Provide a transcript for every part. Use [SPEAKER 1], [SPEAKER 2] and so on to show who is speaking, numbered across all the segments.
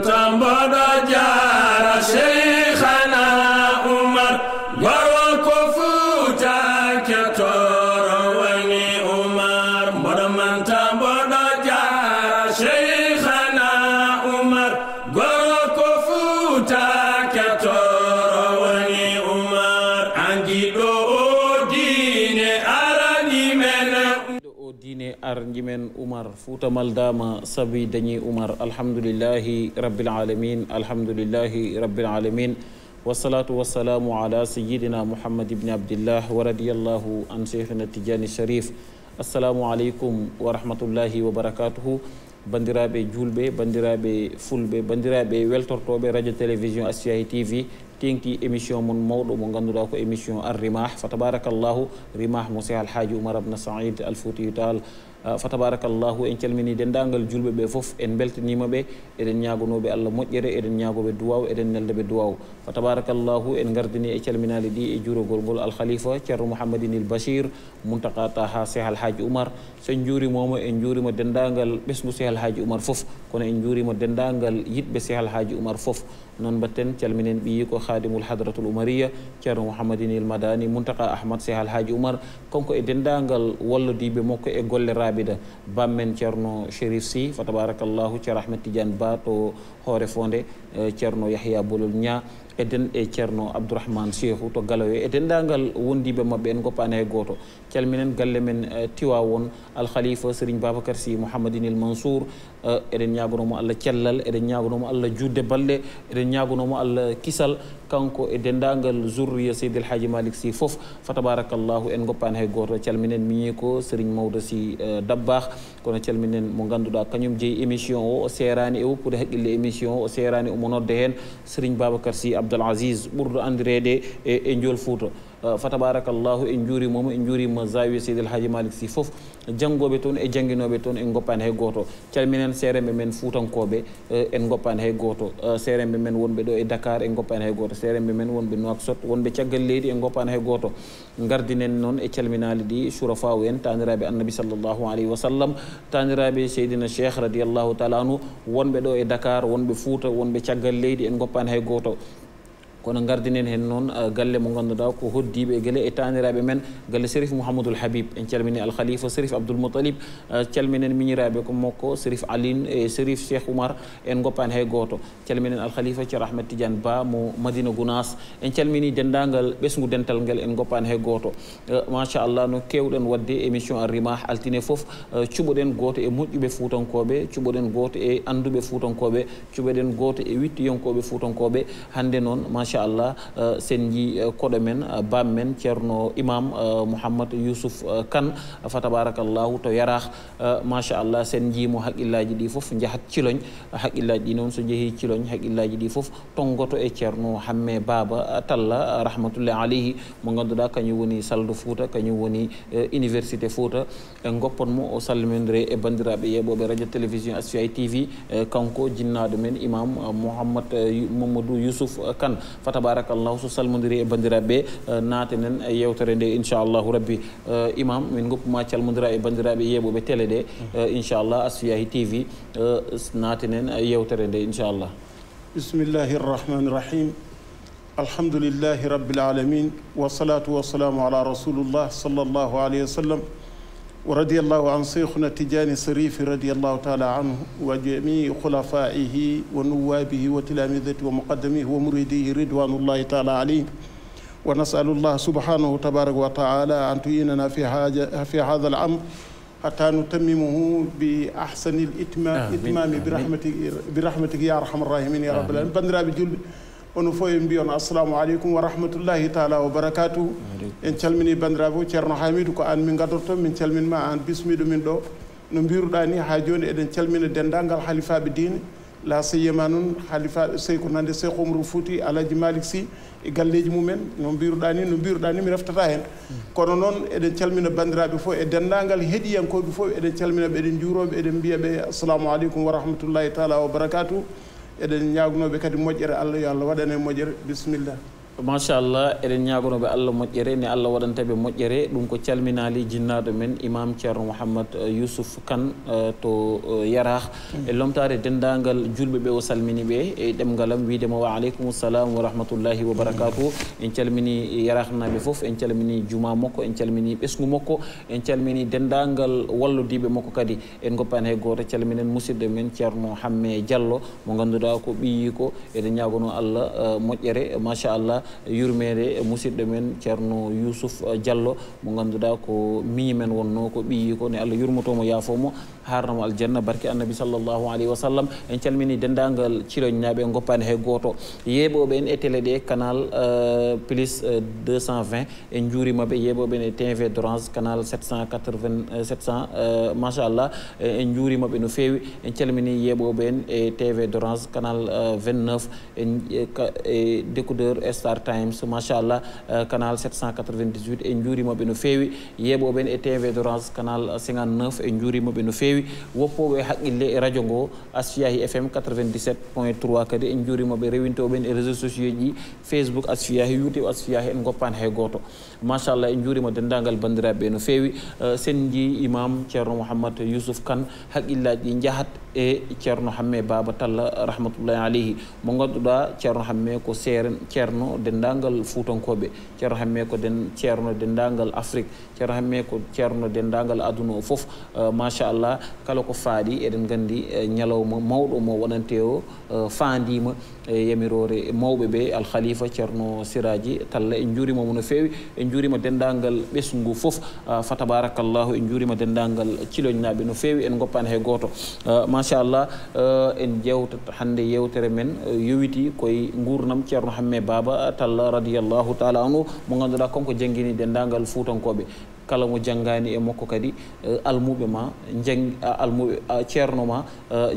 [SPEAKER 1] Santamba da Jaa
[SPEAKER 2] فوتمال داما سبي دني عمر الحمد لله رب العالمين الحمد لله رب العالمين والصلاة والسلام على سيدنا محمد بن عبد الله ورضي الله عن شيخنا التجاني الشريف السلام عليكم ورحمة الله وبركاته بندرابي جولبي بندرابي فولبي بندرابي ويلتورتوبي راديو تلفزيون اسيا تي في تينكي ايميشيون من موضوع من غندو ايميشيون الرماح فتبارك الله رماح موسى الحاج عمر بن سعيد الفوتي فتبارك الله إن كلمني دندان قال جل ببفوف إن بلت نيمة ب إدن ياقو نوب الله مجرى إدن ياقو بدواو إدن نل بدواو فتبارك الله إن قردني إن كلمنا لدي إجور قول قول الخليفة كر محمد البشير منطقة تها سيح الحاج عمر سنجوري موما إنجوري ما دندان قال بس الحاج عمر فوف كون إنجوري ما دندان قال يد بسيح الحاج عمر فوف نون بتن كلمين بيكو خادم الحضرة الأمرية كر محمد المداني منطقة أحمد سيح الحاج عمر كونكو إدن دان قال والله دي بموك إقول laaɓida bammen ceerno chérif sy fa tabarakallahu ceer ahmed tidiane ba yahya bolol eden e abdurrahman abdourahmane cheikhou to galoyo e dendagal wondiɓe mabɓe en goppani goto calminen galle men tiwa won alkhalifa sérigne si sy mouhamadinil mansour Eh, eɗen ñaagonomo allah cellal eɗen ñaagonomo allah juutde balɗe eɗen ñaagonomo allah kisal kanko e denndaangal zourria seydi alhaji malik sy fof fa tabarakallahu en goppaani hay gooto calminen miñii ko sérigne mawda sy eh, dabbah kono calminen mo ngannduɗaa kañum jeyi émission o o seeraani e woppude haqqille émission o o seeraani omo nodde heen sérigne babacar sy abdoul asise ɓurdo anndireede e, e njool fouta آه، فتبارك الله انجوري مومو انجوري مزاوي سيد الحاج مالك سي فوف جانغو بيتون اي جانغينو بيتون اي غوبان هي غوتو تيرمينن سيرم من فوتان كوبي اي غوبان هي غوتو سيرم من وون بيدو اي دكار اي غوبان هي غوتو سيرم من وون بي نوك سوت وون تياغال ليدي اي غوبان هي غوتو غاردينن نون اي تيرمينالي دي شرفا وين تانرابي النبي صلى الله عليه وسلم تانرابي سيدنا الشيخ رضي الله تعالى عنه وون بيدو اي دكار وون فوتو وون بي تياغال ليدي اي غوبان هي غوتو kono gardinen hen non galle mo ganduda ko hoddibe e gele e men galle sérif mouhamadoul habib en calmini khalifa sérif mutalib calminen miñiraɓe ko moko sérif aline e sérif cheikh umar en gopan hay goto calminen khalifa ci rahmat tidiane ba mo madina gounas en calmini dendangal besngu dental guel en gopan hay goto allah no kewden wadde émission arrimah altine fof cuɓoɗen goto e moƴƴuɓe kobe cuɓoɗen goto e anduɓe kobe cuɓoɗen goto e wittoyonkoɓe kobe hande non ma inchallah euh, sen ji euh, koɗo men euh, bam men ceerno imam mouhamad yousouf kane fa tabarakallahu to yarah machallah sen jiimo haqqillaji ɗi foof jahat thiloñ haqqillaji ɗi noon so jeehi thiloñ haqqillaji ɗi foof tonggoto e ceerno hamme baba talla rahmatullah alayhi mo ganduɗa kañum woni saldo fouta kañum woni université fouta goppanmo o salmindire e bandiraɓe yeɓoɓe radio télévision asfi tv kanko jinnaɗo men imam mouhamad mamadou yousouf kane فتبارك الله سوسال مندري بندرا بي ناتنن يوترين دي إن شاء الله ربي إمام من غوب ما تشال مندرا بندرا بي يبو بتل دي إن شاء الله أسفياه تي في ناتنن يوترين دي إن شاء الله
[SPEAKER 3] بسم الله الرحمن الرحيم الحمد لله رب العالمين والصلاة والسلام على رسول الله صلى الله عليه وسلم ورضي الله عن شيخنا تجاني صريف رضي الله تعالى عنه وجميع خلفائه ونوابه وتلامذته ومقدميه ومريديه رضوان الله تعالى عليه ونسأل الله سبحانه تبارك وتعالى أن تعيننا في حاجة في هذا الأمر حتى نتممه بأحسن الإتمام آمين. إتمام برحمتك برحمتك يا أرحم الراحمين يا رب العالمين ono fof en mbiyon assalamu aleykum wa rahmatullahi taala wa barakatuhu en calmini bandiraɓe ceerno hamidou ko an min gadorto min calminma an bismiɗo min ɗo no mbiruɗa ni ha joni eɗen calmina dendagal halifaɓe diine la seyema noon halifaɓe sey ko nande cheikh oumrou fouti alaji malik sy e galleji mumen no mbiruɗa ni no mbiruɗa ni mi reftata hen kono noon eɗen calmina bandiraɓe fof e dendagal heeɗiyankoɓe fof eɗen calmina ɓe eɗen juuroɓe eɗen mbiyaɓe assalamu aleykum wa rahmatullahi taala wa barakatuhu eɗen ñagunoɓe kadi moƴƴere allah yo allah waɗane moƴƴere bisimilla
[SPEAKER 2] machallah eɗen ñagonoɓe allah moƴƴere ni allah waɗantaɓe moƴƴere ɗum ko calminali jinnaɗo men imam ceerno mouhammad uh, yousuf kane uh, to uh, yarah e lomtare dendagal julɓeɓe o salminiɓe e ɗemgalam widemo wa aleykum salam wa rahmatullahi wa barakatu en calmini yarahnaɓe foof en calmini juma makko en calmini ɓesgu makko en calmini dendagal wallodiɓe makko kadi en goppani hay goto calminen musidɗo men ceerno hamme diallo mo ganduɗa ko ɓiyiko eɗen ñagono allah uh, moƴƴere machallah yurmede e, musidɗo men ceerno yousuf e, diallo mo ganduɗa ko miñi men wonno ko ɓiyi ko ne allah yurmotomo yaafomo harnamo aljanna barke annabi sallllahu alayhi wa sallam en calmini dendagal ciloñnaɓe e goppani hay goto yeeɓoɓe en e télé ɗe canal plus 220 en juurimaɓe yeeɓoɓe en e tv d'orange canal 780 700 machallah en juurimaɓe no fewi en calmini yeeɓoɓe en e tv d'orange canal 29 en e découdeur star star times machallah euh, canal 798 en juurimoɓe no feewi yeɓoɓen e tv drance canal 59 en juurimoɓe no feewi woppoɓe haqqille e radio ngo asfiyahi fm 97 point 3 kadi en juurimoɓe rewintoɓen e réseau sociaux ji facebook asfiyahi youtube asfiyahi en goppan hay goto machallah en njuurima denndaangal banndiraaɓe no feewi uh, sen nji imam ceerno mouhammad yousuf kane haqillaaji njahat e ceerno hamme baaba talla rahmatullahi alayhi mo ngannduɗaa ceerno hamme ko seeren ceerno denndaangal fuutankooɓe ceerno hamme ko ceerno denndaangal afrique ceerno hamme ko ceerno denndaangal aduna o fof euh, machallah kala ko faaɗi eɗen nganndi e, ñalawma mawɗo mo waɗante o euh, faandiima e, yamirore e mawɓe ɓe alkhalifa ceerno siraji talla en njuurimamo no feewi en njuurima denndaangal ɓesngu fof euh, fa tabarakallahu en njuurima denndaangal ciloñnaaɓe no feewi en goppaani hay gooto machallah en jewta hannde yewtere men yowiti koye nguurnam ceerno hamme baba talla radiallahu taala anu mo ngannduɗaa konko jangini denndaangal fuutankooɓe kala mo janngaani e makko kadi eh, almuuɓe ma jang eh, almuuɓe eh, ceerno ma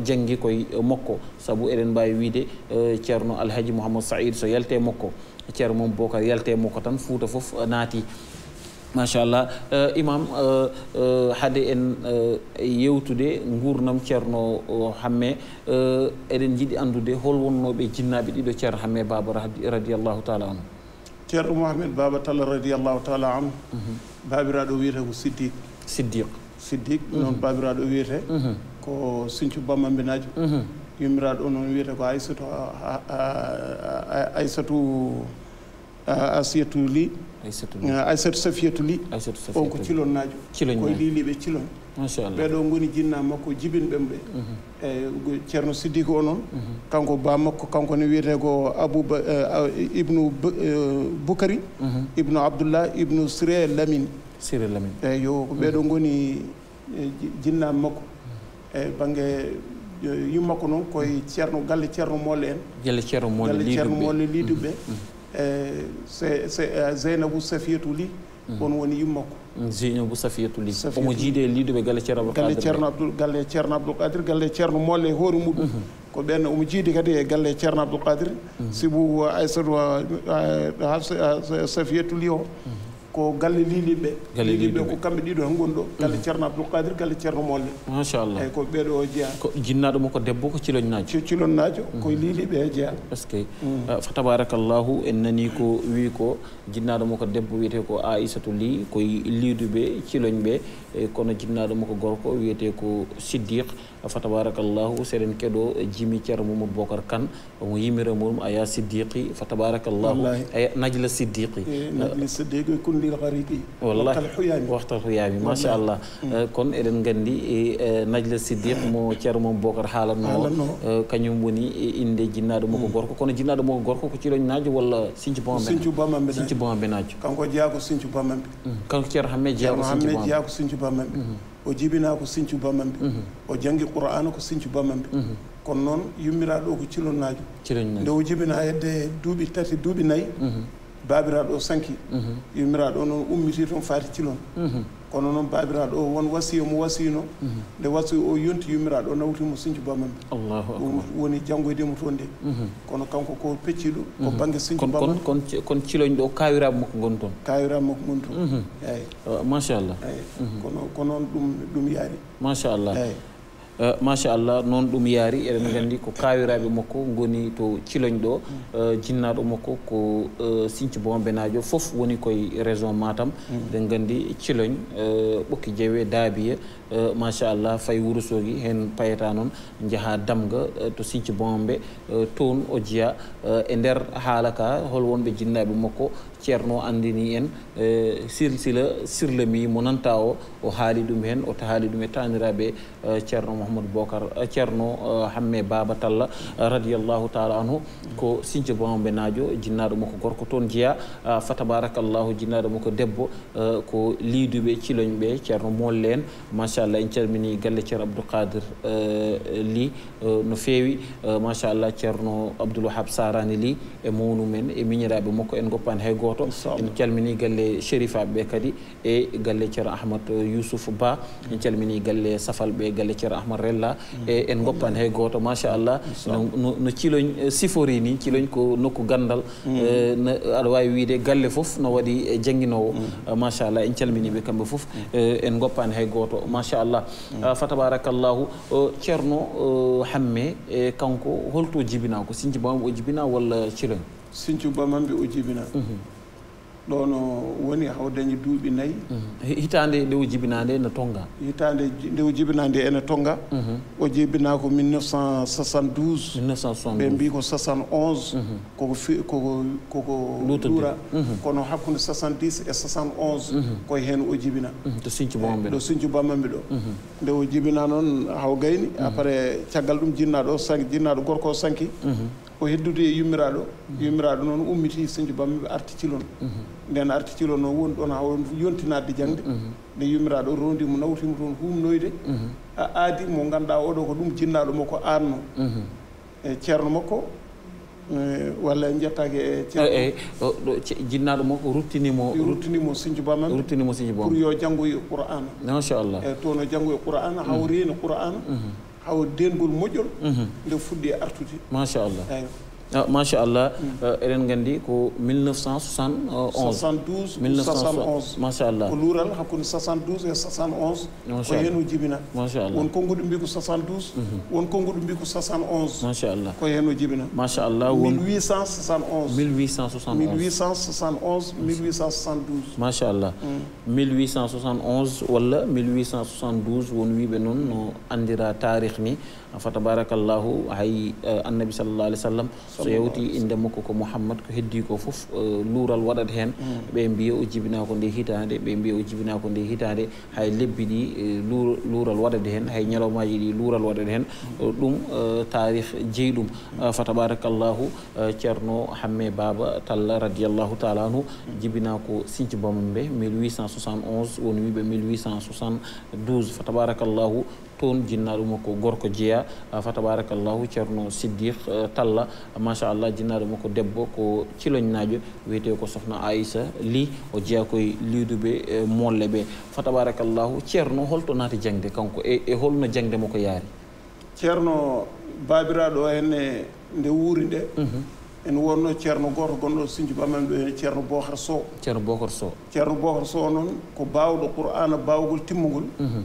[SPEAKER 2] janngi koy makko sabu eɗen mbaawi wiide ceerno alhaji mouhamadou saïd so yalte makko ceerno mom bocar yalte makko tan fuuta fof naati machallah uh, imam uh, uh, hade en uh, yewtude nguurnam ceerno hamme uh, eɗen jiɗi anndude hol wonnooɓe jinnaaɓe ɗiɗo ceerno hamme baba radiallahu taala anu
[SPEAKER 3] ceerno mouhamed baba talla radiallahu taala anu mhm. babiraɗo wiyete ko siddiq siddiq siddiq noon mhm. babiraɗo wiyete mhm. ko sincu bammambinaajo yummiraɗo noon wiyete ko aysatu aysatu asiyatu li aysatu safiyatu li on ko cilon naajo koye liliɓe cilon
[SPEAKER 4] ɓeɗo
[SPEAKER 3] goni jinna makko jibinɓem ɓe mhm. eyi eh, ceerno siddiki o noon mhm. kanko ba makko kanko ne wiyete ko abouba eh, ibnu eh, boukari mhm. ibnu abdoullah ibnu sire lamine sire lamine eyi yo ko ɓeɗo goni jinna makko eyi bangge yimmakko noon koye ceerno galle ceerno molle en
[SPEAKER 2] galle ceerno molle galle ceerno molle
[SPEAKER 3] liduɓe e c c zeynabou safietou ly won woni yimmakko
[SPEAKER 2] jeune boussafiyatou li omo jiide e liidoɓe
[SPEAKER 3] galle ceerno galle ceerno abdoul galle ceerno abdoul kadir galle ceerno molle hoore muɗum ko ɓen omo jiide kadi e galle ceerno abdoul kadir sibou aissatou safiyatou li o ko galle liliɓe liliɓe ko kamɓe ɗiɗo hen gonɗo galle mm. ceerno abdoulkadir galle ceerno molle
[SPEAKER 2] machallah eyyi ko ɓeɗo o e jeeya ko mo ko debbo ko ciloñnajo ciloñnajo koye mm. liliɓe he jeeya par ce que mm. euh, fa tabarakallahu en nani ko wi ko jinnaɗo ko debbo e wiyete ko aissatou ly koye liduɓe ciloñɓe kono jinnaɗo ko gorko wiyete ko siddique fa tabarakallahu seɗen keɗo e jimi ceero mumadou bocar kane omo yimira mum aya siddiqi fa tabarakallahu ay najla siddiqi e waxtal huyami machallah eh, kon eɗen gandi e, najla siddiq mo ceero mum bocar haalanno eh, kañum woni inde jinnaɗo mo ko mm. gorko kono jinnaɗo mo ko gorko ko ciroñ naajo walla sincubamsincubamaɓe naajo
[SPEAKER 3] kanko jeeyako sincubamaɓe
[SPEAKER 2] mm. kanko ceero hamme jeeyako
[SPEAKER 3] sincubamaɓe o jibina ko sincu bamanɓe mhm. o jangi qur'ana ko sincu bamanɓe mhm. kono noon yummiraɗo ko cilonnajo nde o jibina hedde duuɓi tati duuɓi nayyi mhm. babiraɗo o sanki yummiraɗo noon ummiti toon faati cilon kono noon baabiraaɗo o won wasiya mo wasiino mhm. nde wasi o yonti yummiraaɗo o nawtimo sinthio bamamɓe ɗum woni janngoydemo e toon nde mhm. kono kanko ko pecciiɗo
[SPEAKER 4] ko mhm. baŋnge sinthio
[SPEAKER 2] bamakono ciloñ ɗo kawiraaɓe
[SPEAKER 3] makko ngoni toon kawiraaɓe makko ngoni
[SPEAKER 2] toon eyi machallah eyi kono ko noon ɗum ɗum yaari machallah eyi Eh, machallah noon ɗum yaari eɗen nganndi ko kaawiraaɓe makko ngoni to ciloñ ɗo eh, jinnaaɗo makko ko eh, sinthi bombenaajo fof woni koye raison matam mm. eɗen nganndi ciloñ ɓokki jewe daabiye machallah fay wourosoogi heen payata noon njaha damga to sinthi bombe toon o jiya e ndeer haala ka hol wonɓe jinnaaɓe makko ceerno anndini en e, sirsila sirlami mo nanta o o haali ɗum heen o haali ɗum e taaniraaɓe e, ceerno mouhamadou bocar e, ceerno hamme baba talla radiallahu taala anhu ko sinthio bamɓe naajo jinnaaɗo makko gorko toon jeya fa tabarakallahu jinnaaɗo makko debbo ko liiduɓe ciloñ ɓe ceerno molle en machallah en calmini galle ceerno abdoulkadir li no feewi machallah ceerno abdoulwahab sarani li e mawnumen e miñiraaɓe makko en goppani haygo goto en calmini galle sherifaɓe ɓe kadi e galle ceero ahmad euh, yousouf ba mm. en calmini galle safal ɓe galle ceero ahmad rella mm. e en goppan hay goto machallah no ciloñ euh, sifori ni ciloñ ko nokku gandal mm. euh, aɗa wawi wiide galle foof no waɗi e jangguinowo machallah en calminiɓe kamɓe foof en goppani hay goto machallah fa tabarakallahu ceerno hamme e kanko holto
[SPEAKER 3] jibina ko sinthiubamam o jibina walla ciloñ sinthiubamam mbi o jibina mhm. ɗono woni hawdañi duuɓi nayyi mhm. hitande ndewo jibinande ene tonga hitande ndewo jibinande ene tonga mhm. o jibina ko 1972 ɓe mbi ko 71 koko koko koko luura mhm. kono hakkude 70 e 71 koye hen o jibina to sincu bamamɓe ɗo sincu bamamɓe ɗo nde o jibina noon haw gayni après caggal ɗum jinnaɗo o sanki jinnaɗo gorko sanki o heddude e yummiraaɗo yummiraaɗo noon ummiti sañdio bammi ɓe articilon mhm. nden articilon o woni ɗon ha yontinadde jangde mhm. nde yummiraaɗo rondimo nawtimo toon humnoyde mhm. a aadi mo ngannduɗaa oɗo ko ɗum jinnaaɗo makko aanno e ceerno makko e walla jettaake e ceeroeeyiɗo jinnaaɗo makko ruttinimo ruttinimo sinthio bamam ruttinimo sinthio bam pour yo janngoyo e qour'ana machallah eyi toon o janngoyo e qour'ana haw reeni qour'ana haw dengol moƴol mhm. nde fuɗɗi e artude machallah eyi
[SPEAKER 2] ما شاء الله إيران غاندي كو 1971 ما شاء الله كلورا
[SPEAKER 3] حكون 1971 ما شاء الله ونكون غدو بيكو 72 ونكون غدو بيكو 71 ما شاء الله كو ينو جيبنا ما شاء الله 1871 1871 1871 1872
[SPEAKER 2] ما شاء الله 1871 ولا 1872 ونوي بنون أندرا تاريخني fa tabarakallahu hay eh, annabi sallallah alih w sallam so yewti inde makko ko mouhammad ko heddi ko foof eh, luural waɗat heen mm. ɓe mbiya o jibina ko nde hitande ɓe mbiya o jibina ko nde hitande hay lebbi ɗi eh, luural waɗade heen hay ñalawmaji ɗi luural waɗade heen mm. ɗum tarih jeyi ɗum fa tabarakallahu ceerno hamme baba talla radiallahu taala anu mm. jibina ko sinthi bamam ɓe 1871 woni wiɓe 1872 fa tabarakallahu toon jinna ɗum ko gorko jeeya fa tabarakallahu ceerno siddiq eh, talla machallah jinna ɗum ko debbo ko ciloñnaajo wiyete ko sohna aissa li o jeeya koye liduɓe molle ɓe fa tabarakallahu ceerno holto naati jangde kanko e, e holno jangde mo ko yaari
[SPEAKER 3] ceerno baabiraaɗo henne nde wuuri nde mhm. en wonno ceerno gooto gonɗo sinjubamen ɗo hen ceerno bohar sow
[SPEAKER 5] ceerno bohar sow
[SPEAKER 3] ceerno bohar sow noon ko baawɗo qur'ana baawgol timmugol mhm.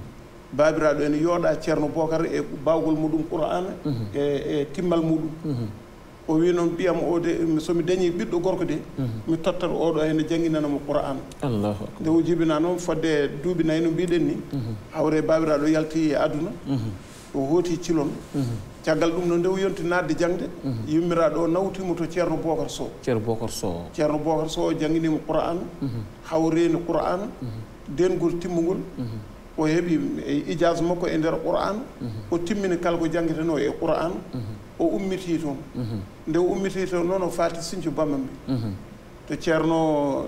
[SPEAKER 3] babiraɗo ene yooɗa ceerno bocar e bawgol muɗum qur'ana e, mhm. e e timmal muɗum mhm. o wi noon mbiyam o de somi dañi ɓiɗɗo gorko de mhm. mi tottat oɗo hene jannginanamo qur'an nde o jibina noon fodde duuɓi nayi no mbiɗen ni hawre babiraɗo yalti e aduna o hooti cilon caggal ɗum no nde o yonti natde jangde yimmiraɗo o nawtima to ceerno bocar so
[SPEAKER 5] ceerno bocar so
[SPEAKER 3] ceerno bocar so o jannginima qur'an hawreeni qur'an dengol timmugol o heɓi ijas makko e ndeer qur'an o timmini kala ko jangeten o e qur'an o ummitii toon nde o ummitii toon noon o faati sincu bamam ɓe to ceerno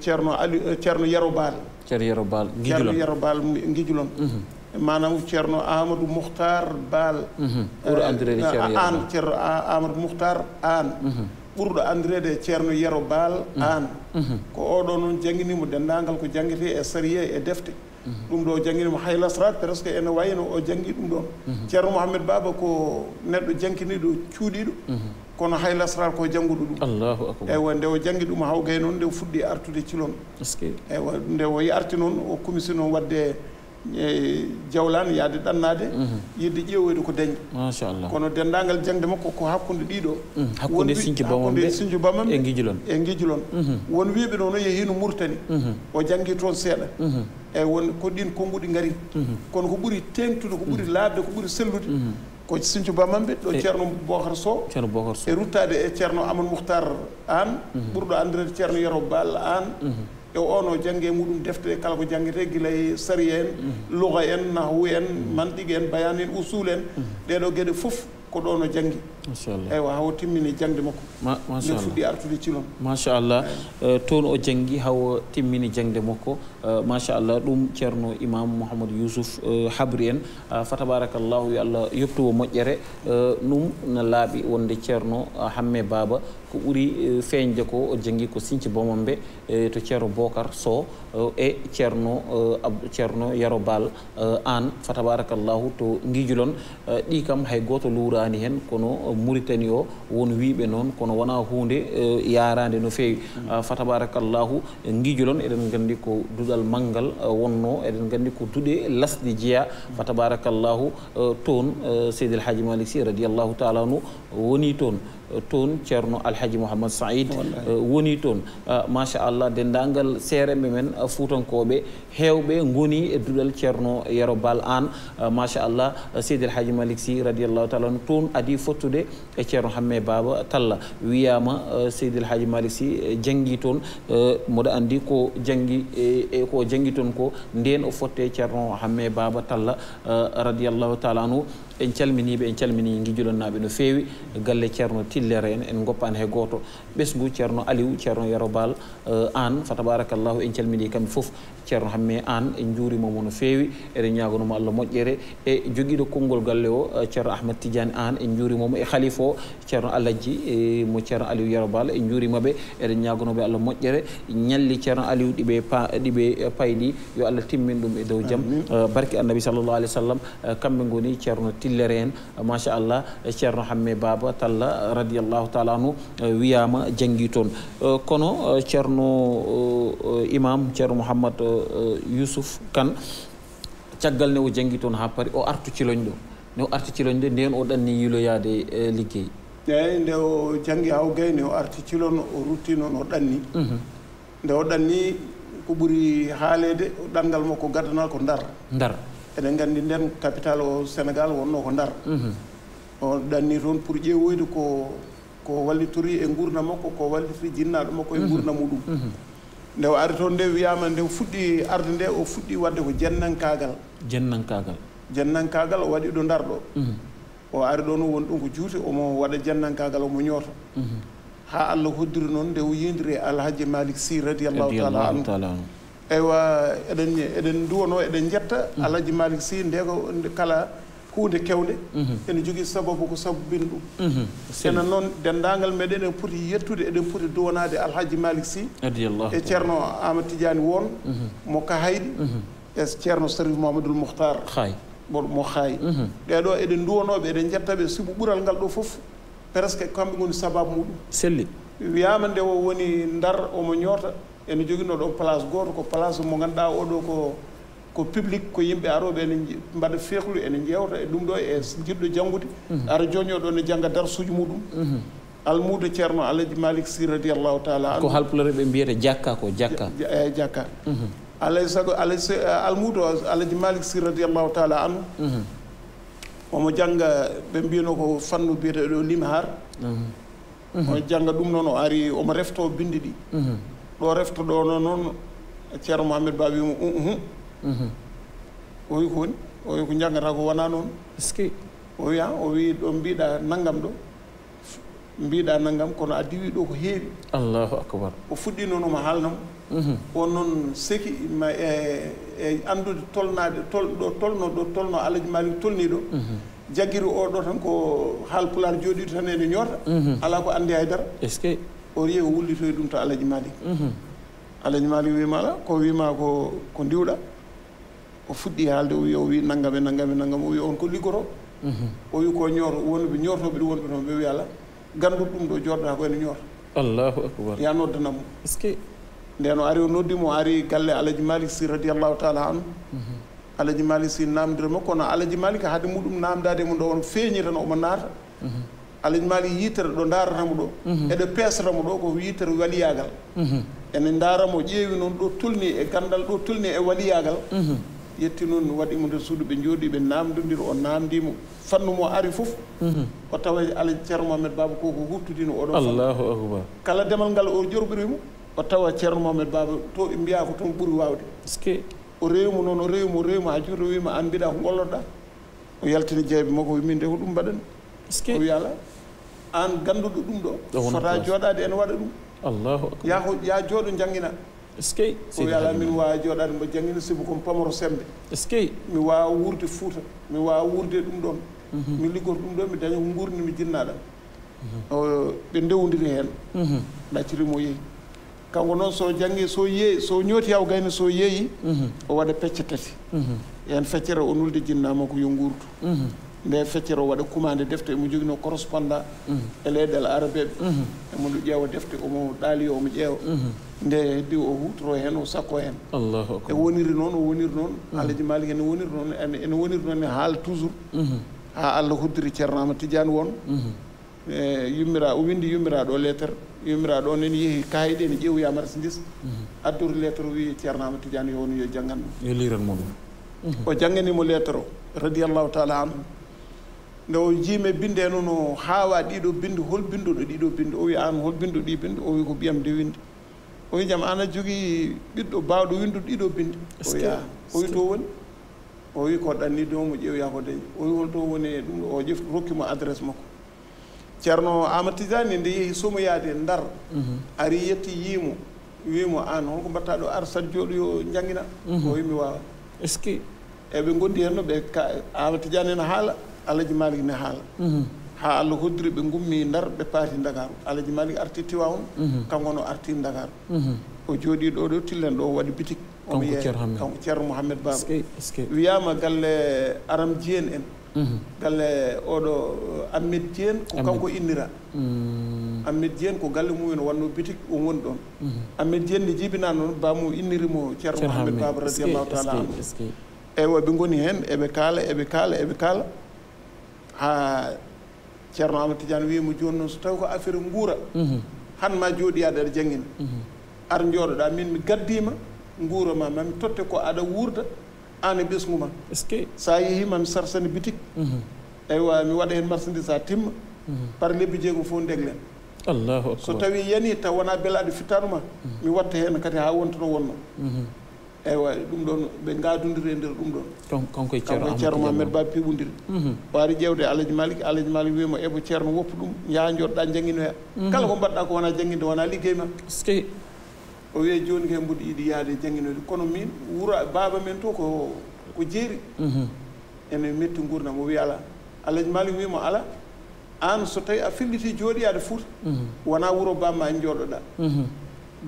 [SPEAKER 3] ceerno ali ceerno yero baal ceeryero baal ceerno yero baal gijlon manam ceerno amadou mouhtar baal
[SPEAKER 4] ɓur andireeaan
[SPEAKER 3] ceer amadou mouhtar aan ɓurɗo andireede ceerno yero baal aan mm-hmm. ko oɗo noon jangginiimo denndaangal ko jangetee e sariye e defte ɗum ɗo jangginimo hayla sarat presque ene wayno o jangi ɗum ɗon mhm. ceerno mouhamed baba ko neɗɗo jankiniɗo cuuɗiɗo mhm. kono hayla sarat ko jannguɗo ɗum eyiwa nde o jangi ɗum haw gay noon nde fuɗɗi artude cilon eyiwa nde o yi arti noon o commissi noon wadde e jawlaan yaade ɗannaade mhm. yidde ƴeewoyde ko dañi
[SPEAKER 5] machallah kono
[SPEAKER 3] denndaangal jangde makko ko hakkunde ɗii ɗoo
[SPEAKER 5] mhm. hakkunde sinki bamamɓe e
[SPEAKER 3] sinki bamam e gijlon e gijlon mhm. won wiiɓe noono yehiino murtani o janngii toon seeɗa eeyi won ko ɗiin konnguɗi ngari kono ko ɓuri teeŋtude ko ɓuri laabde ko ɓuri sellude ko sinthio bamamɓe ɗo e ceerno bohar sow ceerno bohar sow e ruttaade e ceerno amadou mouhtar aan ɓurɗo anndirede ceerno yero baal aan e ono jangge muɗum defte kala ko jangete guilay e sari en loga en nahu en manɗig en bayan en usul en ɗeɗo gueɗe foof ko ɗono jangge eywa hawo timmini jangde makkomi fuɗɗi artude cilon
[SPEAKER 2] machallah eh, toon o jangui hawo timmini jangde makko Eh, machallah ɗum ceerno imam mouhamadou yousouf eh, habri en eh, fa tabarakallahu yo allah yettuwo moƴƴere ɗum no laaɓi wonde ceerno hamme baba ko ɓuuri feeñde ko o jangi ko sinthi bomam ɓe to ceerno bocar sow e ceerno ceerno yaro bal an fa tabarakallahu to ngijulon ɗi kam hay goto luurani hen kono muritani o won wiɓe noon kono wona hunde yarande no feewi mm. fa tabarakallahu ngijulon eɗen gandi ko duɗa caggal manngal uh, wonno eɗen nganndi ko duɗe lasɗi jeya fa tabarakallahu uh, toon uh, seydi alhaji malik sy radiallahu taala no woni toon toon ceerno alhaji mouhamad saïd euh, woni toon euh, machallah dendangal seremɓe men euh, fuutankoɓe hewɓe goni e duɗal ceerno yero bal an machallah seydi alhaji malik sy radiallahu taala n toon adi fottude e ceerno hamme baba talla wiyama seydi alhaji malik sy jangi toon moɗa andi ko jangi e, e, ko jangi toon ko nden o fotte ceerno hamme baba talla radiallahu taala anu en calminiɓe en calmini guijulannaɓe no fewi galle ceerno tillere en en goppani hay goto ɓesgu ceerno aliou ceerno yarobal eh, an fa tabarakallahu en calmini kamɓe foof ceerno hamme an en jurimomo no fewi eɗen ñagonoma allah moƴƴere e joguiɗo konngol galle o eh, ceerno ahmad tidiane an en jurimomo e khalife o ceerno aladji eh, mo ceerno aliou yarobal en jurimaɓe eɗen ñagonoɓe allah moƴƴere ñalli ceerno aliou ɗiɓe ɗiɓe payɗi yo allah timmin ɗum e dow jaam barke annabi sallallah alih w sallam kamɓe gooni ceerno tillere en machallah ceerno hamme baba talla radiallahu taala anu eh, wiyama janggui toon eh, kono eh, ceerno imam ceerno mouhammad yousuf kane caggal ne o janggui toon ha paari o artu ciloñ ɗo ne o artu ciloñ de nden o ɗanni yiloyade ligguey
[SPEAKER 3] eyyi nde o janggui haw gay ne o arti ciloon o ruttino no ɗanni mhm. nde o ɗanni ko ɓuuri haalede ɗanngal makko gaddana ko ndar ndar eɗen nganndi nden capital o sénégal wonno ko ndar o ɗanni toon pour ƴeewoyde ko ko wallitori e nguurna makko ko wallitori jinnaaɗo makko e nguurna muɗum nde o ari toon nde wiyaama nde fuɗɗi arde nde o fuɗɗi wadde ko jennankaagal
[SPEAKER 2] jennankaagal
[SPEAKER 3] jennankaagal o waɗi ɗo ndar ɗo o ari ɗoon o woni ɗon ko juute omo waɗa jennankaagal omo ñoota mhm. haa allah hoddiri noon nde o yiindiri e alhaji malik sy radiallahu taala anu eywa eɗen eɗen duwono eɗen jetta mm-hmm. alhaji malik sy nde ko kala hunde kewde mm-hmm. ene jogii sababu ko sabubin ɗum mm-hmm. ene noon denndaangal meɗen en poti yettude eɗen poti duwanaade alhaji malik sy
[SPEAKER 5] e, e ceerno
[SPEAKER 3] amad tidiani woon mo kahaydi e ceerno sarif mamadoul mouhtar mo haayi ɗeeɗo eɗen duwanooɓe eɗen jettaɓe sibu ɓural ngal ɗo fof presque kamɓe ngoni sababu muɗum selli wiyaama nde o woni ndar omo ñoota ene joginoo ɗon place gooto ko place mo ngannduɗaa oɗo ko ko public ko yimɓe aroɓe ene mbaɗa feehlu ene njeewta e ɗum ɗo e jiɗɗo janngude mhm. ara joñoo ɗo ne jannga darsuji muɗum mhm. almuuda ceerno alhaji malik sy radiallahu taala ko halpulareɓe
[SPEAKER 2] mbiyata jakka ko jakka
[SPEAKER 3] eyi jakka mhm. alay sago alay almuuda o alhaji malik sy radiallahu taala anu omo jannga ɓe mbiyano ko fannu mbiyeteɗo limhar o jannga ɗum noon o ari omo refto binde ɗi ɗo refta ɗono noon ceerno mohamed ba wiima u
[SPEAKER 4] hum
[SPEAKER 3] o wi ko woni o wi ko jangata ko wona noon ski o wiya o wi ɗo mbiɗa naggam ɗo mbiɗa naggam kono a diwi ɗo ko heewi
[SPEAKER 5] allahu akbar
[SPEAKER 3] o fuɗɗinonoma haalnamo mhm. on noon seki ma e e andude tolnade tol ɗo tolno ɗo tolno alaji malik tolni ɗo mhm. jaggiri o ɗo tan ko haal pulaar jooɗiɗo tan ene ñoota mhm. ala ko anndi haydara eske ori o wullitoy ɗum to alhaji malik mhm. alhaji malik wimala ko wima ko ko diwɗa o fuɗɗi haalde o wi o wi naggam e naggam e naggam o wi on ko liggoto mhm. o wi ko ñooto won ɓe ñootoɓe ɗum wonɓe toon ɓe wi ala ganduɗ ɗum ɗo jooɗɗa ko ene ñoota
[SPEAKER 5] allahu akbar ya
[SPEAKER 3] noddanamo est ce que ndeno ari o noddimo ari galle alhaji malik si radiallahu taala anu mhm. alhaji malik si namdira makko kono alhaji malik haade muɗum namdade mo ɗo on feeñi tan omo naata alaji maali yitere ɗo daratamo ɗo mhm. eɗo peesatamo ɗo ko yitere waliyagal mhm. ene daramo ƴeewi noon ɗo tolni e gandal ɗo tolni e waliyagal mhm. yetti noon mo nder suudu ɓe jooɗi ɓe namdodiri o namdimo fannu mo ari fof o tawa alaji ceerno mohamed baba koko huttudino oɗon allahu akbar kala demal ngal o jorɓirimo o tawa ceerno mohamed baba to ɓe mbiya ko toon ɓuuri wawde o rewmo noon o rewmo o rewmo ha juuto wima an mbiɗa ko gollotoɗa o yaltini jeeybe makko wiminde e ko ɗum mbaɗani o wiya aan ngannduɗo ɗum ɗo sotaa jooɗaade ene waɗa ɗum allahu ak yaa jooɗo janngina ce o wiyala min waawa jooɗaade mbo janngina sibu ko mi pamoro semmbe ce que mi waawa wuurde fuuta mi waawa wuurde ɗum ɗoon mhm. mi liggoto ɗum ɗo mi daña ko nguurni mi jinnaaɗam mhm. ɓe ndewndiri heen ɗaccirii mhm. mo yehi kanko noon so janngii so yeeyi so ñooti yaw gayno so yeeyi o waɗa pecce tati heen feccere o nulde jinnaama ko yo nguurtu nde feccere o waɗa kumande defte emo joginoo correspondant e leyɗel arabeɓe mhm. emo ɗo ƴeewa defte omo ɗaali omo ƴeewa mhm. nde heddi o hutoro heen o sakko heen e woniri noon o woniri noon mhm. alaji malik ene woniri noon ene woniri noon e haal toujours haa allah hoddiri ceernama tidiane won e yummira o windi yummiraɗo lettere yummiraɗo on en yeehi kayiɗe ene ƴeewuya marsidis addori lettere wi ceernama tidiane yowno yo jangganɗum yo liranmo
[SPEAKER 5] ɗum o
[SPEAKER 3] jangganimo lettere o radiallahu taala anhu nde o jiime binde no no haawa ɗiɗo binde hol binduɗo ɗiɗo binde o wi an hol binɗo ɗi binde o wi ko mbiyam de winde o wi jam ana jogii ɓiɗɗo mbawɗo winduɗo ɗiɗo binde o wiya o wi to woni o wi koɗɗanni domo ƴeewya ko dañi o wi holto woni e ɗum ɗo o ƴefti rokkimo adresse makko ceerno amatisani nde yeehi somo yaade ndar mhm. ari yetti yiimo wiimo an holko mbatta ɗo ar sat jooɗo yo jangina mhm. o wi mi wawa est ce que eɓe gondi henno ɓe amatidiane en haala alaji malik ne haala mhm. ha allah hoddiri ɓe gummi ndar ɓe paati dakar alaji malik arti tiwawon mhm. kanko no arti dakar mhm. o jooɗi ɗo ɗo tillen ɗo waɗi boutique omoyeekanko ceerno mouhamed baba wiyama galle aram dieene en galle oɗo ahmed dieene ko kanko innira
[SPEAKER 4] mm.
[SPEAKER 3] ahmed dieene ko galle mumen wanno boutique o woni ɗon ahmed dieene ne jibina noon bamu innirimo ceerno mohamed baba radiallahu taala anu eyi oɓe goni hen eɓe kaala eɓe kaala eɓe kaala haa ceerno amad tidiane wiima jooni noon so tawii ko affaire nguura mhm. han ma joo'iyaade e aɗa jangina mhm. ar njoo?oɗaa miin mi gaddiima nguura ma mami totte ko aɗa wuurda aan e ɓesgu ma so a yehiima mi sarsani boutique eywa mhm. mi wa a heen marchandise a timma par lebbi jeego fof ndeglen
[SPEAKER 5] allahu akbar so tawii
[SPEAKER 3] yanii taw wonaa belaade fittanuma mi watta heen kadi haa wontano wonno eyi waɗi ɗum ɗon ɓe gaadodiri e nder ɗum ɗon e
[SPEAKER 5] kanko kanko
[SPEAKER 4] e ceerno mamed
[SPEAKER 3] ba piwodiri mhm. waari ƴewde alaji malik alaji malik wima ebo ceerno woppu ɗum yaha joɗɗa jangguinoya mhm. kala ko mbaɗɗa ko wona jangguinde wona liggey ma o wiya joni kay mbuɗo yiɗi yaade jangguinoyde kono min wura baaba men to ko ko jeeri mhm. ene metti gurdam o wiya ala alaji malik wima ala an so tawi a filliti jooɗi aɗa fuuta wona wuro bamma en jooɗoɗa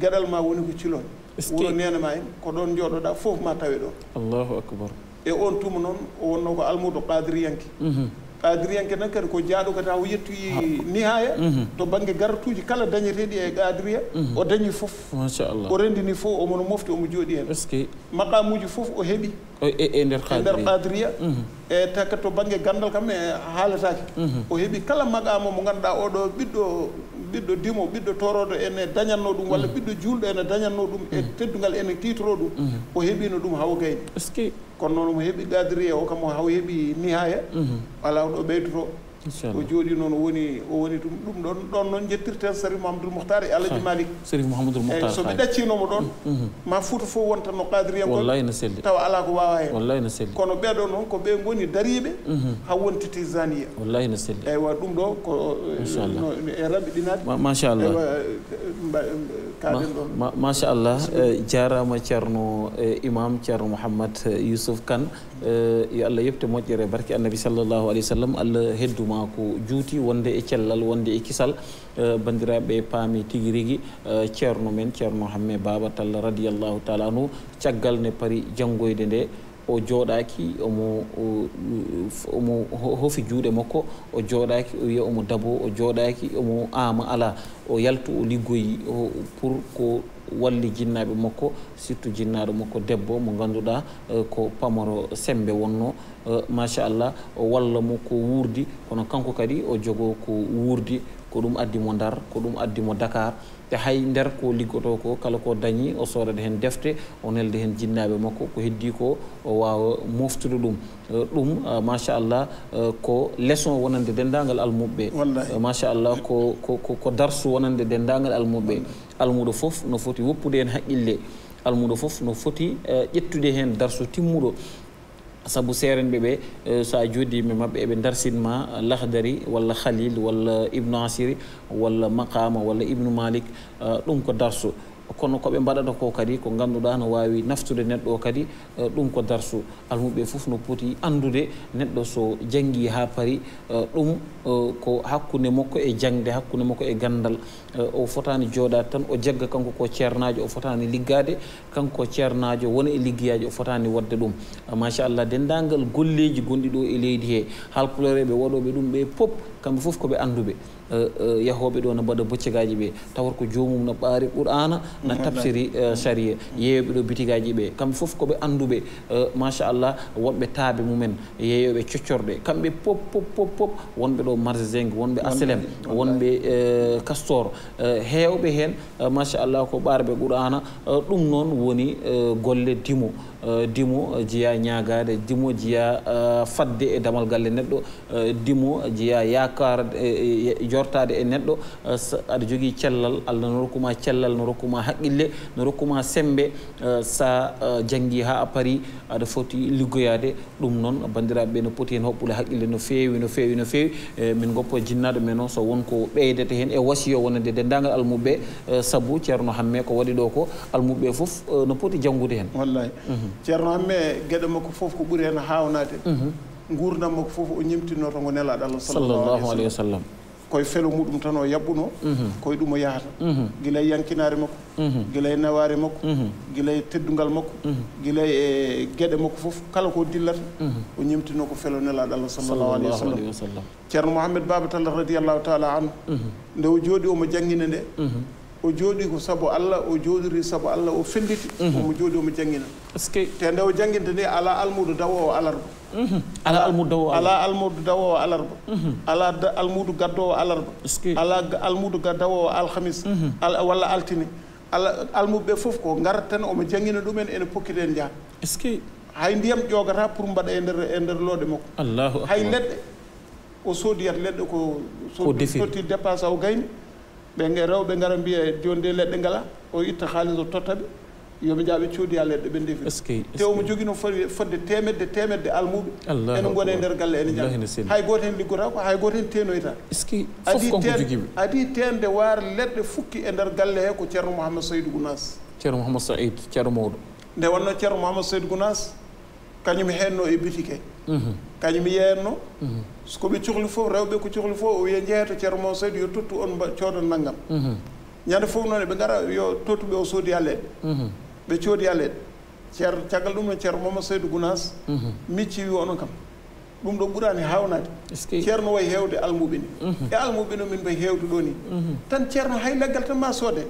[SPEAKER 3] gaɗal ma woni ko ciloñ wuro nenama hen ko ɗon jooɗoɗa fof ma tawe ɗon
[SPEAKER 5] allahu akbar
[SPEAKER 3] e on tuma noon o wonno ko almudo qadiriyanke mm -hmm. adriyanke noon kadi ko jaaɗo kadi ha o yettoyi nihaya mhm. to banggue garatuji kala dañeteɗi e adriya mhm. o dañi foof
[SPEAKER 5] machallah o
[SPEAKER 3] rendini foof omono mofti omo jooɗi hen est ce maqamuji fof o heeɓi e, e, e nder e nder adriya mhm. e taka to banggue gandal kam e haaletake o heeɓi kala maqama mo ganduɗa oɗo ɓiɗɗo ɓiɗɗo dimo ɓiɗɗo toroɗo ene dañatno ɗum walla ɓiɗɗo juulɗo ene dañatno ɗum e teddugal ene titoro ɗum o heeɓino ɗum hawo gayni est ce que kono noon mo heeɓi gadrier o kam o haw heeɓi nihaya mhm. ala on ɗo ɓeydoto o jooɗi noon woni o woni ɗum ɗum ɗon ɗon noon jettirten sarif mahamadoul mouhtar e alaji malik
[SPEAKER 5] sarif mahamadoul mouhtar eyi somi ɗaccinomo ɗon mm, mm, mm.
[SPEAKER 3] ma fouto fof wonta no kadiriyankowallayi no selli tawa ala ko wawa hen wallayi no selli kono ɓeɗo noon ko ɓe gooni dariɓe ha wontiti zania wallayi no selli eyi wa ɗum ɗo ko e rabɓiɗinade machallah
[SPEAKER 2] machallah jarama ceerno eh, imam ceerno mouhammad eh, yousuf kane eh, yo allah yefte moƴƴere e barke annabi sallallahu alayhi wa sallam allah hedduma ma ko juuti wonde e cellal wonde e kisal e bandiraɓe e paami tigi rigui e ceerno men ceerno hamme baba tall radiallahu taala anu caggal ne paari janngoyde nde o jooɗaaki omo omo hofi juuɗe makko o jooɗaaki o wiya omo dabo o jooɗaaki omo aama alaa o yaltu o liggoyi pour ko walli jinnaaɓe makko surtout jinnaaɗo makko debbo mo ngannduɗaa eh, ko pamaro sembe wonnoo eh, machallah o walla mo ko wuurdi kono kanko kadi o jogoo ko wuurdi ko ɗum addimo ndar ko ɗum addimo dakar te hay nder ko liggoto ko kala ko dañi o de hen defte o nelde hen jinnaɓe makko ko heddi ko o wawa moftude ɗum ɗum machallah ko leçon wonande dendagal almuɓeɓe machallah ko ko darsu wonande dendagal almuɓeɓe almuɗo foof no foti woppude hen haqqille almuɗo foof no foti ƴettude hen darsu timmuɗo saabu seerenɓe ɓe so a jooɗima maɓɓe eɓe darsinma lahdari walla khalil walla ibnu asiri walla maqama walla ibnu malik ɗum ko darsu kono koɓe mbaɗata ko kadi ko ngannduɗa no wawi naftude neɗɗo o kadi e, ɗum ko darsu almuɓe fof no poti andude neɗɗo so janggi ha paari e, ɗum e, ko hakkude makko e jangde hakkude makko e gandal o fotani jooɗade tan o jagga kanko ko ceernajo o fotani liggade kanko ceernajo wona e liggeyaji o fotani wadde ɗum machallah dendagal golleji gonɗi ɗo e leydi he halkuloreɓe waɗoɓe ɗum ɓe pop kamɓe fof koɓe anduɓe Eh, eh, yahooɓe ɗo no mbaɗa boccigaaji ɓee tawat ko joomum no ɓaari ɓur'aana no tabsiri caria eh, yeyooɓe ɗo bitigaaji ɓee kamɓe fof ko ɓe annduɓe machallah wonɓe taaɓe mumen yeyooɓe coccorɗe kamɓe pop pop pop pop wonɓe ɗo marzeng wonɓe aslem wonɓe castor heewɓe heen machallah ko ɓaarɓe ɓur'aana ɗum noon woni golle dimo dimo jeya ñaagaade dimo jeya fadde e damal galle neɗɗo dimo jeya yaakar e, e, e, jortade e neɗɗo uh, aɗa jogui cellal allah no rokkuma cellal no rokkuma haqqille no rokkuma sembe uh, sa uh, janggui ha a paari aɗa foti liggoyade ɗum noon bandiraɓeɓe no poti hen hoɓɓule haqqille no fewi no fewi no fewi min goppo jinnaɗo men noon so wonko ɓeydete hen e wasiyo wonande dendagal almuɓeɓe saabu ceerno hamme ko waɗi ɗo ko almuɓeɓe foof
[SPEAKER 3] no poti janggude hen wallay mhm. ceerno hamme gueɗe makko foof ko ɓuuri hen hawnade mhm. gurdam makko foof o ñimtinnoto ngo nelaɗo allah sallallahu alayhi wa sallam koye felo muɗum tan o yaɓɓuno mhm. koye ɗum o yahata mhm. gila e yankinaare makko mhm. gila e nawaare makko gila e teddungal makko gila e geɗe makko fof kala ko dillata o ñemtino ko felo nelaaɗo allah salllahu alahi wa sallam ceerno mouhamed baba tallah radiallahu taala anu nde o jooɗi omo jangine nde o jooɗi ko sabu allah o jooɗiri sabu allah o fenditi mhm. omo jooɗi omo janngina te nde o jannginta ni ala almuudo dawoowo alarba mhm. ala almuudo dawoo ala almuudo dawoowo alarba ala almuudo gaddoowo alarba ala almuudo dawoowo alhamis walla altini ala almuɓe ɓee fof ko ngarat tan omo janngina ɗumen ene pokkiti en njaha hay ndiyam ƴoogata pour mbaɗa e nder e ndeer looɗe
[SPEAKER 5] makko allahu hay leɗɗe
[SPEAKER 3] o soodiyat leɗɗe ko sotti dépense o gayni ɓe rewɓe ngara mbiya joni de leɗɗe ngala o itta haalis o totta ɓe yoɓe jaaɓe coodiya leɗɗe ɓe ndefi te omo jogino fodde temedde temedde almuɓe ene gona e nder galle ene jaa hay gooto hen liggotako hay gooto hen tenoyta adi tende waara leɗɗe fukki e nder galle he ko ceerno mouhamad saydou gounas
[SPEAKER 5] ceerno mouhamad saïd
[SPEAKER 3] ceerno mawɗo nde wonno ceerno mouhamad saydou gounas kañum henno e bitike mhm. kañum yeyenno mhm. so ɓe cohli fof rewɓe ko cohli fof o wiya jeeyata ceero mon seyde yo tottu on coodo nanngam mhm. ñande fof noon e ɓe ngara yo tottuɓe o soodi e alleɗe mhm. ɓe coodi e alleɗe ceer caggal ɗum noon ceero momo seyde gunas mhm. miccii onon kam ɗum ɗo ɓurani hawnade ceerno wayi heewde almuɓe ni e almuɓe no min mba heewde ɗo ni tan ceerno hay leggal tan ma soode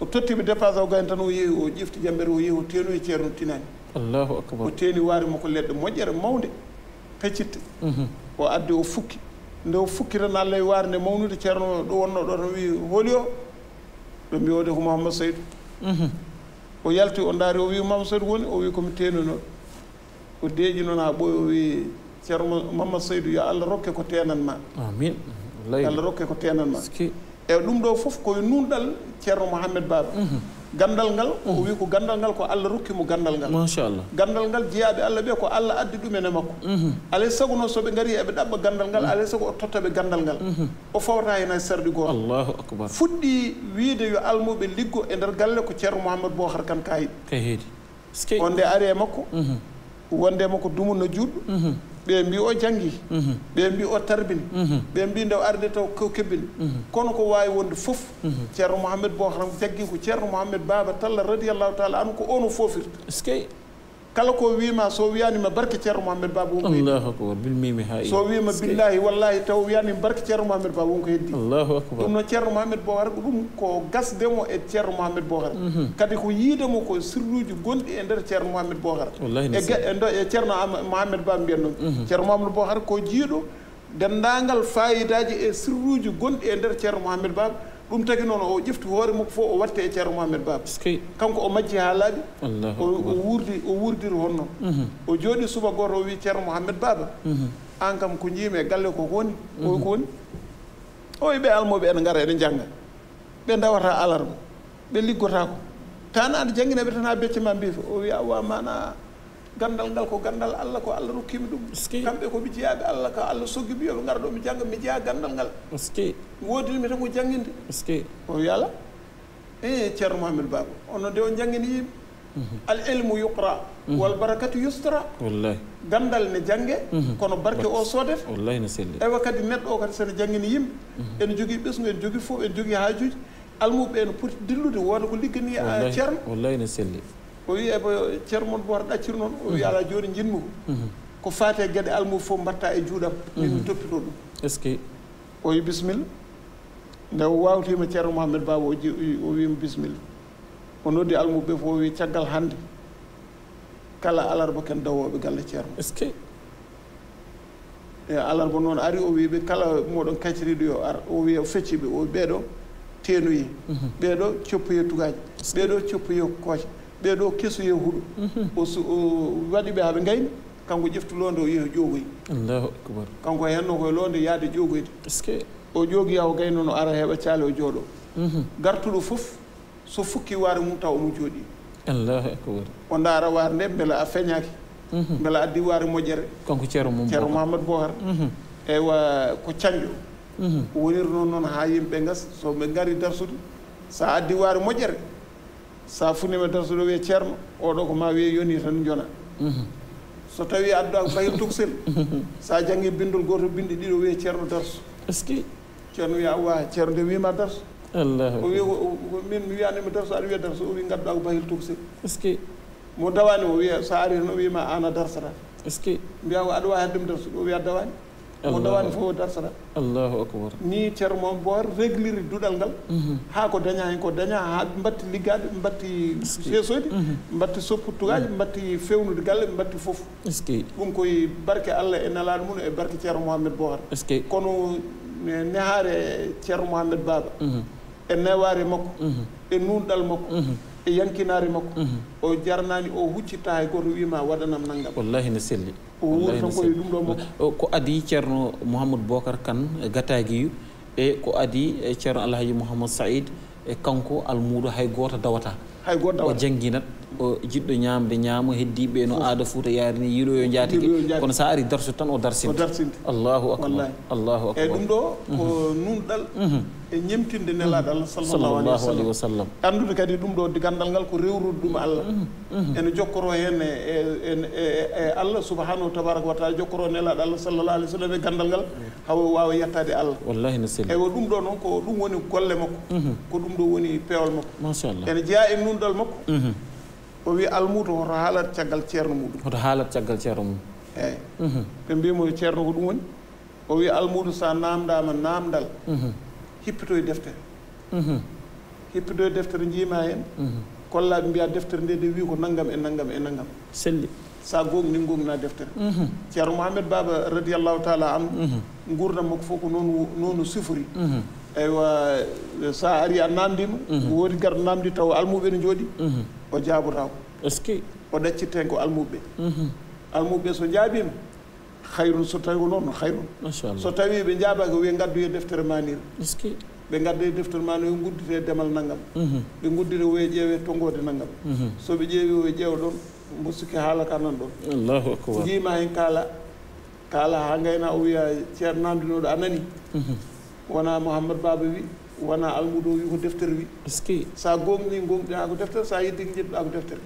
[SPEAKER 3] o tottiɓe dépense o gani tan o yehi o ƴifti jammbere o yehi o teenoyi ceerno tinani
[SPEAKER 5] allahu akbar o
[SPEAKER 3] teeni waari makko leɗɗe moƴƴere mawnde feccitte mhm. o addi o fukki nde o fukki tan allah e waarnde mawnude ceerno ɗo wonno ɗo tan wii holi o ɓe mbiyode ko mouhammado saydou mhm. o yalti o ndaari o wi mouhammado saydou woni o wi komi teenunoo o deeji noon haa ɓoy o wii ceerno mouhammado saydou yo allah rokke ko teenanma amin allah rokke ko teenanma e ɗum ɗo fof koye nunɗal ceerno mouhammed baba mhm. gandal ngal o mm. wii ko gandal ngal ko allah rokki mo gandal ngal machallah gandal ngal jeyaaɓe allah ɓe ko allah addi ɗumen e makko mm-hmm. alay sago noon so ɓe ngari eɓe ɗaɓɓa gandal ngal mm. alay sago o totta ɓe gandal ngal mm-hmm. o fawta hena sarɗi gooto allahu akbar fuɗɗi wiide yo almuɓe liggo e nder galle ko ceerno mouhamadou bohar kan kayiɗ ka heedi on nde ari e makko mm-hmm. wonde makko dumunno juuɗɗo ɓe mbi o janngi mhm. ɓe mbi o tarbini mhm. ɓe mbi nde arde taw ko kebbini mhm. kono ko waawi wonde fof ceerno mouhamed bo haram jaggii ko ceerno mouhamed baaba talla radiallahu taala an ko onu foofirta kala ko wiima so wiyanima barke ceerno mouhamed baba
[SPEAKER 5] wonkoa so wiima billahi
[SPEAKER 3] wallahi taw wiyanima barke ceerno mouhamed baba wonko heddi
[SPEAKER 5] ɗum
[SPEAKER 3] noon ceerno mouhamed bowara ko ɗum ko gasdemo e ceerno mouhamed bowara mhm. kadi ko yiidemo ko sirruji gonɗi e nder ceerno mouhamed bowaraee e e e ceerno mouhamed baba mbiyan noon mhm. ceerno mouhamed bowara ko jiiɗo denndangal fayidaji e sirruji gonɗi e nder ceerno mouhamed baba ɗum tagi noon o ƴefti hoore makko fof o watte e ceerno mouhamed baba kanko o majji ha o wuurdi o wuurdiri honnoon mhm. o jooɗi suba goto o wi ceerno mouhamed baba mhm. an kam ko jiimi e galle koko woni ko woni o mhm. ɓe almoɓe ene ngara ene jangga ɓe dawata alarma ɓe liggotako tan aɗa jangguinaɓe tan ha becce ma mbifa o wi awa mana gandal ngal ko gandal allah ko allah rokkimi ɗum kamɓe komi jeyaɓe allah ko allah soggi mi yoɓe gara ɗo mi jangga mi jeeya gandal ngal woodinimi tan ko jangginde o yala e ceerno mohamadou baba ono de o jangguini yimɓe mhm. al ilmu yuqra mhm. wal barakatu yustra gandal ne jangge mhm. kono barke o soodete ewa kadi neɗɗo o kadi sene jangguini yimɓe ene jogui ɓesgu ene jogui foof ene jogui haajuji almuɓe ene poti dillude wooda ko ligganie ceerno
[SPEAKER 5] wallayi ne selli
[SPEAKER 3] o wi eɓo ceermon bo ata ɗaccir noon o wi mhm. ala jooni jinmu mhm. ko faati e geɗe almu fof mbatta e juuɗam min mhm. toppito ɗum est ce que o wi bisimilla nde o wawtima ceerno mouhamed baba oji o wima bisimilla o noddi almu ɓe fof o wi caggal hannde kala alarba ken dawoɓe galle ceermo est ce que e alarba noon ari o wiɓe kala moɗon kacriɗo yo ar o wi o fecciɓe o wi ɓeeɗo teenoyi ɓeeɗo coppoye tugaji ɓeeɗo coppoye kooca ɓeeɗo keso ye huɗo mhm. o waɗi ɓe haaɓe ngayni kanko ƴeftu loonde o yehe joogoyi
[SPEAKER 5] allahu acbar
[SPEAKER 3] kanko henno koye loonde yaade joogoyde ce o joogoya o gayno no ara heɓa caale o jooɗo mhm. gartuɗo fof so fukki waare mum taw omo jooɗi
[SPEAKER 5] allahu acbar
[SPEAKER 3] o ndaara waare nde mbela a feñaaki mhm. mbela addi waare moƴere
[SPEAKER 5] kanko ceero mum ceero
[SPEAKER 3] mouhamadou bohar eywa ko cañƴo woniri noon noon haa yimɓe ngas so ɓe ngari darsude so a addi waare moƴere sa funima tan so ɗo wiye ceerno oɗo ko ma wiye yoni tan jona so tawi addako fayi tugsel sa jangi bindol goto binde ɗiɗo wiye ceerno darso est ce que ceerno wiya awa ceerno nde wima darso
[SPEAKER 5] allah o wi
[SPEAKER 3] ko min mi wiyanimi darso aɗa wiya darso o wi gadduɗa ko bahil tugsel est ce que mo dawani o wiya sa ari tan o wima an a darsata est ce que mbiya aɗa wawi addemi darso ɗo wiya dawani mo dawani fof darsata
[SPEAKER 5] allahu akbar
[SPEAKER 3] ni ceero mo boor réglir duɗal ngal mhm. haa ko daña hen ko daña ha mbatti liggaɓe mbatti seesoyde mbatti mhm. soppottugaji mbatti mhm. fewnude galle mbatti foof eskey ɗum koye barke allah e nalaɗo mum e barke ceero mohamed bowar eskey kono nehaare ceero mohamed baba e neware makko e nunɗal makko e yankinaare makko mhm. o jarnaani o huccittaa hay goto wiima waɗanam nanngam wallahi no selli o wuuro tan koye ɗum ɗoo
[SPEAKER 2] makko ko adi ceerno mouhamadou bocar kane e gataagiyu e ko adi e ceerno alhaji mouhamadou saïd e kanko almuuɗo hay gooto dawata hay gooto dawa o jangginat o jiɗɗo ñaamde ñaama heddiiɓe no aada fouta yaarini yiɗoyo jaatigi kono so ari darsude tan o darsinde o darsinde allahu akbar allahu akbar eyi ɗum ɗo
[SPEAKER 3] ko mhm. nunɗal mhm. e ñemtinde nelaaɗo allah salllahu alahi wasallam anndude kadi ɗum ɗo ganndal ngal ko rewrude ɗum allah mm-hmm, mm-hmm. ene jokkoro heen e, e, e, e allah subahanahu wa tabaraka wa taala jokkoro nelaaɗo allah sallallahu alih w sallam e ganndal ngal hawa waawa yettaade allah eyo ɗum ɗo noon ko ɗum woni golle makko mm-hmm. ko ɗum ɗo woni peewal makko machallah ene jeya e nunɗal makko o wiya almuuta hoto haalat caggal ceerno muɗum hoto haalat caggal ceerno mum eyi ɓe mbimo ceerno ko ɗum woni o wiya almuudu so namdama namdal hippito e deftere mhm. hippito e deftere njiima en mhm. kollaaɓe mbiya deftere nde nde wii ko nanngam e nanngam e nanngam selli so goog nin goomnaa deftere mhm. ceero mouhamed baaba radiallahu taala an nguurdam makko fof ko noon noonu sufori eywa so a arii a naamdiima woodi garɗo naamdi taw almuuɓe ne njooɗi o jaabotaako est ce que o ɗaccirteen ko almuuɓe ɓee almuuɓe ɓee so jaabiima hayrun so tawi noon hayrun so tawi ɓe jaabaka wiye gadduye e deftere manir ɓe gadduye deftere mani yo guddite demal naggam mhm. ɓe guddire woye ƴeewe tongode naggam mhm. soɓe ƴeewi oye ƴeewa ɗon mbusuki haala ka nan ɗon jiima hen kaala kaala ha gayna o wiya ceer nandunoɗo anani mhm. wona mouhammad baba wi wona almudo wi ko deftere wi sa gomni gomɗa ko deftere sa yiddi ko jiɗɗa ko deftere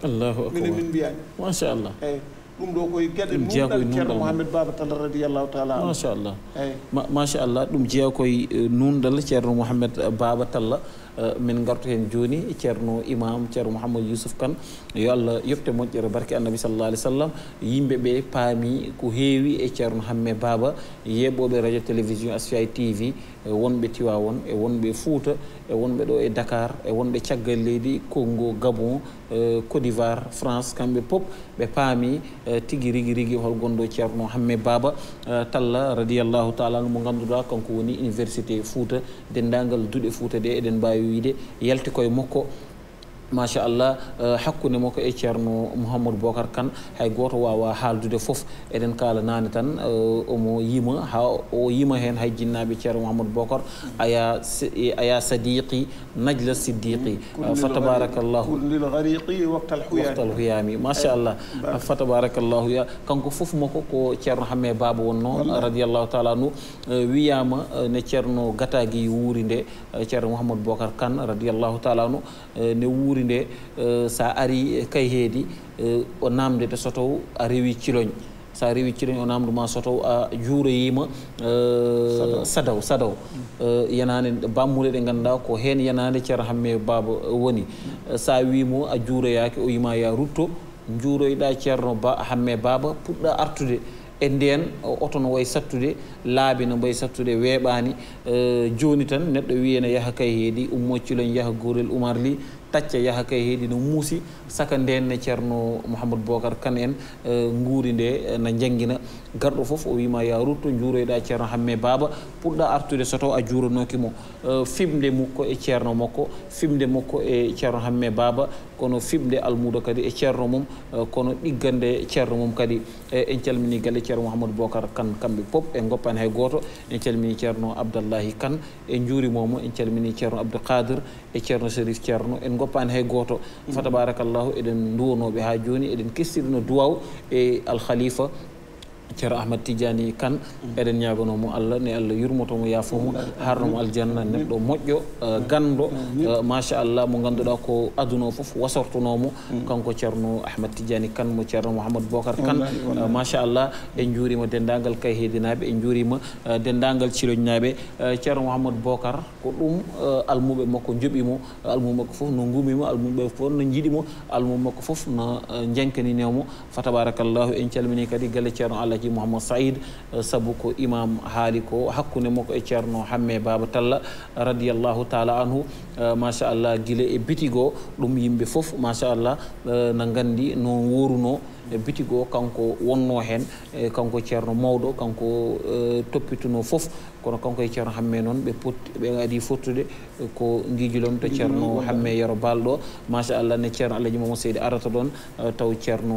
[SPEAKER 3] minen min mbiyani machallah eyi ɗum ɗo koye gueɗe ɗum jeeyakoye ceerno mouhamed baba tala radiallahu taala machallah eyyi
[SPEAKER 2] machallah ɗum jeeya koye eh, nundal ceerno mouhamed baba talla Eh, min gartu heen jooni ceerno imam ceerno mouhamadou yousuf kane yo allah yofte moƴƴere barke annabi sallallah alih w sallam yimɓe ɓe paami ko heewi e ceerno hamme baaba yeeɓooɓe radio télévision asfia tv wonɓe tiwawon e wonɓe e fouta e wonɓe ɗo e dakar e wonɓe caggal leydi congo gabon eh, côte d'ivoire france kamɓe pop ɓe paami eh, tigi rigi rigi hol gonɗo ceerno hamme baaba talla radiallahu taala mo ngannduɗa kanko woni université fouta dendagal duuɗe fouta de eɗen mbawi wiide yalti koye makko machallah hakkunde makko e ceerno mouhamadou bocar kane hay goto wawa haaldude foof eɗen kaala nane tan omo yima ha o yima hen hay jinnaɓe ceerno mouhamadou bocar aya aya sadiqi najla siddiqi fa tabarakallahu
[SPEAKER 3] waktal
[SPEAKER 2] huyami machallah fa tabarakallahu ya kanko foof makko ko ceerno hamme baba wonno radiallahu taala anu wiyama ne ceerno gatagui wuuri nde ceerno mouhamadou bocar kane radiallahu taala anu ne wuuri guuri nde e, sa ari e kay heedi e, o namde to sotow a rewi ciloñ sa rewi ciloñ o namduma sotow a juureyima sadaw sadaw yanane bammule ɗe ganduɗa ko hen yanade ceera hamme baba woni sa wimo a juuroyake o yima ya rutto juuroyɗa ceerno ba hamme baba puɗɗa artude e nden oto no way sattude laabi no mbay sattude weeɓani joni tan neɗɗo wiyana yaaha kay heedi ummo ciloñ yaaha gurel umar ly tacce yaha kay heeɗi dina muusi saka ndenne ceerno mouhamadou bocar kane en e, nguuri nde na jangina garɗo fof o wima ya rutto juuroyɗa ceerno hamme baba puɗɗa artude so taw a juuranokimo e, fimde mokko e ceerno makko fimde makko e ceerno hamme baba kono fimde almudo kadi e ceerno mum e, kono ɗiggande ceerno mum kadi en calmini galle ceerno mouhamadou bocar kane kamɓe pop e goppan hay goto en calmini ceerno abdallahi kane e juurimomo en calmini ceerno abdou kadir e ceerno sérif ceerno en goppani hay goto fa tabarakallah الله إذن دونو بها إذن كسرنا دواو إيه الخليفة ceero ahmad tidiani kane eɗen ñaganomo allah ni allah yurmotomo yafomo harnomo aljanna neɗɗo moƴƴo euh, ganndo euh, machallah mo ngannduɗa ko aduna o fof wasortunomo kanko ceerno ahmad tidiani kane mo ceerno mouhamad bocar kane euh, machallah en juurima denndagal kay heedinaɓe en juurima denndagal ciloñnaɓe ceerno mouhamad bocar ko ɗum almuɓe makko joɓimo almuɓe makko fof no ngumimo almuɓe fof no jiiɗimo almuɓe makko fof no jenkaninemo fa tabarakallahu en calmini kadi galle ceerno allah alhaji mouhamado saïd euh, saabu ko imam haali ko hakkunde makko e ceerno hamme baba talla radiallahu taala anhu euh, machallah guila e bitigo ɗum yimɓe fof machallah na euh, gandi no woruno e bitigo kanko wonno hen e kanko ceerno mawɗo kanko toppituno fof kono kanko e ceerno hamme noon ɓe pot ɓe adi fottude e ko guijulom to ceerno hamme yero balɗo machallah ne ceerno alaji mamadou seydi arata ɗon taw ceerno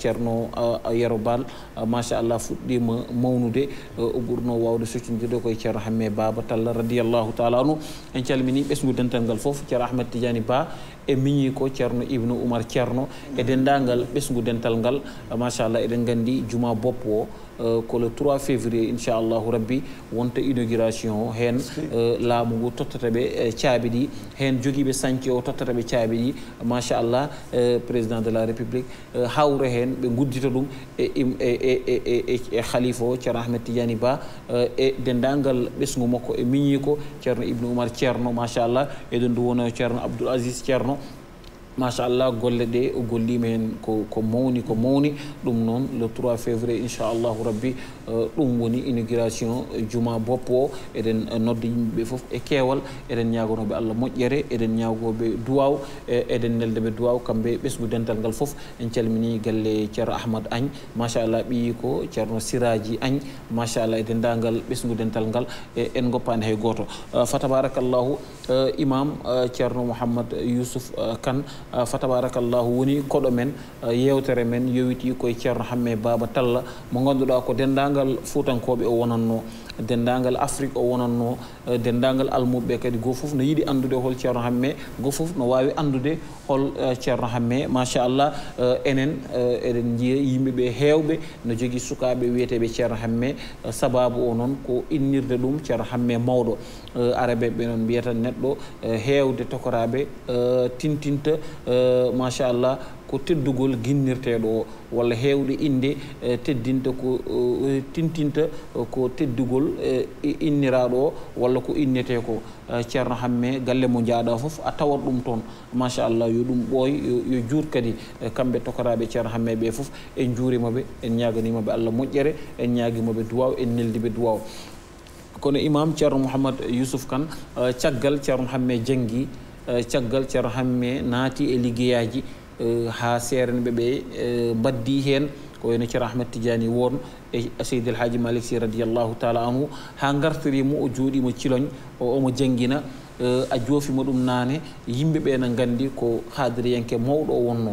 [SPEAKER 2] ceerno yero bal machallah fuɗɗima mawnude e, o ɓurno wawde soccodirde koye ceerno hamme baba talla radiallahu taala anu en calmini ɓesgu dental ngal foof ceerno ahmed tidiani ba e miñi ko ceerno ibnu oumar ceerno e dendagal ɓesgu dental ngal machallah eɗen gandi juma boppo o ko euh, le 3 février inchallahu rabbi wonta inauguration heen euh, laamu ngu tottata ɓe euh, caabi ɗi heen jogiiɓe sañce o tottata ɓe caabi ɗi machallah président de la république hawra heen ɓe guddita ɗum ee e, e, e, khalife o ceerno ahmed tidiani ba e denndaangal ɓesngu makko e miñii ko ceerno ibnu oumar ceerno machallah eɗen ndu wona ceerno abdoul asis ceerno ما شاء الله قولي دي وقولي من كو موني كو موني دمنون لطروا فيفري إن شاء الله ربي ɗum woni inauguration juma boppo o eɗen nodda yimɓeɓe fof e keewal eɗen ñaagonoɓe allah moƴƴere eɗen ñaagoɓe duwaw e eɗen neldeɓe duwaw kamɓe ɓesgu dental ngal fof en calmini galle ceerno ahmadou agne machallah ɓi ko ceerno siraji agne machallah e dendagal ɓesgu dental ngal e en goppani hay goto euh, fa tabarakallahu euh, imam ceerno euh, mouhamad yousuf kane fa tabarakallahu woni koɗo men yewtere men yowiti koye ceerno hamme baba talla mo ganduɗa ko dendagal dendagal fuutankoɓe o wonanno dendagal afrique o wonanno eh, dendagal almuɓeɓe kadi go foof no yiiɗi andude hol ceerno hamme go foof no wawi andude hol eh, ceerno hamme machallah eh, enen eɗen jiiya yimɓeɓe hewɓe no jogui sukaɓe wiyeteɓe ceerno hamme sababu o noon ko innirde ɗum ceerno hamme mawɗo araɓeɓe noon mbiyatan neɗɗo hewde tokoraɓe tintinta machallah ko teddugol guinnirteɗo o walla hewde inde teddinta ko tintinta ko teddugol E, inniraaɗo o walla ko innetee ko e, ceerno hamme galle mo njaaɗaa fof a tawat ɗum toon machallah yo ɗum ɓooy yo juur kadi e, kamɓe tokoraaɓe ceerno hamme ɓe fof en njuurima ɓe en ñaaganiima ɓe allah moƴƴere en ñaagima ɓe duwaw en neldi ɓe duwaw kono imam ceerno mouhamad yousuf kan caggal ceerno hamme jenngi caggal ceerno hamme naati e liggeyaaji haa seerene ɓe ɓe mbaddi heen ko wayno ceerno ahmad tidiani woorno e seydi alhaji malik si radiallahu taala anhu ha gartirimo o jooɗimo ciloñ o omo jangguina e, a joofimo ɗum naane yimɓeɓe ne nganndi ko haadiriyanke mawɗo o wonno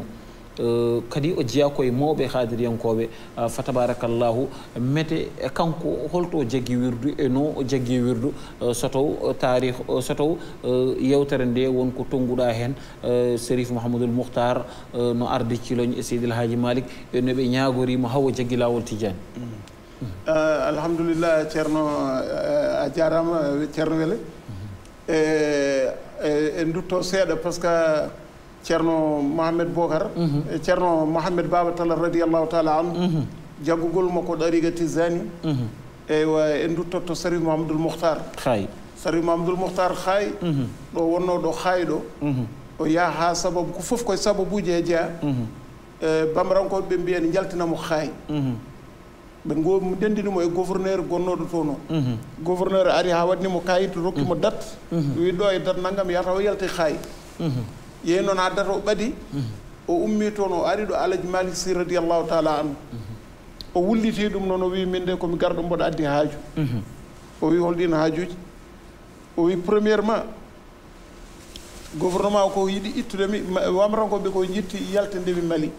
[SPEAKER 2] kadi o jeeya koye mawɓe haadiriyankoɓe fa tabarakallahu mete kanko holto jaggi wirdu e no jaggi wirdu so taw tarih so taw yewtere nde wonko tonguɗa hen sérif mouhamadoul mouhtar no ardi cilogne e seydil haji malik e noɓe ñagorimo hawa jaggi lawol tidiani
[SPEAKER 3] mm. mm. euh, alhamdoulillah ceerno euh, a jarama ceerno wele e mm-hmm. en dutto seeɗa par ce que ceerno mouhamed bocar ceerno mhm. mouhamed baba tala radiallahu taala an mhm. jaggugol makko ɗariga tisani mhm. eywa en duttotto sarif mouhamadoul mouhtar hay sarif mouhamadoul mouhtar hay ɗo wonno ɗo hay ɗo o yaa ha sababu ko fof koye sababuji e jeya bamarankoɓe ɓe mbiyen jaltinamo hay ɓe go denndinimo e gouverneur gonnoɗo to noo gouverneur ari ha waɗnimo kayit rokkimo date wiɗɗo e date naggam yata o yalti hay yey noon addata o ɓadi o ummii toon o ari ɗo alaji malik si radiallahu taala anu o wullitii ɗum noon o wii min nde komi garɗo mboɗo addi haaju o wii holɗiin haajuuji o wii premièrement gouvernement o ko yiɗi ittudemi wamrankoɓe ko jitti yalta ndemi mali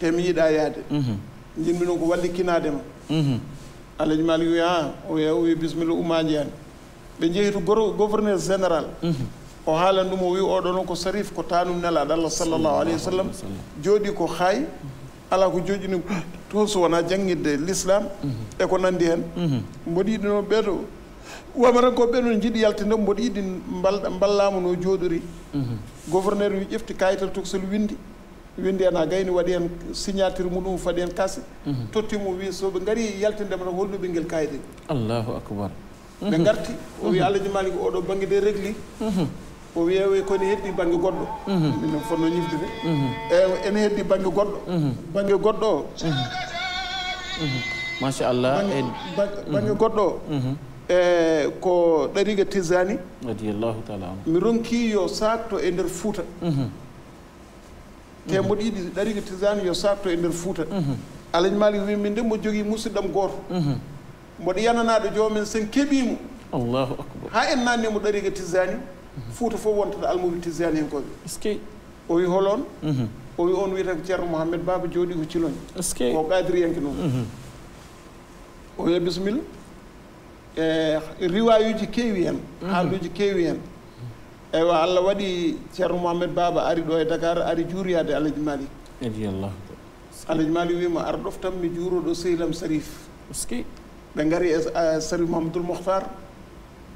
[SPEAKER 3] te mi yiɗa yaade jinmi noon ko walli kinaadema alaji malik wi a o wi bisimilla umaji hani ɓe njehi to gouverneur général ko haalan ɗum o wi oɗo noon ko sarif ko tanum nelaɗo allah sallllahu alayhi wa sallam jooɗi ko hay ala ko jooƴini to so wona jangidde l' islam mhm. e ko nanndi heen mhm. mboɗiɗi noon ɓeeɗo wama tan ko ɓeeɗo no jiɗi yaltinde mboɗiɗi mballama no jooɗori mhm. gouverneur wi ƴefti kayital tokosel windi windi hen ha gayni waɗi hen signature muɗum faɗi hen kaasi tottimo wi soɓe gari yaltindema tan holɗo ɓengel kayiɗe
[SPEAKER 5] allahu acbar ɓe garti
[SPEAKER 3] o wi allahji malik oɗo bangge de régli o weewe kone heddi bange goɗɗo mhm. mino fonno ñifdude mhm. eyo ene heddi bange goɗɗo mhm. bange goɗɗo o machallah bange goɗɗo o e ko ɗariga tisani radiallahu taala anu mi ronki yo satto e nder fouta te mboɗo yiɗi ɗariga tisani yo satto e nder fouta alañ malik wi min nde mo jogui musidɗam goto mboɗo yananaɗo jomumen sen keeɓimo
[SPEAKER 5] allahu akbar
[SPEAKER 3] ha en nannimo ɗariga tisani fuuta fof wontata almubitisani hen koɓe eskey o wi holon o wi on wiyata ko ceerno mouhamed baba jooɗi ko ciloñ eskey ko qadiri yenke noon o wiya bisimilla e riwayuji keewi hen haaluji keewi hen eywa allah waɗi ceerno mouhamed baba ari ɗo e dakar ari juuroyade alhaji malik radiallahu alhaji malik wima ar ɗoftan mi juuroɗo sehilam sarif eskey ɓe gaari e sarif mahamadoul mouhtar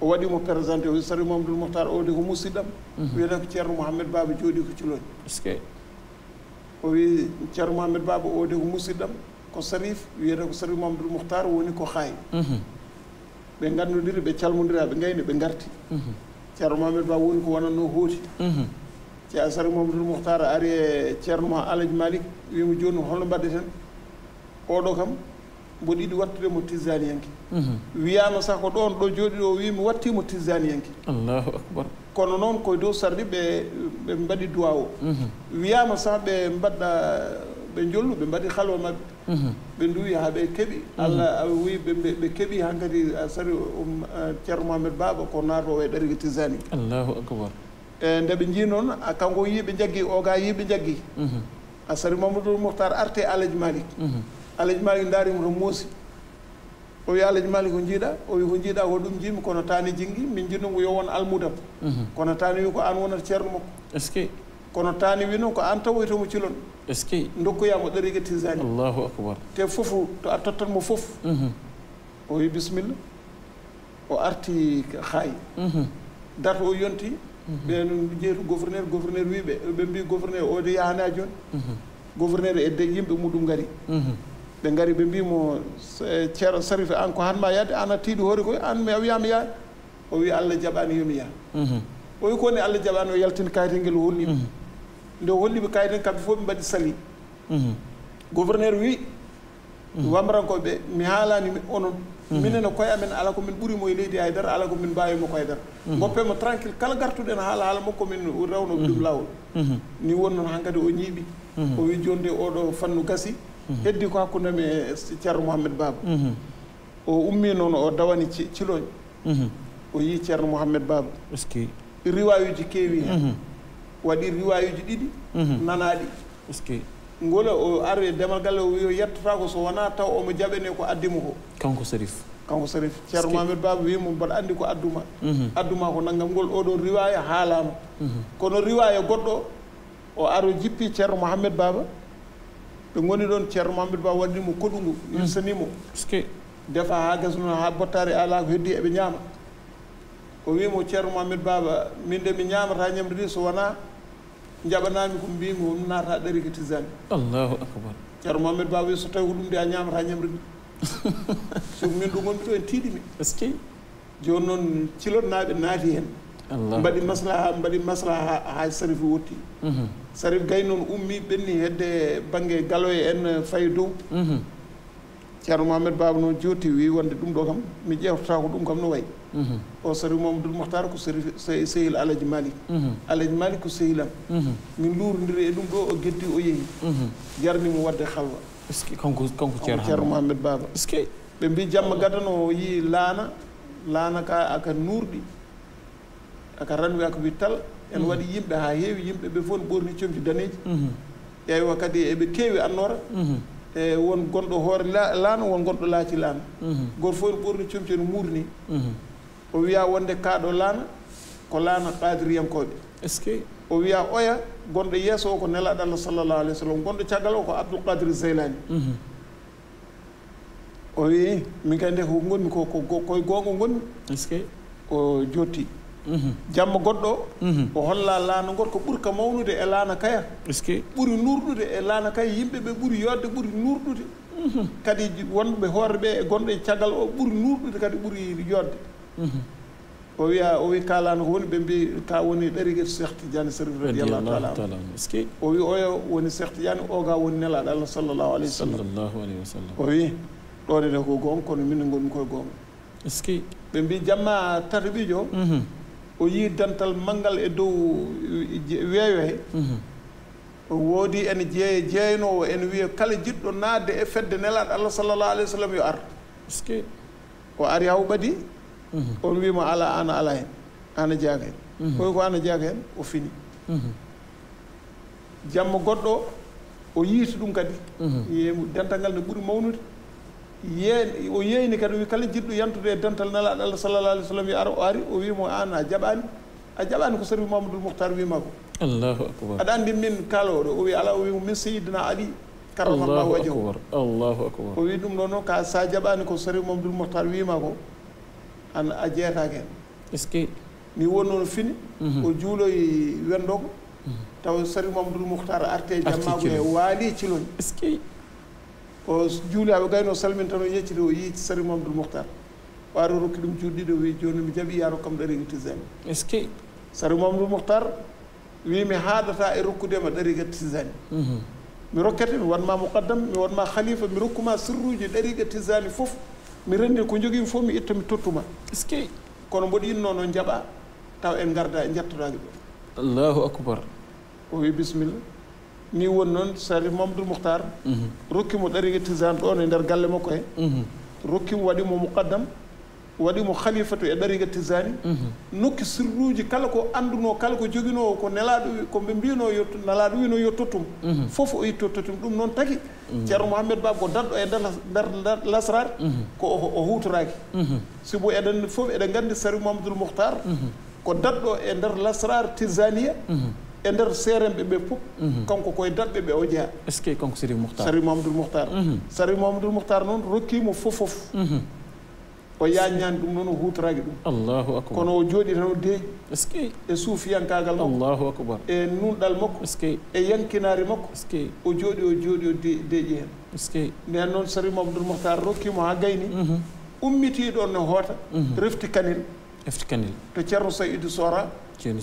[SPEAKER 3] o waɗimo présenté o sari mamadou mouhtar o de ko musidɗam wiyete ko ceerno mouhamed baba jooɗi ko culoñ o wi ceerno mouhamed baba o de ko musidɗam ko sarif wiyete ko sarif mamadou mouhtar woni ko haay ɓe ngannudiri ɓe calmodira ɓe ngayni ɓe ngarti ceerno mamadou ba woni ko wonatno hooti cea sari mamadoul mouhtar ari e ceerno ma alaji malik wimo jooni holno mbaɗɗeten oɗo kam mboɗo yiɗi wattude mo tisani yanke mhm. wiyaama sah ko ɗon ɗo jooɗi ɗo wiimi wattiimo tisani yanke
[SPEAKER 5] allahu akbar
[SPEAKER 3] kono noon koye dow sarɗi ɓe ɓe mbaɗi duwa o mhm. wiyaama sah ɓe mbaɗɗa ɓe jollu ɓe mbaɗi halo maɓɓe mhm. ɓe nduwi haa ɓe keɓi allah wi ɓe keɓi han kadi sari um, ceerno mamed baaba ko naato e ɗarigue tisani
[SPEAKER 5] allahu akbar
[SPEAKER 3] e nde ɓe njii noon kanko yiiɓe jaggi o ga yiiɓe jaggi a sari mamadou mouhtar arte e alaji malik alaji malik daarima to muusi o wi alaji malik ko njiiɗa o wi ko njiiɗa ko ɗum jimi kono taani jingi min jinnomo yowon almudam mhm. kono taani wi ko an wonata ceerno makko est ce que kono taani wino ko an tawoytomo cilon est ce que dokkuyama ɗerigue tisani allahu akbar te fof to a tottanmo fof mhm. o wi bisimilla o arti haay mhm. dato o yonti ɓen jeytu gouverneur gouverneur wiɓe ɓe mbi gouverneur ode yahana joni gouverneur edde yimɓe muɗum gari ɓe ngari ɓe mbimo ceero sarifi an ko hanma yaade an a tiiɗi hoore koye an mi a wiyama yaade o wi allah jaɓani yomi yaa mhm. o wi koni allah jaɓani o yaltini kayite ngel holliɓe mhm. nde holliɓe kayite kamɓe fof ɓe mbaɗi sali mhm. gouverneur wi wamrankoɓe mi haalani onon minen koye amen ala komin ɓurimo e leydi haydara ala komin mbawimo koye dar goppemo tranquille kala gartuɗen haala haala makko min rewno ɗum lawol ni won noon hankkadi o ñiiɓi o wi jonde oɗo fannu gasi heddi ko hakkundemi ceerno eh, mouhammed baba mhm. o ummi noon o dawani ciloñ mhm. o yii ceerno mouhammed baba riwayuji keewi hen mhm. waɗi riwayuji ɗiɗi nanaɗi ngola o ari demal galle o wi o yettotako so wona taw omo jaɓene ko addimo ko kanko sarif kanko sarif ceerno mouhammed baba wimo mbaɗa andi ko adduma adduma ko naggam ngol oɗon riwaya haalama kono riwaya goɗɗo o aro jippi ceerno mouhammed baba Mm. E ɓe goni ɗon ceerno mamadou ba wandimo koɗungu hirsanimo defa ha gasno ha bottare ala ko heddi eɓe ñaama o wimo ceerno mamadou baba min de mi ñamata ñamri ndi so wona jaɓanami ko mbimi om nata ɗari ko tisani
[SPEAKER 5] allahu akbar
[SPEAKER 3] ceerno mamadou baba wi so tawi ko ɗum de a ñamata ñamri ndi soko min ɗum gonmi ɗo en tiiɗimi est joni noon cilotnaɓe naati hen mbaɗi maslaha mbaɗi maslaha ha sarif wotti mhm. sarif gay noon ummi ɓenni hedde bangge galoye en fay dow mhm. ceerno mamadou baba noon jotti wi wonde ɗum ɗo kam mi ƴeewtata ko ɗum kam no wayi mhm. o sarif mamadoul mohtar ko sarif sehil alaji malik alaji malik ko sehilam min lurodiri e ɗum ɗo o geddi o yeehi jarnimo wadde halwa
[SPEAKER 5] kankokanko
[SPEAKER 3] ceerno mamadou baba ɓe mbi jamma gadano o yi laana laana ka aka nurɗi kaka ranwi ako wittal en mm. waɗi yimɓe haa heewi yimɓe ɓe fof n ɓorni comci daneji
[SPEAKER 4] ƴeewi mm-hmm.
[SPEAKER 3] o kadi eɓe teewi annora mm-hmm. e won gonɗo hoore laano won gonɗo laaci laano mm-hmm. goto fof n ɓorni comci no muurni o wiya wonde kaaɗo laano ko laano ɓaadiriyankoɓe est ce que o wiya oya gonɗo yeeso o ko nelaɗo allah sallallahu alih w sallam gonɗo caggal o ko abdoulqadir zeylani o wi min kandi ko gonmi ko koye gonga gonmi est ce que o jotti Mhm. jamma goɗɗo mhm. o holla laana goɗ ko ɓurka mawnude e laana kaya ɓuri nurɗude e laana kaya yimɓe ɓe ɓuri yodde ɓuri nurɗude mhm. kadi wonɓe hoore ɓe e gonɗo e caggal o ɓuri nurɗude kadi ɓuri yodde o wiya o wi kalaano ko woni ɓe mbi ka woni ɗarigue chehtidiane sarif radiallahu taala o wi oyo woni chehtidiane oga woni nelaɗo allah sallllahu alayhi wasallam o wi ɗoɗene ko gonga kono minen gonmi koye gonga ɓe mbi jamma tatabijo o yii dental maggal e dow e weeyo he mhm. o woodi ene jeeye jeeynoowo ene wiya kala jiɗɗo naatde e fedde nelaaɗo allah sallallah alih wa sallam yo ar pasque o ari haw ɓadi mhm. on wiima ala ana ala heen ana jeyaka heen koy mhm. ko ana jeyaka heen o fini jamma goɗɗo o o yiiti ɗum kadi yemu dental ngal ne ɓuri mawnude yeen o yeeyni kadi o wi kala jiɗɗo yantude e dental nalaaɗo allah sallallah alih w sallam wi ara o ari o wiima aan a jaɓaani a jaɓaani ko sarwi mamadou mouhtar wiima ko
[SPEAKER 5] allahu akbar aɗa
[SPEAKER 3] anndi min kaaloo ɗo o wi ala o wi min seydina ali karamallahu wajhoakbar
[SPEAKER 5] allahu akbar o wi
[SPEAKER 3] ɗum ɗo noon ka sa jaɓaani ko sarwi mamadoul mouhtar wiima ko an a jeetaake hen est ce que ni wonno no fini mhm. o juuloy wenndo ko mhm. taw sarwi mamadoul mouhtar arte jammaako e waali e cilooñ est ce que o juuli aɓe gayno salmin tan o yeccide o yiiti sari mamadoul mouhtar waaro rokki ɗum juuɗi ɗo wii jooni mi jaɓi yaaro kam ɗariga tisane est ce que sari mamadoul mouhtar wiimi haadata e rokkudema ɗariga tisane mhm. mi rokkete mi wanma mouqaddam mi wanma khalifa mi rokkuma sirruji ɗariga tisane fof mi renndi ko jogimi fof mi itta mi tottuma est ce que kono mboɗo yinno noon jaɓa taw en garda e jettotaki ɗo
[SPEAKER 5] allahu akbar
[SPEAKER 3] o wi bisimilla ni won noon sarif mamadou mouhtar mhm. rokkimo ɗarigue tisane ɗon e nder galle makko he mhm. rokkimo waɗimo mouqaddam waɗimo khalifatu e ɗarigue tisani mhm. nokki surruji kala ko anduno kala ko joguino ko nelaɗo koɓe mbino yetto nelaɗo wino yettottum foof o yettottotum ɗum noon tagui ceerno mouhamed ba ko daɗɗo e nder lasrare ko o hutoraki sibo eɗen foof eɗen gandi sarif mamadoul mouhtar ko daɗɗo e nder lasrare tisania e ndeer seeremɓe ɓe fof mhm. kanko koye daɓɓe ɓe o jeya est ce que kanko sari mouhtar sari mamadoul mouhtar mhm. sari mamadoul mouhtar noon rokkiimo fof fof mhm. o yaññaani ɗum noon o huutoraaki ɗum allahu acbar kono o jooɗi tan o deeƴi est ce que e suufiyankaagal makko allahu acbar e nunɗal makko est ce que e yankinaari makko est ce que o jooɗi o jooɗi o deeƴi heen est ce que nden noon sari mamadoul mouhtar rokkiimo haa gaynii ummitii ɗoon no e hoota refti kanel eftikanil to ceerno saydou sora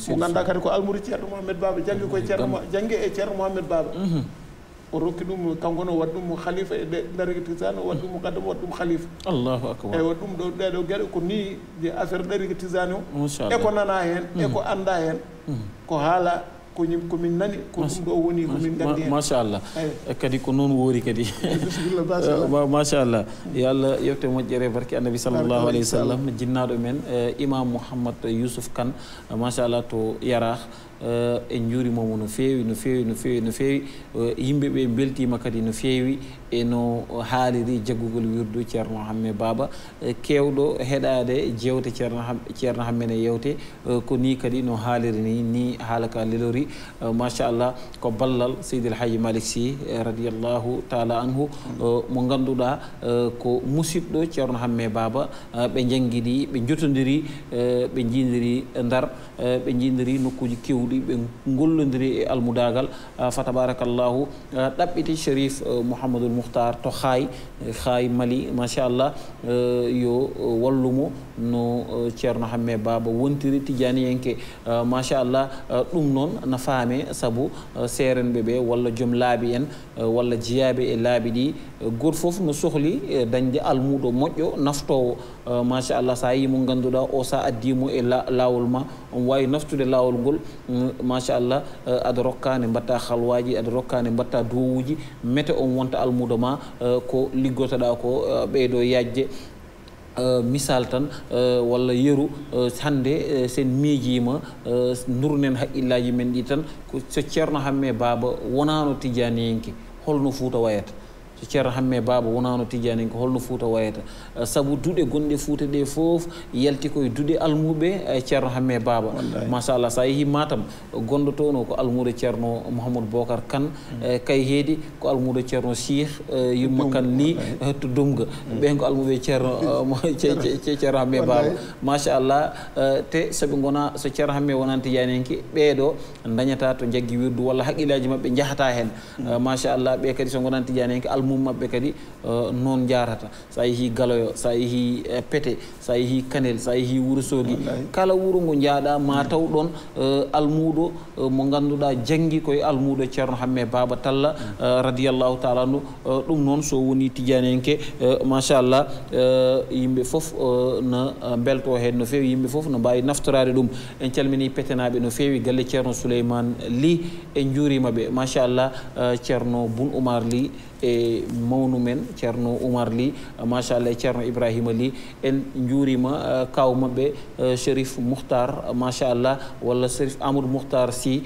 [SPEAKER 3] mo ganduɗa kadi ko almuri ceerno mouhamed baba janggi koye ceerno janggi e ceerno mouhamed baba mhm. o rokki ɗum kankono waɗi ɗum khalifa e darigi tisane waɗi ɗum mukaddam waɗi ɗum khalifa allahu akbar eyyi waɗi ɗum ɗo ɗeɗo gueɗe ko ni affaire darigi tisane o e nana hen eko ko mhm. anda hen mhm. ko haala ko komin nani ko ɗum ɗo woni komin gandi
[SPEAKER 2] machallah e kadi ko noon woori kadi machallah yo allah yewte moƴƴere e barke annabi salllahu alayhi wa sallam jinnaɗo men e imam mouhammad yousuf kane machallah to yarah en eh, e juurimomo no feewi no feewi no feewi no feewi eh, yimɓe ɓe beltima kadi no feewi eno haaliri jaggugol wirdu ceerno hamme baaba eh, kewɗo heɗade jewte ceerno hammene yewte ko ni kadi no haaliri ni ni haala ka lelori machallah ko ballal seydi alhaji malik sy radiallahu taala anhu mo ngannduɗa ko musidɗo ceerno hamme baaba ɓe jangguiɗi ɓe jotodiri ɓe jiidiri ndar ɓe jiidiri nokkuji kewɗi ودي بنقول لندري المداعل فتبارك الله تبيتي شريف محمد المختار تخاي khaay mali machallah yo wallumo no ceerno hamme baba wontiri tidianiyenke machallah ɗum noon na faame saabu seerenɓe ɓe walla joom laabi en walla jeyaɓe e laabi ɗi goto fof no sohli dañde almuɗo moƴƴo naftowo machallah sa yi mo ganduɗa o sa addimo e laawol ma on wawi naftude laawol ngol machallah aɗa rokka ne mbatta halwaji aɗa rokka ne mbatta dowuji mete on wonta almuɗo ma ko li liggotoɗa ko uh, ɓeydo yajje uh, misal tan uh, walla yeru hannde sen miijima nurnen haqqillaji men ɗi tan so ceerno hamme baaba wonano tijanienke holno fuuta wayata so ceerno hamme baaba wonaano tijaani ko holno fuuta wayata eh, sabu duɗe gonɗe fuuta ɗe fof yalti koye duɗe almuɓe eh, ceerno hamme baaba machallah so a yehii matam gonɗo towno ko almuɗo ceerno mouhamadou bocar kane mm. eh, kay heedi ko almuɗo ceerno sih yumma kan ni to dumga mm. ɓen ko almuɓe ceerno ceerno hamme baaba machallah te soɓe gona so ceerno hamme wonaano tijaninke ɓeeɗo dañata to jaggi wirdu walla haqqillaji maɓɓe jahata heen mm. machallah ɓe kadi so gonaano tijaninke mum maɓɓe kadi uh, noon jarata sa yeehi galoyo sa yeehi eh, pete sa yeehi kanel sa yeehi wourosogui kala wuuro ngo jaaɗa ma taw ɗon uh, almuɗo uh, mo ganduɗa janggui koye almuɗo ceerno hamme baba talla hmm. radiallahu taala nu ɗum noon so woni tidiani enke machallah yimɓe foof na belto hen no fewi yimɓe foof no mbawi naftorade ɗum en calmini petenaɓe no fewi galle ceerno souleyman li en juurimaɓe machallah ceerno boune oumar li e mawnu men ceerno oumar ly machallah e ceerno ibrahima ly en juurima kaw maɓɓe chérif mouhtar machallah walla chérif amadou mouhtar sy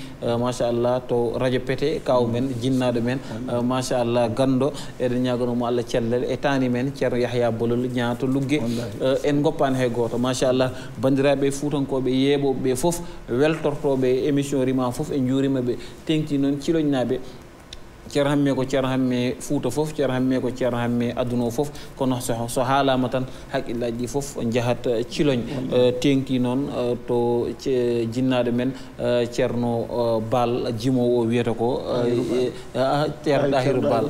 [SPEAKER 2] machallah to radio pété kaw men jinnaɗo men machallah gando eɗen ñaganoma allah cellal e tani men ceerno yahya bolol ñaato lugge en goppani hay goto machallah bandiraɓe fuutankoɓe yeeɓoɓe ɓe foof weltortoɓe émission rima foof en juurimaɓe tengti noon ciloñnaɓe ceer hamme ko ceer hamme fouta fof ceer hamme ko ceer hamme aduna o fof kono so haalama tan haqillaji ɗi fof jahat uh, ciloñ uh, tenki noon uh, to jinnaɗo men ceerno bal jimowo o wiyata ko e, ah, ceer dahiru bal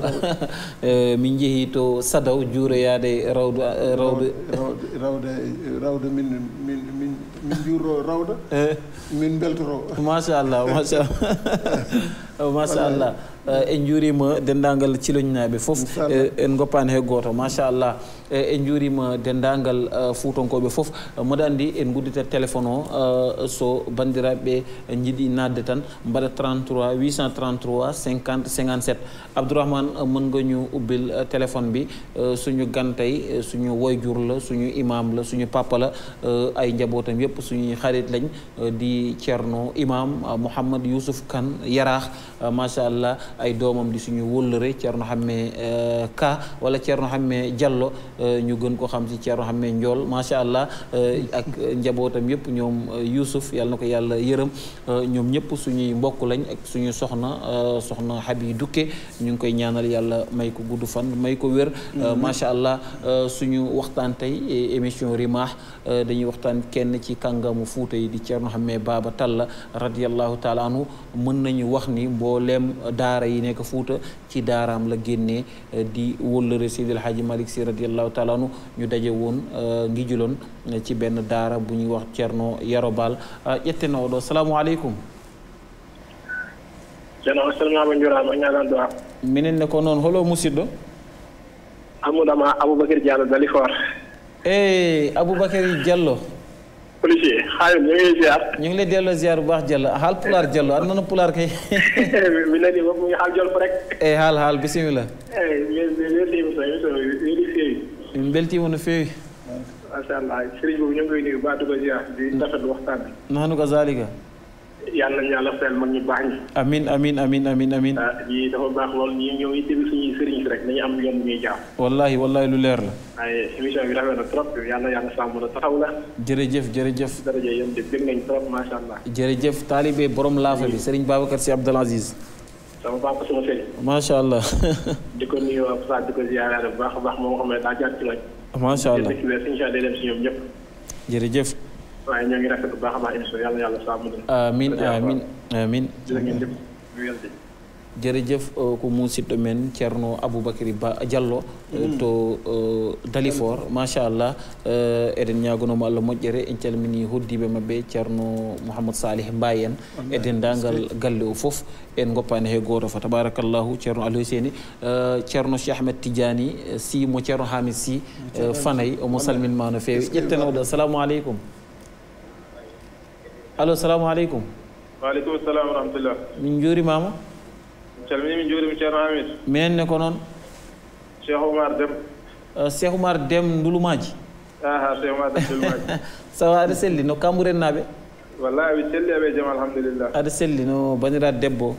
[SPEAKER 2] min jeehi to sadaw juureyade rawdu rawde
[SPEAKER 3] rawde rawde min min min min juurro rawda eh. min beltoro
[SPEAKER 2] machallah machallah machallah Eh, en juurima denndaangal ciloñinaaɓe fof eh, en goppaani he gooto machallah eh, en futon denndaangal fuutonkoɓe fof mboɗa anndi en guddita téléphone o so banndiraaɓe ɓe jiɗi tan mbaɗa 33 833 50 57 abdourahmane mën nga ñu ubbil téléphone bi suñu gantay suñu woyjur la suñu imam la suñu papa la ay njabootam yépp suñuy xarit lañ di ceerno imam mouhamad yousuf kan yarah machallah ay doomam di suñu wóllëre Thierno Hamé euh, Ka wala Thierno Hamé Diallo euh, ñu gën ko xam ci Thierno Hamé njool macha allah euh, ak njabootam yëpp ñoom Youssouf yàlla na ko yàlla yërëm ñoom ñëpp suñuy mbokk lañ ak suñu soxna soxna yi Dukke ñu ngi koy ñaanal yàlla may ko gudd fan may ko wér mm-hmm. macha allah suñu waxtaan tey émission Rimah dañuy waxtaan kenn ci kàngamu Fuuta yi di Thierno Hamé Baba Talla radiyallahu taala anhu mën nañu wax ni mbooleem daara daara yi nekk Fuuta ci daaraam la génnee eh, di wóllëre Seydil Hadji Malick Sy radiallahu taala ñu daje woon eh, ngi juloon eh, ci benn daara bu ñuy wax Cerno Yarobal ƴetteno oɗo salamu aleykum
[SPEAKER 4] ceerno o
[SPEAKER 1] salminama jurama a ñagandu a
[SPEAKER 2] minen ne ko noon holo musidɗo amadama aboubacry diallo dalifort e aboubacry policier xaaral ñu ngi lay ziar. ñu ngi bu baax Diallo xaal pulaar Diallo am nañu pulaar kay.
[SPEAKER 1] mi la nii mu ngi xaal Jolof rek.
[SPEAKER 2] xaal xaal bisimilah. mbeltiimu feewi.
[SPEAKER 1] macha allah sëriñ boobu ñu ngi koy nuyu ba du ko ziar di rafetlu waxtaan bi.
[SPEAKER 2] naxnu ko zaalika.
[SPEAKER 1] yàlla nañu yàlla fayal mag ñu baax ñi.
[SPEAKER 2] amiin amiin amiin amiin
[SPEAKER 1] amiin. Ah, lii dafa rek nañu am yoon ñuy jaar.
[SPEAKER 2] wallaahi wallaahi lu leer la.
[SPEAKER 1] waaye émission bi rafet na trop yàlla yàlla sàmm na taxaw la. jërëjëf jërëjëf. daraja yéen de dégg nañ trop macha
[SPEAKER 2] allah. borom laafa bi sëriñ Babacar Sy Abdoul Aziz.
[SPEAKER 1] sama papa sama sëriñ.
[SPEAKER 2] macha allah.
[SPEAKER 1] di ko nuyu ab saa di ko ziaraare bu baax a baax moom xam ne daa jaar ci lañ.
[SPEAKER 2] macha allah jërëjëf amin amin amin jërëjëf euh, ko musidɗo men ceerno aboubacry ba diallo euh, mm. to euh, dalifort machallah eɗen ñagonoma allah moƴƴere en calmini hoddiɓe mabɓe ceerno mouhamadou salih mbay en e dendagal galle o foof en goppani hay goto fa tabarakallahu ceerno aliou séni ceerno chahmed tidiani simo ceerno hamid sy fanay omo salminma no fewi ƴetten oɗo assalamu aleykum alo selamu aleykum
[SPEAKER 6] waaleykum salam wa rahmatullah
[SPEAKER 2] min juurimama mi
[SPEAKER 6] calmini min juurimi ceerno hamid
[SPEAKER 2] minenne ko dem.
[SPEAKER 6] cheikh eh, oumar déme cheikh
[SPEAKER 2] aha cheikh oumar déme ndulumaji sawa aɗa selli no kamburen naaɓe
[SPEAKER 6] Vallahi, aɓe celli aɓe e jaam alhamdulillah aɗa selli no bandiraɗo debbo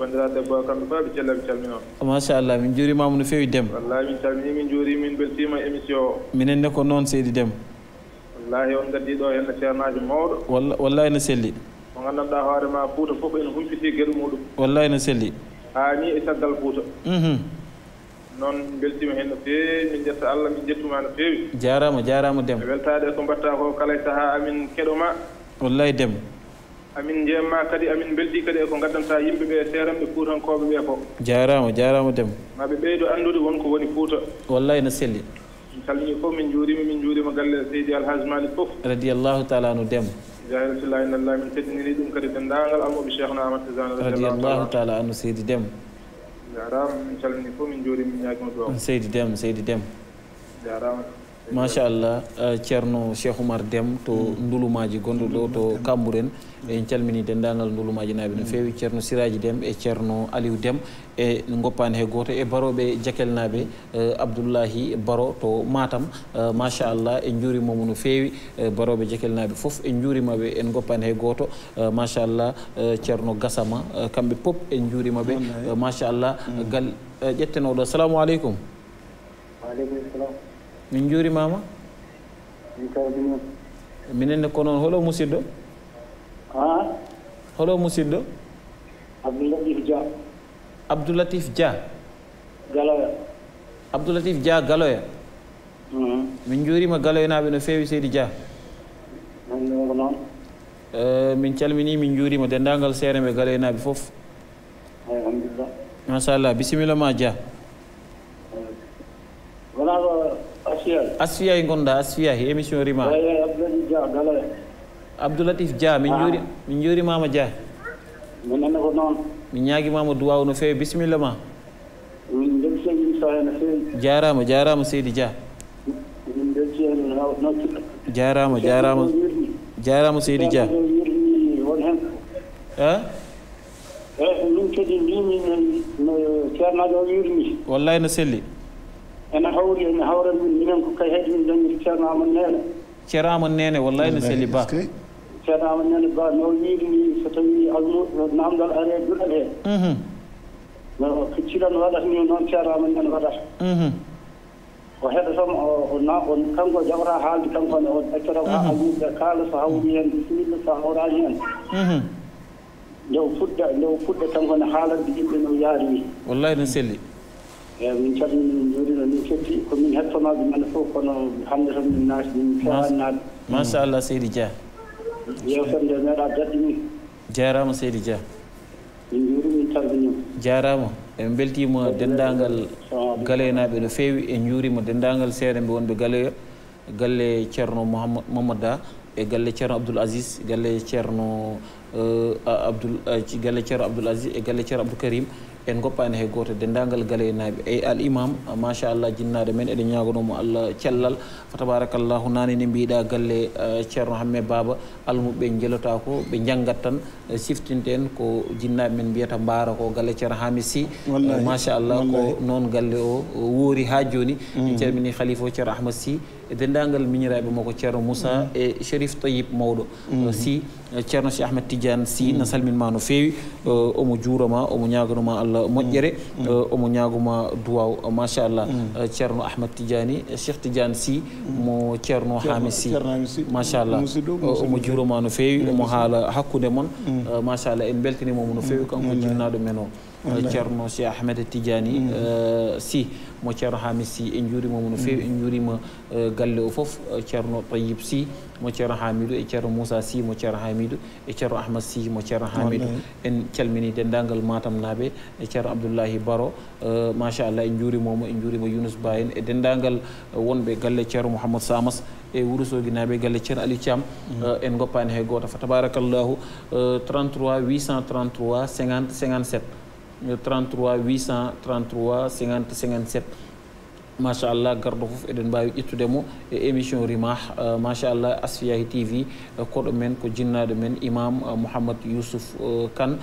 [SPEAKER 6] o debbo kamɓe abi aɓe celli aɓe calminoma
[SPEAKER 2] machallah min juurimama no fewi déme
[SPEAKER 6] wallahi min calmini min juuri min beltima
[SPEAKER 2] émission o seydi déme
[SPEAKER 6] wallahi on ngaddii ɗo henne ceernaaji mawɗo
[SPEAKER 2] wallahi no selli
[SPEAKER 6] mo nganndanɗaa hoore maa buuta fof ene humpitii e geɗe muɗum
[SPEAKER 2] wallahi no selli
[SPEAKER 6] haa nii e caggal buuta uhuh. noon mbeltima heen no feewi min ƴetta allah min ƴettuma no feewi
[SPEAKER 2] jaaraama jaaraama dem e
[SPEAKER 6] weltaade ko mbattaa ko kala e sahaa amin keɗo maa wallahi dem amin njeemmaa kadi amin mbeldii kadi e ko ngaddantaa yimɓe ɓee seeranɓe puutankooɓe ɓee ko
[SPEAKER 2] jaaraama jaaraama dem
[SPEAKER 6] maa ɓe ɓeydo anndude won ko woni puuta
[SPEAKER 2] wallahi no selli
[SPEAKER 6] calmini fof min juurima min juurima galle seydi alhaji malik fof
[SPEAKER 2] radiallahu taala anu demo
[SPEAKER 6] jahiratullahi nallah min teddiniri ɗum kadi denndaangal almoɓe cheikhna amad tisane radiallahu
[SPEAKER 2] taala anu seydi demo
[SPEAKER 6] jarama min calmini fof min juurima min ñaagima duwa
[SPEAKER 2] seydi demo seydi demo jarama machallah ceerno eh, cheikh oumar déme to mm. ndulumaji gonɗo ɗo to cambour en en calmini denndagal ndulumaji naaɓe no mm. feewi ceerno siraji déme e ceerno aliou déme e goppani he gooto e baroɓe jakel naaɓe eh, abdoullahi baro to matam eh, machallah en juurimamo no feewi baroɓe jakel naaɓe fof en juurimaɓe en goppani he gooto machallah ceerno gasama kamɓe pop en juurimaɓe machallah mm. gal ƴettenoɗo salamu aleykum
[SPEAKER 1] waaleykum salam
[SPEAKER 2] min juurimama minenne ko noon holo musidɗo holo musidɗo
[SPEAKER 1] abdoulatif dia
[SPEAKER 2] abdoulatif dia galoya abdoulatif dia galoya mm-hmm. min juurima galoynaɓe no feewi seydi dia eh, min calmini min juurima dendagal seere ɓe galoynaɓe fof alhamdulillah machallah bisimilla ma dia wona ɗo asfiya i gonɗa asfiyahi émission ya, rima abdoulatif dia min juuri min juurimama dia
[SPEAKER 1] minenne ko noon
[SPEAKER 2] min ñaguimama duwaw no fewi bisimilla ma
[SPEAKER 1] min belti hen issa he no fewi
[SPEAKER 2] jarama jarama seydi dia
[SPEAKER 1] min belti hen
[SPEAKER 2] no seydi min selli
[SPEAKER 1] ene hawri ene hawran min minen ko kay heedi min dañi ceerno amon nene
[SPEAKER 2] ceerno nene wallahi no seli ba
[SPEAKER 1] ceerno amon nene ba no wiide ni so tawi namdal are duɗal
[SPEAKER 4] heen
[SPEAKER 1] no cilan waɗata ni noon ceerno amon nene waɗata o heɗotoma o kanko jawra haalde kanko ne o accata o haalmuɓe kaala so hawri heen bisimilla so hawrani heen nde o fuɗɗa nde o fuɗɗa kanko ne haalande yimɓe no yaari ni
[SPEAKER 2] wallahi no selli
[SPEAKER 1] eeyi min calmini min njuurima min ketti ko min hettonooɓe men fof kono hannde tan min naati min fewaani naade
[SPEAKER 2] machallah seydi dia
[SPEAKER 1] yeewtere nde meeɗa dadɗi min
[SPEAKER 2] jaaraama seydi dia
[SPEAKER 1] min njuurii min calminima
[SPEAKER 2] jaaraama en mbeltiima denndaangal galeenaaɓe no feewi en njuuriima denndaangal seeɗa mbe wonɓe galeyo galle ceerno mohamad mamad da e galle ceerno abdoul asis euh, galle ceerno abdoul galle ceerno abdoul asis e galle ceerno abdoul karim en goppaani hay gooto denndaangal gale e naaɓe eyi al imam machallah jinnaade men eɗen ñaagonoomo allah cellal fa tabarakallahu naani no mbiiɗaa galle ceerno eh, hamme baaba almuɓe njelotaa ko ɓe njanngat tan eh, siftinde en ko jinnaaɓe men mbiyata mbaara ko galle ceerno haami si eh, machallah ko noon galle o woori haa jooni mm. en calminii khalifa o ceerno ahmad sy dendangal denndaangal miñiraaɓe makko ceerno moussa e chérif tayib Mawdo si cerno Cheikh ahmed tidiane si no salminma no feewi omo juurama omo ñaaganoma allah nyaaguma duwa ma sha Allah cerno ahmed Tidiane cheikh tidiane si mo cerno haami si ma sha Allah o mo juurama no feewi omo mon ma sha Allah en beltini mo no feewi kanko jinnaado meno cerno Cheikh ahmed Tidiane si mo ceerno hamid sy en juurimomo no feewi en juurima galle o fof ceerno tayyib sy mo ceerno hamidou e ceerno moussa sy mo ceerno hamidou e ceerno ahmad sy mo ceerno hamidou en calmini dendagal matam nabe e ceerno abdoullahi baro allah en juurimomo en juurima younus ba en e dendagal wonɓe galle ceerno mouhamadou samas e wurosoji naaɓe galle ceerno aliou thiam en goppani hay goto fa tabarakallahu 33 833 50 57 33 machallah garɗo fof eɗen mbawi ƴettudemo e émission rimah euh, machallah asfiyahi tv euh, koɗo men ko jinnaɗo men imam euh, mouhamad yousuf kane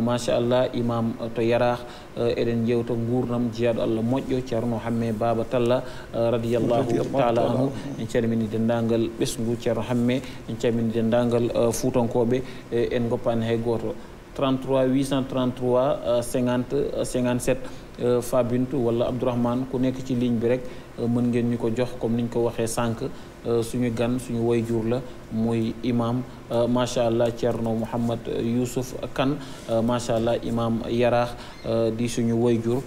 [SPEAKER 2] machallah imam to yarah eɗen yewta gurnam jeyaɗo allah moƴƴo ceerno hamme baba talla radiallahu taala anhu en calmini dendagal ɓesgu ceerno hamme en calmini dendagal fuutankoɓe e en goppani hay goto 33 833 50 57 Fabintu wala Abdourahmane ku nekk ci ligne bi rek euh, mën ngeen ñu ko jox comme ni ñu ko waxee sànq euh, suñu gan suñu woy jur la muy imam euh, macha allah Thierno Mouhamed euh, Youssouf kan euh, macha allah imam yaraax di suñu wayjur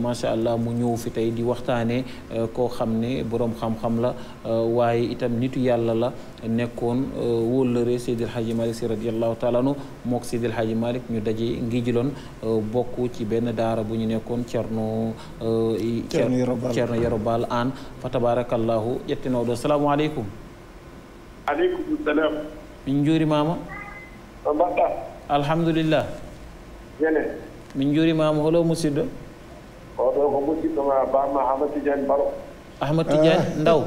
[SPEAKER 2] macha allah mu ñëw fi tey di waxtaanee koo xam ne boroom xam-xam la waaye itam nitu yàlla la nekkoon wóllëre Seydil Hadji Malick si radiallahu taala anu mook Seydil Hadji Malick ñu daje ngi jiloon bokk ci benn daara bu ñu nekkoon Thierno Thierno Yero Baal Thierno Yero Baal an fa tabarakallahu ƴettinoo ɗo salamu aleykum
[SPEAKER 1] aleykum salam
[SPEAKER 2] min juurimama no mbaɗɗa alhamdulillah jene min juurimama holo musidɗo
[SPEAKER 1] oɗo ko musidɗo ma bamma hamad tidiane baro
[SPEAKER 2] ahmad tidiane ndaw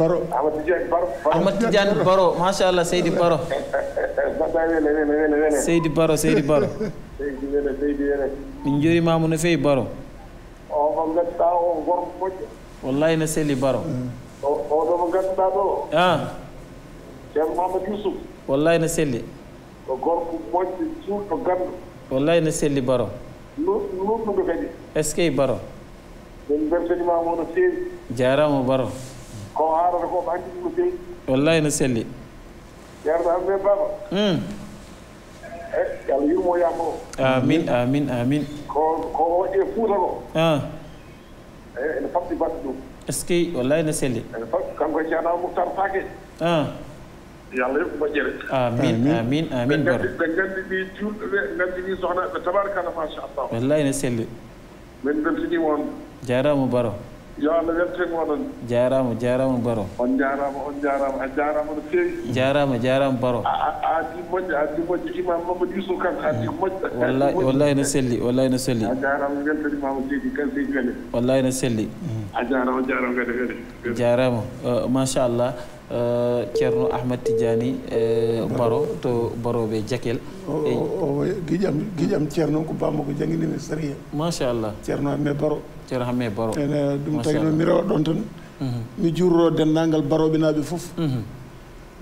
[SPEAKER 1] baro ahmad tidiane baro
[SPEAKER 2] ahmad tidiane baro Allah, seydi baro
[SPEAKER 1] mbaɗɗa wele wele wele seydi
[SPEAKER 2] baro seydi baro
[SPEAKER 1] seydi wele seydi wele
[SPEAKER 2] min mama, no fewi baro
[SPEAKER 1] o mo ganduɗa o gorko moƴƴo
[SPEAKER 2] wallahi no selli baro
[SPEAKER 1] oɗo mo ganduɗa ɗo ah ceerno mamadou yousouf
[SPEAKER 2] wallay no selli
[SPEAKER 1] ko gorko moƴɗe suurɗo ganndo
[SPEAKER 2] wallay no selli baro
[SPEAKER 1] lurɗugo kadi est ce que baro min bertanimama ono feewi
[SPEAKER 2] jarama baro
[SPEAKER 1] ko haarata ko ɓe anndi ɗum no feewi
[SPEAKER 2] wallay no selli
[SPEAKER 1] ceerno hamme baro hmm. e, yalla yurmo yamo
[SPEAKER 2] amin amin amin
[SPEAKER 1] ko ko waɗe fuuta ko
[SPEAKER 2] e,
[SPEAKER 1] ene fabti baɗɗe ɗum
[SPEAKER 2] est ce que wallay no selli ene fa
[SPEAKER 1] kanko e ceerno amoutar faake yo allah yoɓ moƴƴere
[SPEAKER 2] amin amin amin bar
[SPEAKER 1] ɓe nganndi ɗi juulɗo ɓe nganndi ɗi sohnaɓe tabarakalla machallah
[SPEAKER 2] wallay ne selli
[SPEAKER 1] min beltinii on
[SPEAKER 2] jaaraama baro
[SPEAKER 1] yo allah weltin onon
[SPEAKER 2] jaaraama jaaraama baro
[SPEAKER 1] on jaaraama on jaaraama a jaaraama no feewi
[SPEAKER 2] jaaraama jaaraama baro
[SPEAKER 1] aadi moƴƴe adi moƴƴe imam mamadou yousuf kan adi moƴƴe wallay wallay
[SPEAKER 2] no selli wallay no selli a
[SPEAKER 1] jaaraama weltani mama jeydi kansi gane
[SPEAKER 2] wallay no selli
[SPEAKER 1] a jaaraama jaaraama gade gade
[SPEAKER 2] jaaraama euh, machallah ceerno eh, ahmad tidiani eh, baro
[SPEAKER 3] to baroɓe jakel giƴam giƴam ceerno ko bammo ko jangguinimi e
[SPEAKER 5] sariya machallah ceerno hamme baro ceerno hamme baro ene ɗum tawino mi rewa ɗon
[SPEAKER 3] tan mhm. mi juuroro denndangal baroɓe naaɓe fof mhm.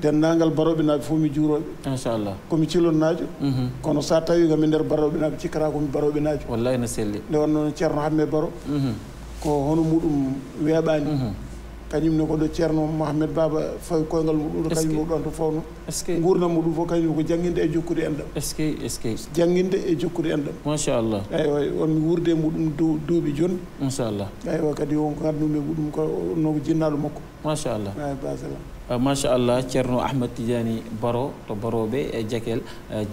[SPEAKER 3] denndangal baroɓe naaɓe fof mi juuroɓe inchallah komi cilonnaajo mhm. kono so tawi kam i nder baroɓe naaɓe cikkata komi baroɓe naajo wallay no selli nde wonnoon ceerno hamme baro ko hono muɗum weeɓani kañum ne ko ɗo ceerno mahamed baba fawi koygal muɗum ɗo kañum ɗon to fawno gurdam muɗum fof kañum ko jangguinde e jokkude en ɗam est ce que est ce que jangguinde e jokkude en ɗam machallah eyyi oy onmi wurde muɗum duuɓi joni machallah eyyi o kadi on gandumi muɗum ko no jinnaɗo makko machallah
[SPEAKER 2] machallah ceerno ahmad tidiani baro to baroɓe e jakel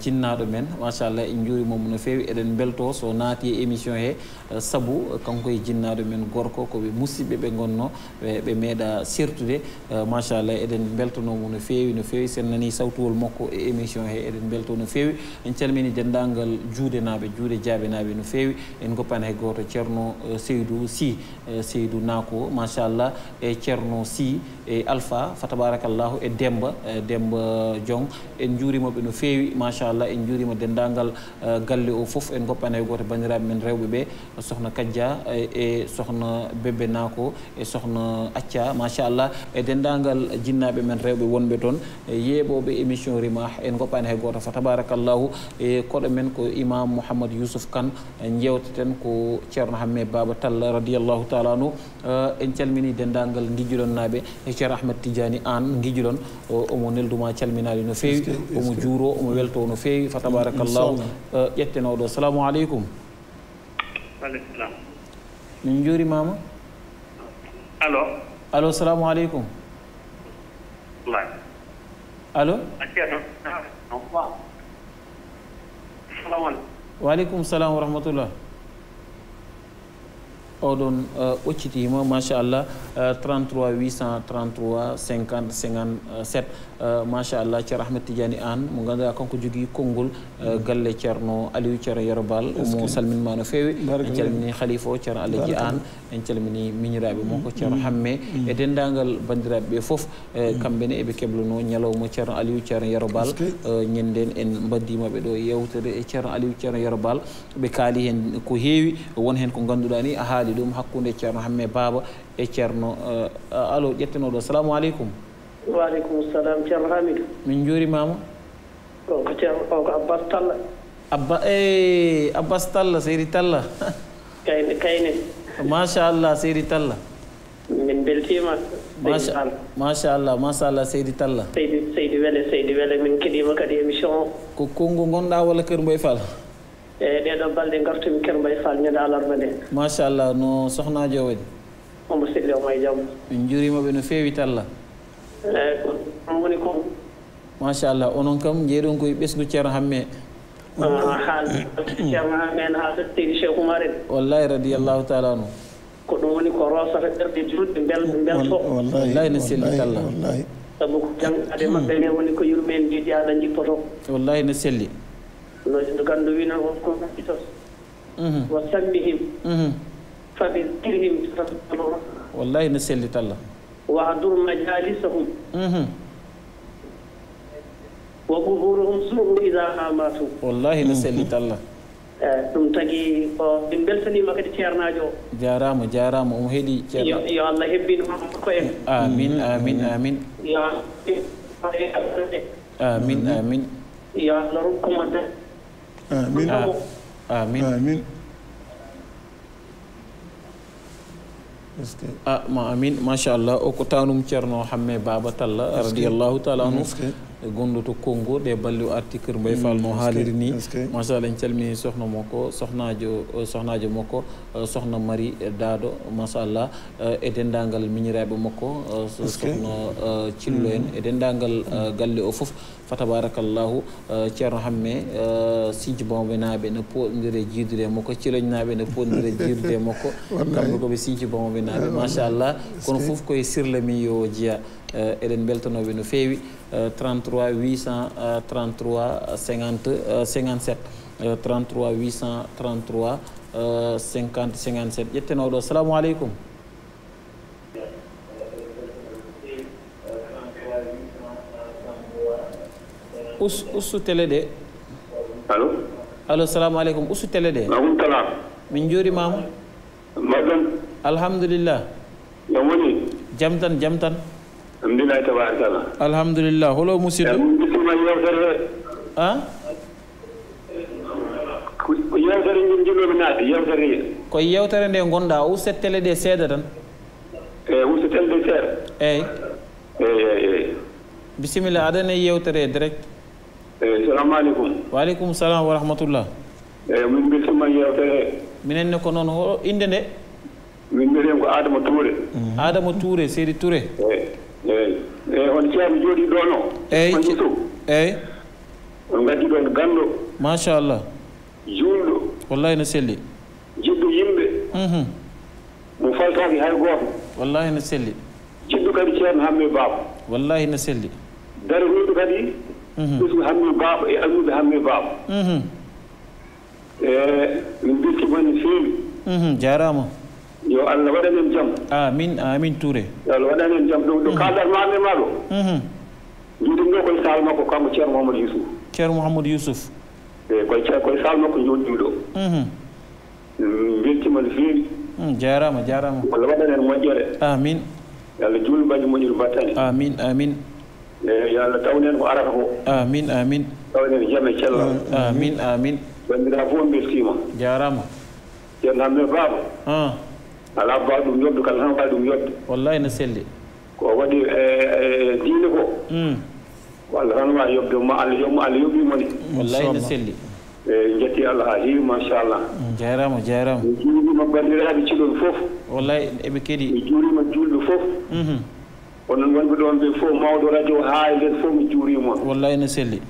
[SPEAKER 2] cinnaɗo e men machallah en juuri mom no fewi eɗen belto so naati e émission he e saabu kanko e jinnaɗo men gorko koɓe musidɓe ɓe gonno ɓe meeɗa sertude e machallah eɗen beltonomo no fewi no fewi sen nani sawtuwol makko e émission he eɗen belto no fewi en calmini dendagal juude naɓe juude jaabenaɓe no fewi en goppani hay goto ceerno seydou sy seydou nako machallah e ceerno 及。e alpha fa tabarakallahu e demba e demba jong en juurima ɓe no fewi machallah en juurima dendagal e, galle o foof en goppanay goto bandiraɓe men rewɓeɓe sohna kadia e, e sohna bebe nako e sohna acca machallah e dendagal jinnaɓe men rewɓe wonɓe toon yeɓoɓe émission rima en goppani hay goto fa tabarakallahu e koɗo men ko imam mouhamadou yousuf kane jewteten ko ceerno hamme baba talla radiallahu taala anu en calmini dendagal guijuɗon naɓe ceer ahmed tidiani an guijiɗon omo nelduma calminali no fewi omo juuro omo welto no fewi fa tabarakallahu ƴettenoɗo assalamu aleykum aleykum salam min juurimama alo alo salamu aleykum alo waaleykum salam wa rahmatullah oɗon ɓoccitima eh, machallah 33833557 eh, eh, machallah ceer ahmed tidiani an mo ganduɗa kanko jogui konngol galle ceerno aliou ceer yerobal omo salminma no fewi en calmini halifa o ceer alaji an en calmini miñiraɓe mon ko ceer hamme mm. e dendagal bandiraɓe ɓe foof mm. kamɓene eɓe keblono ñalawma ceerno aliou ceer yerobal ñanden en mbaddimaɓe ɗo yewtere e ceerno aliou ceer yerobal ɓe kaali hen ko heewi won hen ko ganduɗa ni a haali haali ɗum hakkunde ceerno hamme baaba e ceerno eh, eh, alo ƴettanoɗo salamu aleykum
[SPEAKER 1] waaleykum salam ceerno hamidou
[SPEAKER 2] min njuurimama
[SPEAKER 1] on ko ceerno onko abbas talla
[SPEAKER 2] abba e abbas talla seydi talla
[SPEAKER 1] kayne kayne
[SPEAKER 2] machallah seydi talla
[SPEAKER 1] min mbeltima maa
[SPEAKER 2] machallah machallah seydi talla
[SPEAKER 1] seydi seydi wele seydi wele min keɗima kadi émission o
[SPEAKER 2] ko konngu gonɗa walla kër mboy fal
[SPEAKER 1] eeyi ɗeeɗoo balɗe ngartumi kerma e falñande alarba nde
[SPEAKER 2] machallah no sohnaajo waɗi
[SPEAKER 1] omo sirli omo e jam
[SPEAKER 2] min njuriima ɓe no feewi talla
[SPEAKER 1] eeyi ko woni kom
[SPEAKER 2] machallah onon kam njeeɗon koye ɓesgu ceerno hamme
[SPEAKER 1] ah, haalceernohammeen haa tegi cheikh umar en wallahi radiallahu taala anu ko ɗum woni ko roosata ɓerɗe juutɗe mbel mbeltowallahi no selli talla sabu ko jangade maɓɓe ne woni ko yurmen jiiɗi aɗa jippoto wallahi no selli نعم،
[SPEAKER 2] والله نسيت اللي تلا
[SPEAKER 1] وعدوا مجالسهم وقبورهم سوء اذا ماتوا والله نسيت اللي آه، تلا آه، ثم تجي من بلسني ما كنت شارنا جو
[SPEAKER 2] جارام جارام وهدي يا
[SPEAKER 1] يا الله يبين
[SPEAKER 2] امين امين امين يا امين امين
[SPEAKER 1] يا الله ربكم
[SPEAKER 2] آه، آمين آمين آمين آه، آمين آمين ما شاء الله أكو تانم كرنا حمي بابا تلا رضي الله تعالى عنه gonɗo to kongo ɗe balle o arti keur mboy fall no haaliri hmm, ni machallah en calmini sohna makko sohnajo sohnajo makko sohna mari daado machallah e eh, dendagal miñiraɓe makko eh, sohna cillo eh, hmm. en e dendagal galle o foof fa tabarakallahu ceerno hamme sinthibomɓe naaɓe ne poɗodire jiidude e makko ciloñ naaɓe ne poɗodire jiidude e makko kamɓe koɓe sinthibomɓe naaɓe machallah kono fof koye sirla min yo jeeya eɗen beltanoɓe no feewi 33 833 50 57 33 833 50 57 ƴettenoɗo salamu aleykum ustu télé ɗe allo allo salamu aleykum ustu télé ɗe makumtala min juurimama maɗɗon alhamdulillah jam woni jam
[SPEAKER 1] alhamdulillahi tabarakallah
[SPEAKER 2] alhamdulillah holo musidɗo musidma
[SPEAKER 1] yewtere he ko yewtere nde jinnomi naatde yewtere he
[SPEAKER 2] ko yewtere nde gonɗa ustat télé ɗe seeɗa tan
[SPEAKER 1] eyi ustat télé ɗe
[SPEAKER 2] seeɗa eyi eyi eyi eyi bisimilla aɗana e yewtere e direct eyi salamu aleykum waaleykum salam wa rahmatullah
[SPEAKER 1] eyi min bisima yewtere he
[SPEAKER 2] minenne ko noon inde nde min
[SPEAKER 1] mbiyen ko adama touré
[SPEAKER 2] adama touré seydi touré
[SPEAKER 1] eyi eeyi eeyi hono ceerno jooɗi ɗoon o eeyiso eeyi on ngaddi ɗoon ganndo machallah juulɗo
[SPEAKER 2] wallahi no selli
[SPEAKER 1] jiɗɗo yimɓe mhm. mo faltaaki hay gooto
[SPEAKER 2] wallahi no selli
[SPEAKER 1] jiɗɗo kadi ceerno hamme baaba
[SPEAKER 2] wallahi no selli
[SPEAKER 1] daroruɗo kadi mhm. usgo hamme baaba e anuɓe hamme baaba e min mbirtimanno feewi jaaraama yo allah waɗanen jam
[SPEAKER 2] amin amin touré
[SPEAKER 1] allah waɗanen jam mm-hmm. mm-hmm. eh, ɗo ɗo kaldar mm-hmm. mamin ma ɗo jiɗum ɗo koye sal makko kamo ceer mouhamadou yousuf ceer mouhamadou yousuf e koye koye sal makko jonɗiɗo beltima no feewi
[SPEAKER 2] mm, jarama
[SPEAKER 1] jarama allah waɗanen moƴƴere amin allah
[SPEAKER 2] julbaji moƴƴir battani amin amin e yo allah tawnen ko arata ko amin amin
[SPEAKER 1] tawnen jame cella mm, amin amin bandira fo beltima jarama ceerno hamme baba ah. ala mbawi ɗum yodde kala tan mbawi ɗum yodde
[SPEAKER 2] wallahi ne selli
[SPEAKER 1] ko waɗi diine ko ko allah tan wawi yobde ma allah yobma allah yoɓɓimo ni wallahi ne selli eyi jetti allah ha heewi machallah
[SPEAKER 2] jarama jarama mi
[SPEAKER 1] juurima bandiraɓe ciɗon foof wallahi eɓe keeɗi mi juurima julɓe foof onon wonɓe ɗon ɓe fof mawɗo radio ha e nden fof mi juurima on
[SPEAKER 2] wallahi ne selli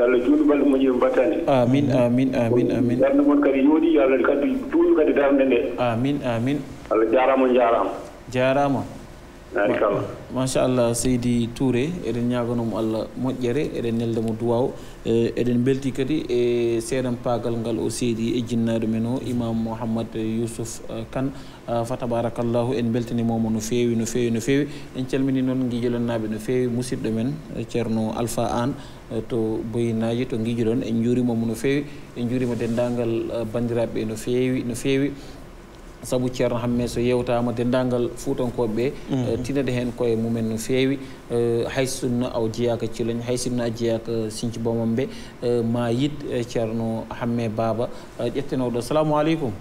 [SPEAKER 1] yo allah juutdu balɗe moƴƴi ɓe mbattani
[SPEAKER 2] amin amin amin amin
[SPEAKER 1] darde moon kadi yooɗi yo allah kadi duuɓi kadi darde nde
[SPEAKER 2] amin amin
[SPEAKER 1] allah jaaraama jaaraama
[SPEAKER 2] jaaraama machallah seydi touré eɗen ñaganomo allah moƴƴere eɗen neldemo duwaw e, eɗen belti kadi e seeɗan paagal ngal o seedi e jinnaɗo men o imam mouhammad yousuf e, kane e, fa tabarakallahu en beltanimomo no fewi no fewi no fewi en calmini noon guijolonnaɓe no fewi musidɗo men ceerno alpha an to boyinaji to guijolon en jurimomo no fewi en jurima dendagal bandiraɓe no fewi no fewi saabu ceerno hamme so yewtama dendagal fuutankoɓe ɓe mm. eh, tinede hen koye mumen no fewi eh, haysunna aw jeeyaka cilañ haysunna a jeeyaka sinthi bomam ɓe eh, ma yid ceerno hamme baba ƴettenoɗo salamu aleykum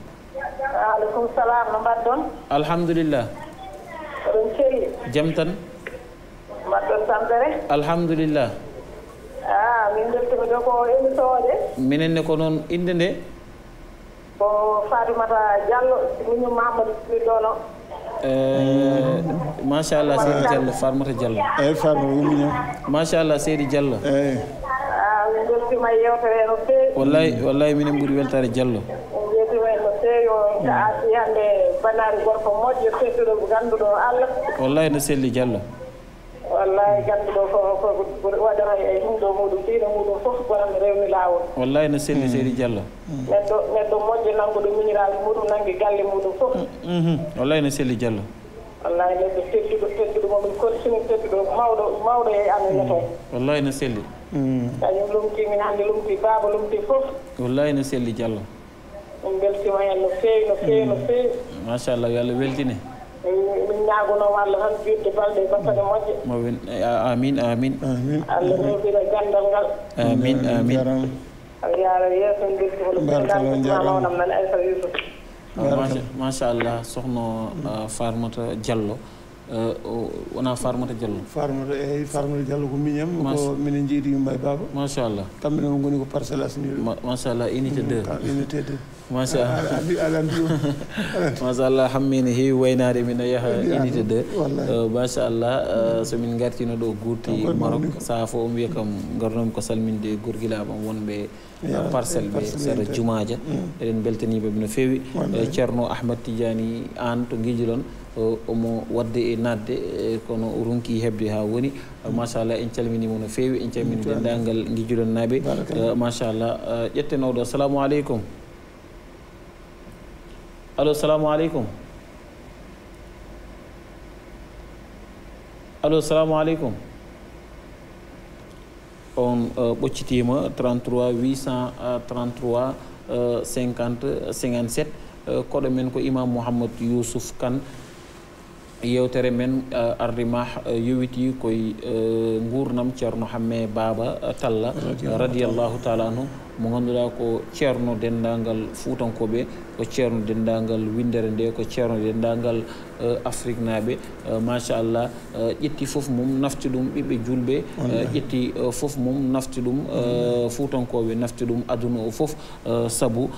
[SPEAKER 1] aleykum salam no mbaɗɗon
[SPEAKER 2] alhamdulillah oɗon ceri jam tan
[SPEAKER 1] mbaɗɗon tamtere
[SPEAKER 2] alhamdulillah
[SPEAKER 1] a ah, min deftimiɗo ko émission de
[SPEAKER 2] minenne ko noon inde nde
[SPEAKER 1] ko fatimata diallo eh, miñum mahamadou ɗono
[SPEAKER 2] machallah seydi diallo farmata diallo eyyi farma wumña machallah seydi diallo eyyi
[SPEAKER 1] min beltima yewtere no feewi wallayi
[SPEAKER 2] wallayi minen ɓuuri weltare diallo
[SPEAKER 1] beltima no feewi o sa arti hannde bannari gorko
[SPEAKER 2] allah
[SPEAKER 1] wallaye ganndu ɗo koko waɗana e ɗum ɗo muɗum fiino muɗum fof bonan rewni laawol
[SPEAKER 2] wallay no selli mm. seydi diallo
[SPEAKER 1] mm. neɗɗo neɗɗo moƴƴo nanngu ɗo miñiraaji muɗum nangge galle muɗum fof mm.
[SPEAKER 2] mhm. wallay no selli diallo
[SPEAKER 1] wallay neɗɗo tedduɗo tedduɗo moɗum kotisini tedduɗo mawɗo mawɗo e amen neto
[SPEAKER 2] wallay no selli
[SPEAKER 1] kañum lumtimi hannde lumti baaba lumti fof
[SPEAKER 2] wallay no selli diallo
[SPEAKER 1] ɗum beltima heen no feewi no feewi no feewi
[SPEAKER 2] machallah yo allah weltine
[SPEAKER 1] min ñaagunoo allah tan fiirde balɗe battane moƴƴe
[SPEAKER 2] mawin amin amin allah hoɓira ganndal ngal amin amin
[SPEAKER 1] yaaraeesodirtiaaaaaaysa yusuf ah,
[SPEAKER 2] macha allah sohno ah, farmata diallo Eh, wona farmata diallo
[SPEAKER 3] farmata eyyi farmata diallo ko miñam ko
[SPEAKER 2] minen jeeyidi yummay baba machallah kamɓe noon goni ko parcelle asniɗo machallah unité deux unité deux machallah machallah hammi ne heewi waynade mino yaha unité deux eh, machallah eh, somin gartino ɗo guurti marok saha fo o wiya kam garnomi ko salminde gorguilaɓam wonɓe parcelle ɓe seeɗa jumaja mm. eɗen beltaniɓeɓe no feewi ceerno ahmad tidiani an to guijilon omo wadde e nadde e kono o ronki hebde ha woni mm. machallah en calminimo no fewi en calmini dendagal guijulen naaɓe eh, machallah eh, ƴetten oɗo assalamu aleykum alo assalamu aleykum alo assalamu aleykum on wisa, 33 833 50 57 koɗo men ko imam Muhammad Yusufkan. yewtere men uh, ardima uh, yowiti koye uh, gurnam ceerno hamme baaba talla radiallahu taala anhu mo ganduɗa ko ceerno dendagal fuutankoɓe ko ceerno dendagal windere nde ko ceerno dendagal afrique naaɓe machallah ƴetti foof mum nafti ɗum ɓiɓɓe julɓe ƴetti foof mum nafti ɗum fuutankoɓe nafti ɗum aduna o foof saabu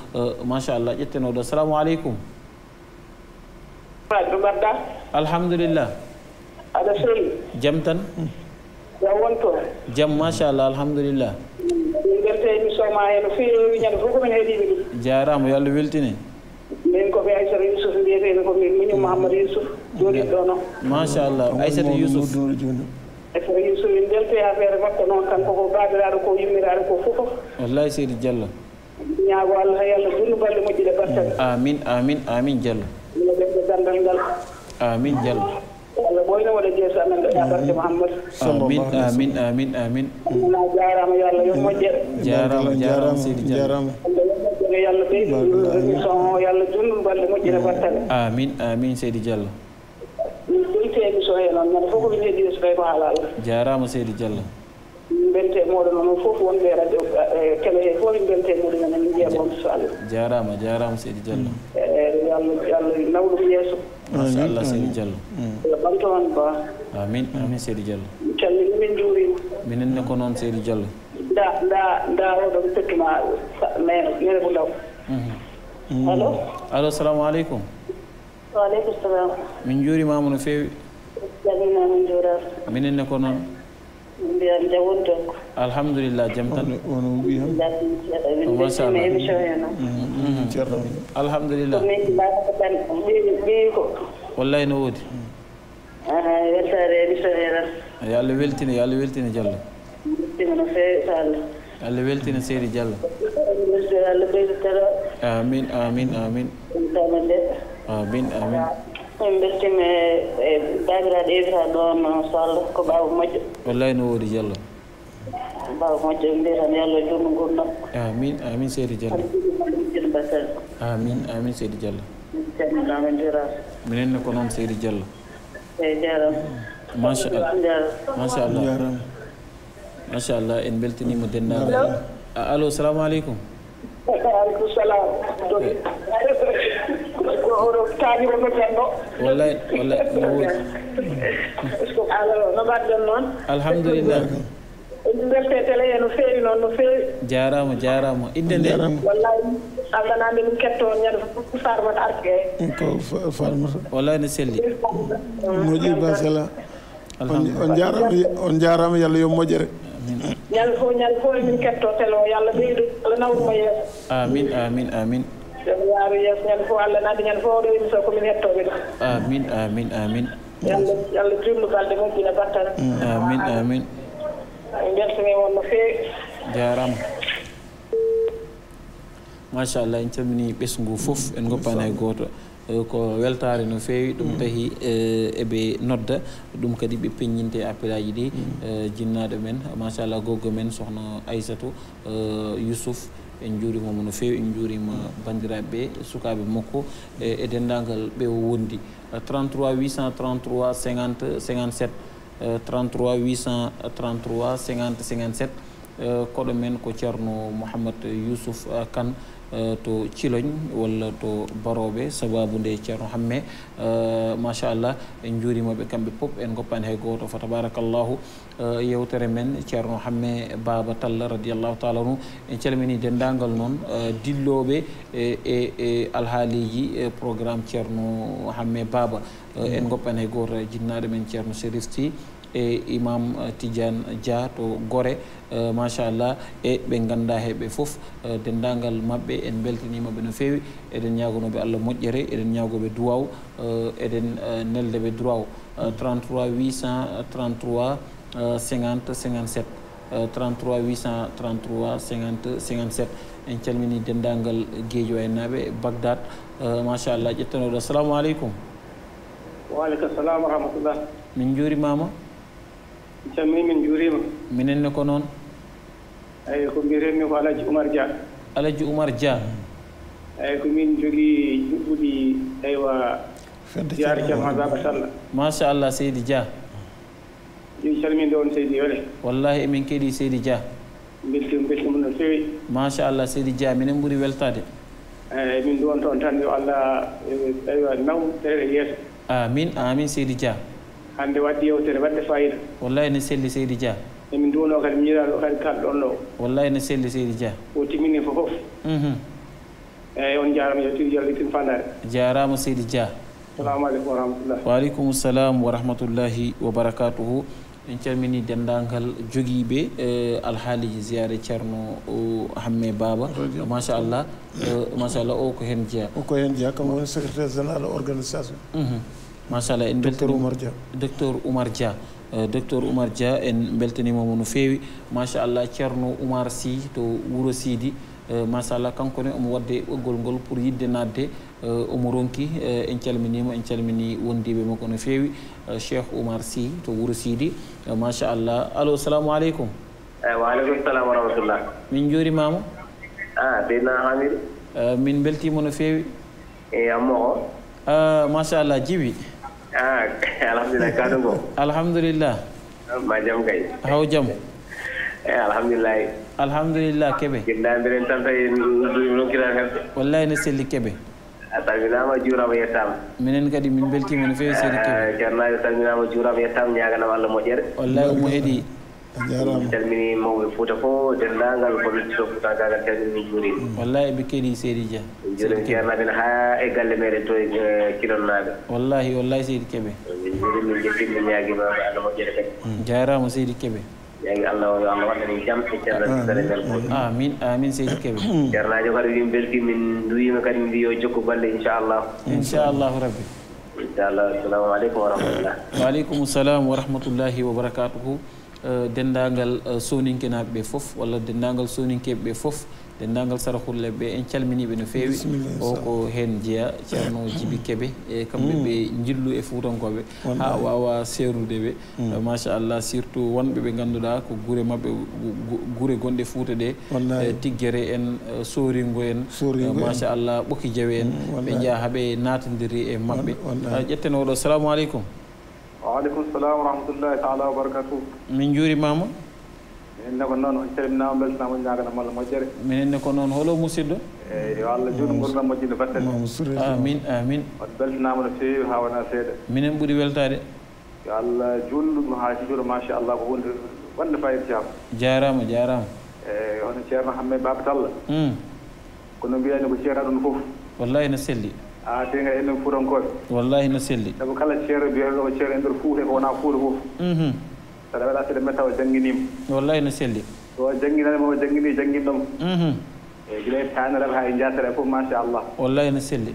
[SPEAKER 2] machallah ƴettenoɗo assalamu aleykum mbaɗɗa alhamdulillah aɗa selli jam tan hmm. jam won to jam machallah alhamdulillah
[SPEAKER 1] mberte émissionma heno fewi ñande fof komin heeɗiɓe ɗum
[SPEAKER 2] jarama yo allah weltini
[SPEAKER 1] min komi aissata yousuf mbiyeteno komi miñu mahamado yousuf joɗiɗo noon
[SPEAKER 2] machallah aissata yousuf
[SPEAKER 1] aissata yousuf min mbelte hmm. affaire makko noon tan koko baabiraɗo ko yummiraɗo ko fofof
[SPEAKER 2] wallay seydi diallo
[SPEAKER 1] ñaago allah ha yallah dunnu balɗe moƴƴiɗe bartan
[SPEAKER 2] amin amin amin diallah
[SPEAKER 1] amin jallo amin amin
[SPEAKER 2] amin amin
[SPEAKER 1] na jarama yo
[SPEAKER 2] amin amin min ɗoyte jal.
[SPEAKER 1] mbeltee mooɗon onon fof wonɓe radio e télé he fof mbeltee muɗum enen njiya boon so allah
[SPEAKER 2] jaaraama jaaraama seydi diallo
[SPEAKER 1] e, e, eeyi allah allah nawɗum yeeso
[SPEAKER 2] masallah seydi diallo
[SPEAKER 1] mm. ɓantoon ba
[SPEAKER 2] amin amin seydi diallo
[SPEAKER 1] calmini min njuuriima
[SPEAKER 2] minen ne ko noon seydi diallo
[SPEAKER 1] nda nda nda oɗon pettuma mere ko ndaw
[SPEAKER 2] mhm. allo allo salamu aleykum
[SPEAKER 1] waaleykum salam
[SPEAKER 2] min njuurimaama no feewi
[SPEAKER 1] calminaa min njuuraa
[SPEAKER 2] minen ne ko noon الحمد لله جمتن الحمد لله والله نود يا اللي ولتني يا اللي ولتني جل يا اللي ولتني سيري جل امين امين امين امين امين
[SPEAKER 1] min mbeltima e baabiraaɗo e ivra ɗoon so allah ko ɓaawa moƴƴo
[SPEAKER 2] wallay no woodi jallo
[SPEAKER 1] ɓaawa moƴƴo mbiye tan yo allah juutno ngurnoo
[SPEAKER 2] amin amin seydi diallo amin amin seydi diallo minenne ko noon seydi diallo eeyi jaarama machallah
[SPEAKER 1] machallah
[SPEAKER 2] machallah en mbeltiniima denndaangal allo salamu aleykum
[SPEAKER 1] aleykum salam ko oɗo taanimo janno
[SPEAKER 2] wallay wallay
[SPEAKER 3] no selli
[SPEAKER 1] moƴƴi basala
[SPEAKER 3] on jarama on jarama yo allah
[SPEAKER 1] ñal fo min ketto telo yalla ɓeydu ala nawrumo
[SPEAKER 3] amin amin amin
[SPEAKER 1] jom yaaru yeeso ñal allah nandi ñal fo ɗo émission ko min
[SPEAKER 2] amin amin amin
[SPEAKER 1] yalla yalla jullu balɗe moƴƴina battana amin amin beltane won no feewi
[SPEAKER 2] jarama allah en camini ɓesgu fof en goppani goto ko weltare no fewi ɗum mm. tahi eh, eɓe nodda ɗum kadi ɓe peññinte appel aji ɗi mm. eh, jinnaɗo men machallah gogo men sohna aissatou eh, yousouf en juurimamo no fewi en juurima bandiraɓe ɓe sukaɓe makko e, e dendagal ɓe o wondi 33 833 57 33 833 57 koɗo men ko ceerno mouhamad yousouf kane Eh, to ciloñ walla to baroɓe sababu nde ceerno hamme eh, machallah en juurimaɓe kamɓe pop en goppani hay goto fa tabarakallahu eh, yewtere men ceerno hamme baba talla radiallahu taala nu en calmini dendagal noon dilloɓe e, e, e alhaaliji e programme ceerno hamme baba en goppani hay goto jinnaɗo men ceerno sérif ty e imam tidiane dia to gore machallah e ɓe ganda heɓe foof dendagal mabɓe en beltanimaɓe no fewi eɗen ñagonoɓe allah moƴƴere eɗen ñagoɓe duwaw eɗen neldeɓe droit 33 833 50 57 33 833 50 57 en calmini dendagal gueejo en naɓe bagdad machallah ƴettanoɗo assalamu aleykum
[SPEAKER 1] wa aleykum salam wa rahmatullah
[SPEAKER 2] min juurimama
[SPEAKER 1] calmini min juurima
[SPEAKER 2] minen ne ko noon
[SPEAKER 1] eyyi ko mbiyatenmi ko alhaji oumar dia
[SPEAKER 2] alhaji oumar dia
[SPEAKER 1] eyyi ko min jogii juɓɓuɗi aywa diar jamasaba salla
[SPEAKER 2] machallah seydi dia
[SPEAKER 1] yo calmini on seydi yole
[SPEAKER 2] wallahi emin keeɗi seydi dia
[SPEAKER 1] beltimo beltimo no fewi
[SPEAKER 2] machallah seydi dia minen ɓuuri weltade
[SPEAKER 1] eyyi min ɗon toon tan yo allah aywa naw ɗere yeeso
[SPEAKER 2] amin amin seydi dia
[SPEAKER 1] hannde waɗdi yewtere waɗde fayida
[SPEAKER 2] wallahi ne selli seydi dia
[SPEAKER 1] emin duwno kadi miñiraɗo kadi kalɗo ɗon ɗo
[SPEAKER 2] wallahi ne selli seydi dia
[SPEAKER 1] o timmini fof fof mhm. eyyi on jarama yettiyaltin fandare
[SPEAKER 2] jarama seydi dia
[SPEAKER 1] salamu aleykum wa rahmatullah
[SPEAKER 2] waaleykum salam wa rahmatullahi wa baracatuhu en calmini denndangal jogiiɓe e, alhaaliji ziyare ceerno hamme baba machallah e, machallah o ko hen jeya o ko hen jeya kam
[SPEAKER 4] woni secrétaire
[SPEAKER 2] général organisation mhm. machallah en docteur oumar dia docteur oumar dia euh, docteur oumar dia en beltanimamo no fewi machallah ceerno oumar sy to wuuro sidi euh, machallah kanko ne omo wadde ɓoggol ngol pour yidde natde euh, omo ronki en calminima en calmini wondiɓe makko no fewi cheikh oumar sy to wuuro sidi machallah allo salamu aleykum eh, waaleykum salam wa rahmatullah min jurimama ah, dena hamid min beltima no fewi e eh, ammoo ah, machallah djiwi
[SPEAKER 1] ah alhamdulillah ka ɗum
[SPEAKER 2] alhamdulillah ma jam kay haw jam eyi eh,
[SPEAKER 1] alhamdulillah alhamdulillah keɓe ginnandiren tan tawi rokkirata kamɓe
[SPEAKER 2] wallahi ne selli keɓe
[SPEAKER 1] a salminama juurama yettama minen kadi min beltima no fewi seedi keɓe ceernajo salminama juurama yettama ñaganama allah moƴƴere wallahi omo heeɗi
[SPEAKER 2] wallahi mi keeɗi seydi dia
[SPEAKER 1] jonaɓene ha e galle meɗen to e, eh, kinonnaɓe
[SPEAKER 2] wallahi wallahi seydi keɓe mm, jarama seydi keɓe amin amin seydi keɓe
[SPEAKER 1] mm. ceernajo kadi min beltimin wima kadi mbiyo jokku golle inchallahu inchallahu rabbi inchallah assalamu aleykum warahmatullah
[SPEAKER 2] waaleykum salam wa rahmatullahi wa barakatuhu Eh, dendagal eh, soninkenaɓe ɓe foof walla dendagal soninkeɓe ɓe foof dendagal sarahurleɓe ɓe en calminiɓe no fewi o ko hen jeeya ceerno djibi eh. keɓe e kamɓe mm. e ɓe jillu mm. e fuutankoɓe ha wawa serude ɓe machallah surtout wonɓe ɓe ganduɗa ko guure mabɓe guure gonɗe fuuta ɗe tiggere en soringo en machallah ɓoki jawe en mm, ɓe jaaha ɓe natadiri e mabɓe ƴetten oɗo salamu aleykum
[SPEAKER 6] وعليكم السلام ورحمه الله تعالى وبركاته
[SPEAKER 2] من جوري ماما
[SPEAKER 6] من نكون نون سيرم نام بل سام نجا
[SPEAKER 2] نام لا مجر من نكون نون هولو مسيدو اي والله جون مور نام جين فاتل امين
[SPEAKER 6] امين بل نام في هاونا سيد
[SPEAKER 2] من بودي ولتاري
[SPEAKER 6] والله جون ما حاجه جون ما شاء الله بون بون فاي جام
[SPEAKER 2] جارام جارام
[SPEAKER 6] اي هون سير محمد باب تال ام كنا بيان بو سيرا دون فوف
[SPEAKER 2] والله نسلي
[SPEAKER 6] haa tega enen fuurankooɓe
[SPEAKER 2] wallahi no selli
[SPEAKER 6] sabu kala ceero mbiyeeɗo ceero e ndeer fuute ko wonaa fuute fof
[SPEAKER 2] mhm.
[SPEAKER 1] saɗa waɗa seɗa metta o jannginiima
[SPEAKER 2] wallahi no selli
[SPEAKER 1] o jannginani mo jannginii jannginɗo mo mhm. eyi gila e taani raɓa hay njaatere e fof machallah
[SPEAKER 2] wallahi no selli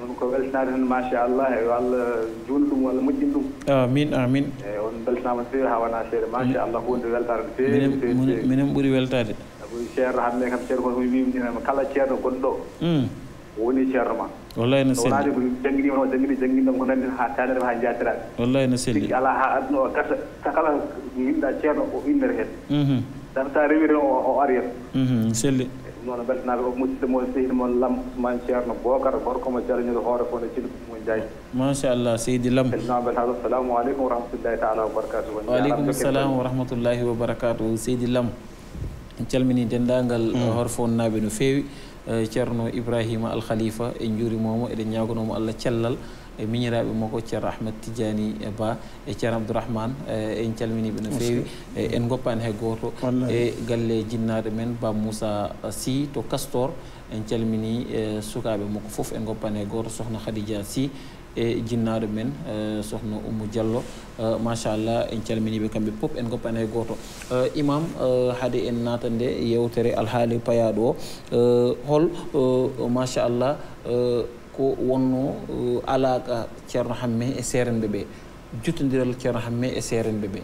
[SPEAKER 1] ɗum ko weltinaade heen machallah e allah juuni ɗum walla moƴƴin ɗum amin amin eyi on beltinaama no feewi haa wonaa seeɗa machallah huunde weltaare no feewi
[SPEAKER 2] minen ɓuri weltaade
[SPEAKER 1] sabu ceerno hannde kam ceerno kon mimimdinama kala ceerno gonɗo mm. woni ceerno ma
[SPEAKER 2] wallay no selli
[SPEAKER 1] ko jangini o jangini jangini ɗon ko nanndi haa taaner haa jaatiraaɓe
[SPEAKER 2] wallay no selli
[SPEAKER 1] alaa haa adduno o gasa sakala yimɗa ceerno o innere heen dan mhm. so a rewiri o ariyat mhm, selli noon mbeltanaaɓe o musidɗo mo seydi moon lam man ceerno bookara gorko mo jaroñude hoore fof no cilu mon jaaji
[SPEAKER 2] machallah seydi lam mbeltanaa
[SPEAKER 1] mbeltaa assalamu aleykum wa rahmatullahi taala wa barakatu wa aleykum salam wa
[SPEAKER 2] rahmatullahi wa barakatuhu seydi lam calminii denndaangal mm. horfonnaaɓe no feewi E, ceerno ibrahima alkhalifa e juurimomo eɗen ñagonomo allah cellal e miñiraɓe makko ceerno ahmed tidiani ba e ceerno abdourahmane e, en calminiɓe no fewi e, en goppani hay goto e galle jinnaɗo men ba moussa sy to castor en calmini sukaɓe makko foof en goppani hay goto sohna khadija sy e jinnaaɗo men e, sohna oumou diallo e, machallah en calminiiɓe kamɓe pop en goppani hay gooto e, imam hade en naata nde yewtere alhaali payaaɗo o hol machallah ko wonno alaaqa ceerno hamme e seerenɓe ɓe juttondiral ceerno hamme e
[SPEAKER 3] seerenɓe ɓe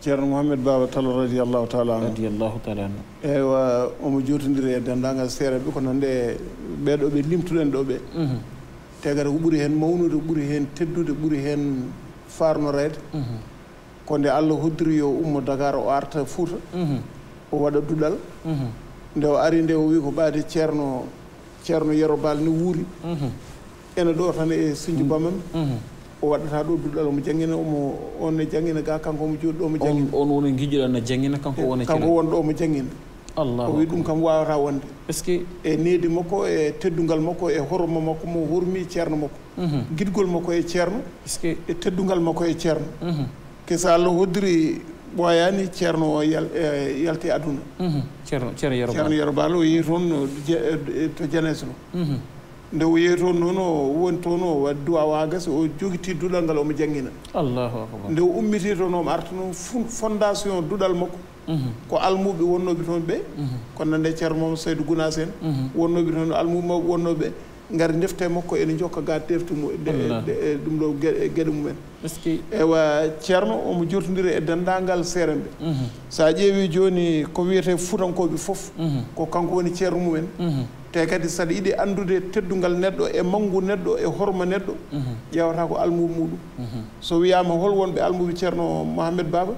[SPEAKER 3] ceerno mouhamed baba talo radiallahu taala anu radiallahu taala anu eywa omo juutondiri e denndaangal seereɓe ko nande ɓeeɗo ɓe limtuɗen ɗo ɓe uhuh. tegata ko ɓuri heen mawnude ɓuri heen teddude ɓuri heen farnoreede mhm. ko nde allah hoddiri yo ummo dakar o arta fuuta mhm. o waɗa duɗal mhm. nde o ari nde o wii ko ɓaade ceerno ceerno yerobaal ni wuuri ene ɗo tan e sinju bamam o waɗata ɗo duɗal omo jangina omo on ne jangina ga kanko omo jooɗi ɗo omo jangina
[SPEAKER 2] on woni giƴuɗan ne jangina kanko wonkanko won
[SPEAKER 3] ɗo omo jangina allah o wi ɗum kam wawata wonde est ce que e needi makko e teddungal makko e horoma makko mo hormi e ceerno makko mhm. guidgol makko e ceerno est ce que e teddungal makko e ceerno ke mhm. so allah hoddiri ɓoyani ceerno o e yalti aduna
[SPEAKER 5] mhm. ceerno yerobalo
[SPEAKER 3] o yehi toon e, to janese no nde o yehi toon noon o woni toon o wadde duwa wagas o jogiti duɗal ngal omo jangina
[SPEAKER 5] allahu akbar nde
[SPEAKER 3] o ummiti toon omo arta noon fondation duɗal makko ko almuɓe wonnoɓe toon ɓe ko nande ceero mama saydou gounas en mhm. wonnoɓe toon almuɓe maɓe wonnoɓe gari defte makko ene jokka ga defte mue e ɗum ɗo gueɗe e mumen ewa ceerno omo jurtodiri e denndangal seere ɓe mhm. so a ƴeewi jooni ko wiyete futankoɓe fof mhm. ko kanko woni ceerno mumen te kadi saɗa yiɗi anndude teddungal neɗɗo e manngu neɗɗo e horma neɗɗo ƴewata ko almuɓe muɗum so wiyama hol wonɓe almuɓe ceerno mohamed baba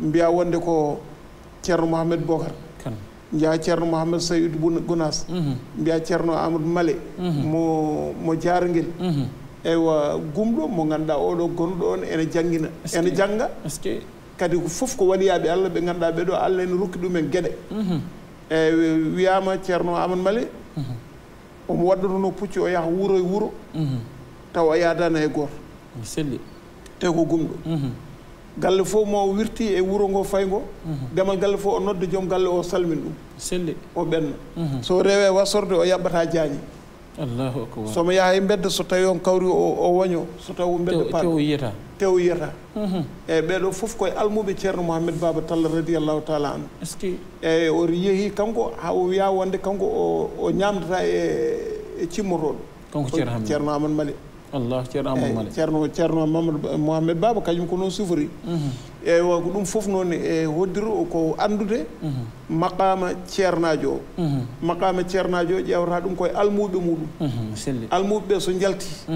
[SPEAKER 3] mbiya wonde ko ceerno mouhamed bocar mbiya kan. ceerno mouhamed sayid gounas mbiya mhm. ceerno amadou malé mhm. mo mo jaarguel mhm. eywa gumɗo mo ganduɗa oɗo gonɗo on ene jangina ene jangga kadi fof ko waɗiyaɓe allah ɓe ganduɗa ɓeɗo allah ene rokki ɗumen gueɗe eyi wiyama ceerno amadou malé omo waddatuno pucci o yaha wuuro e wuuro taw o e selli te ko galle fof mo wirti e wuro ngo fay ngo ndemal mhm. galle fof o nodda joom galle o salmin ɗum selli o ɓenna mhm. so rewe wasorde o yaɓɓata jaañi
[SPEAKER 5] allahu akbar
[SPEAKER 3] somo yaha e mbedda so tawi on kawri o woño so taw mbedda pa tew yiyata tew yiyata mhm. eyyi ɓeɗo foof koye almuɓe ceerno mouhamed baba talla radiallahu taala an est ce que eyyi oto yeehi kanko ha o wiya wonde kanko o ñamdata e, e cimmotoɗo kanko ceerno ceerno amadou malie allah ceernoceerno eh, ceerno mamadou mohamed baba kañum ko noon sufori mhm. eyi eh, wa ko ɗum fof noon e hoddir ko andude mhm. maqama ceernajo o mhm. maqama ceernajo o ƴewata ɗum koye almuɓe
[SPEAKER 4] muɗum
[SPEAKER 3] almuɓeɓe so jalti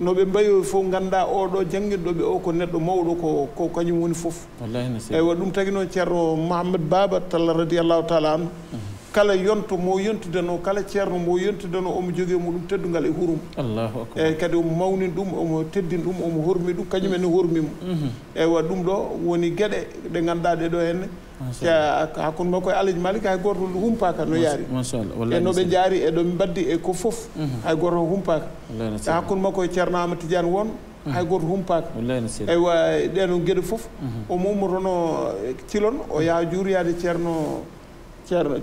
[SPEAKER 3] noɓe mbayo fof ganda oɗo jangguiɗoɓe o ko neɗɗo mawɗo ko ko kañum woni foof eyi wa ɗum tagui noon ceerno mohamed baba talla radiallahu taala anu kala yonto mo yontudeno kala ceerno mo yontudeno omo jogui e mo ɗum teddungal e hurum eyyi kadi omo mawnin ɗum omo teddin ɗum omo hormi ɗum kañum ene hormimo mhm. eyyi wa ɗum ɗo woni gueɗe ɗe ganduɗa ɗe ɗo henne hakkude makko e alaji malik hay goto humpaka no yaari e noɓe jaari eɗo mbaddi e ko foof hay goto humpaka hakkude makko e ceerno ama tidiane won hay goto humpaka eyiwa ɗeno gueɗe foof mhm. omo ummotono eh, cilon o yaaha juuroyade ceerno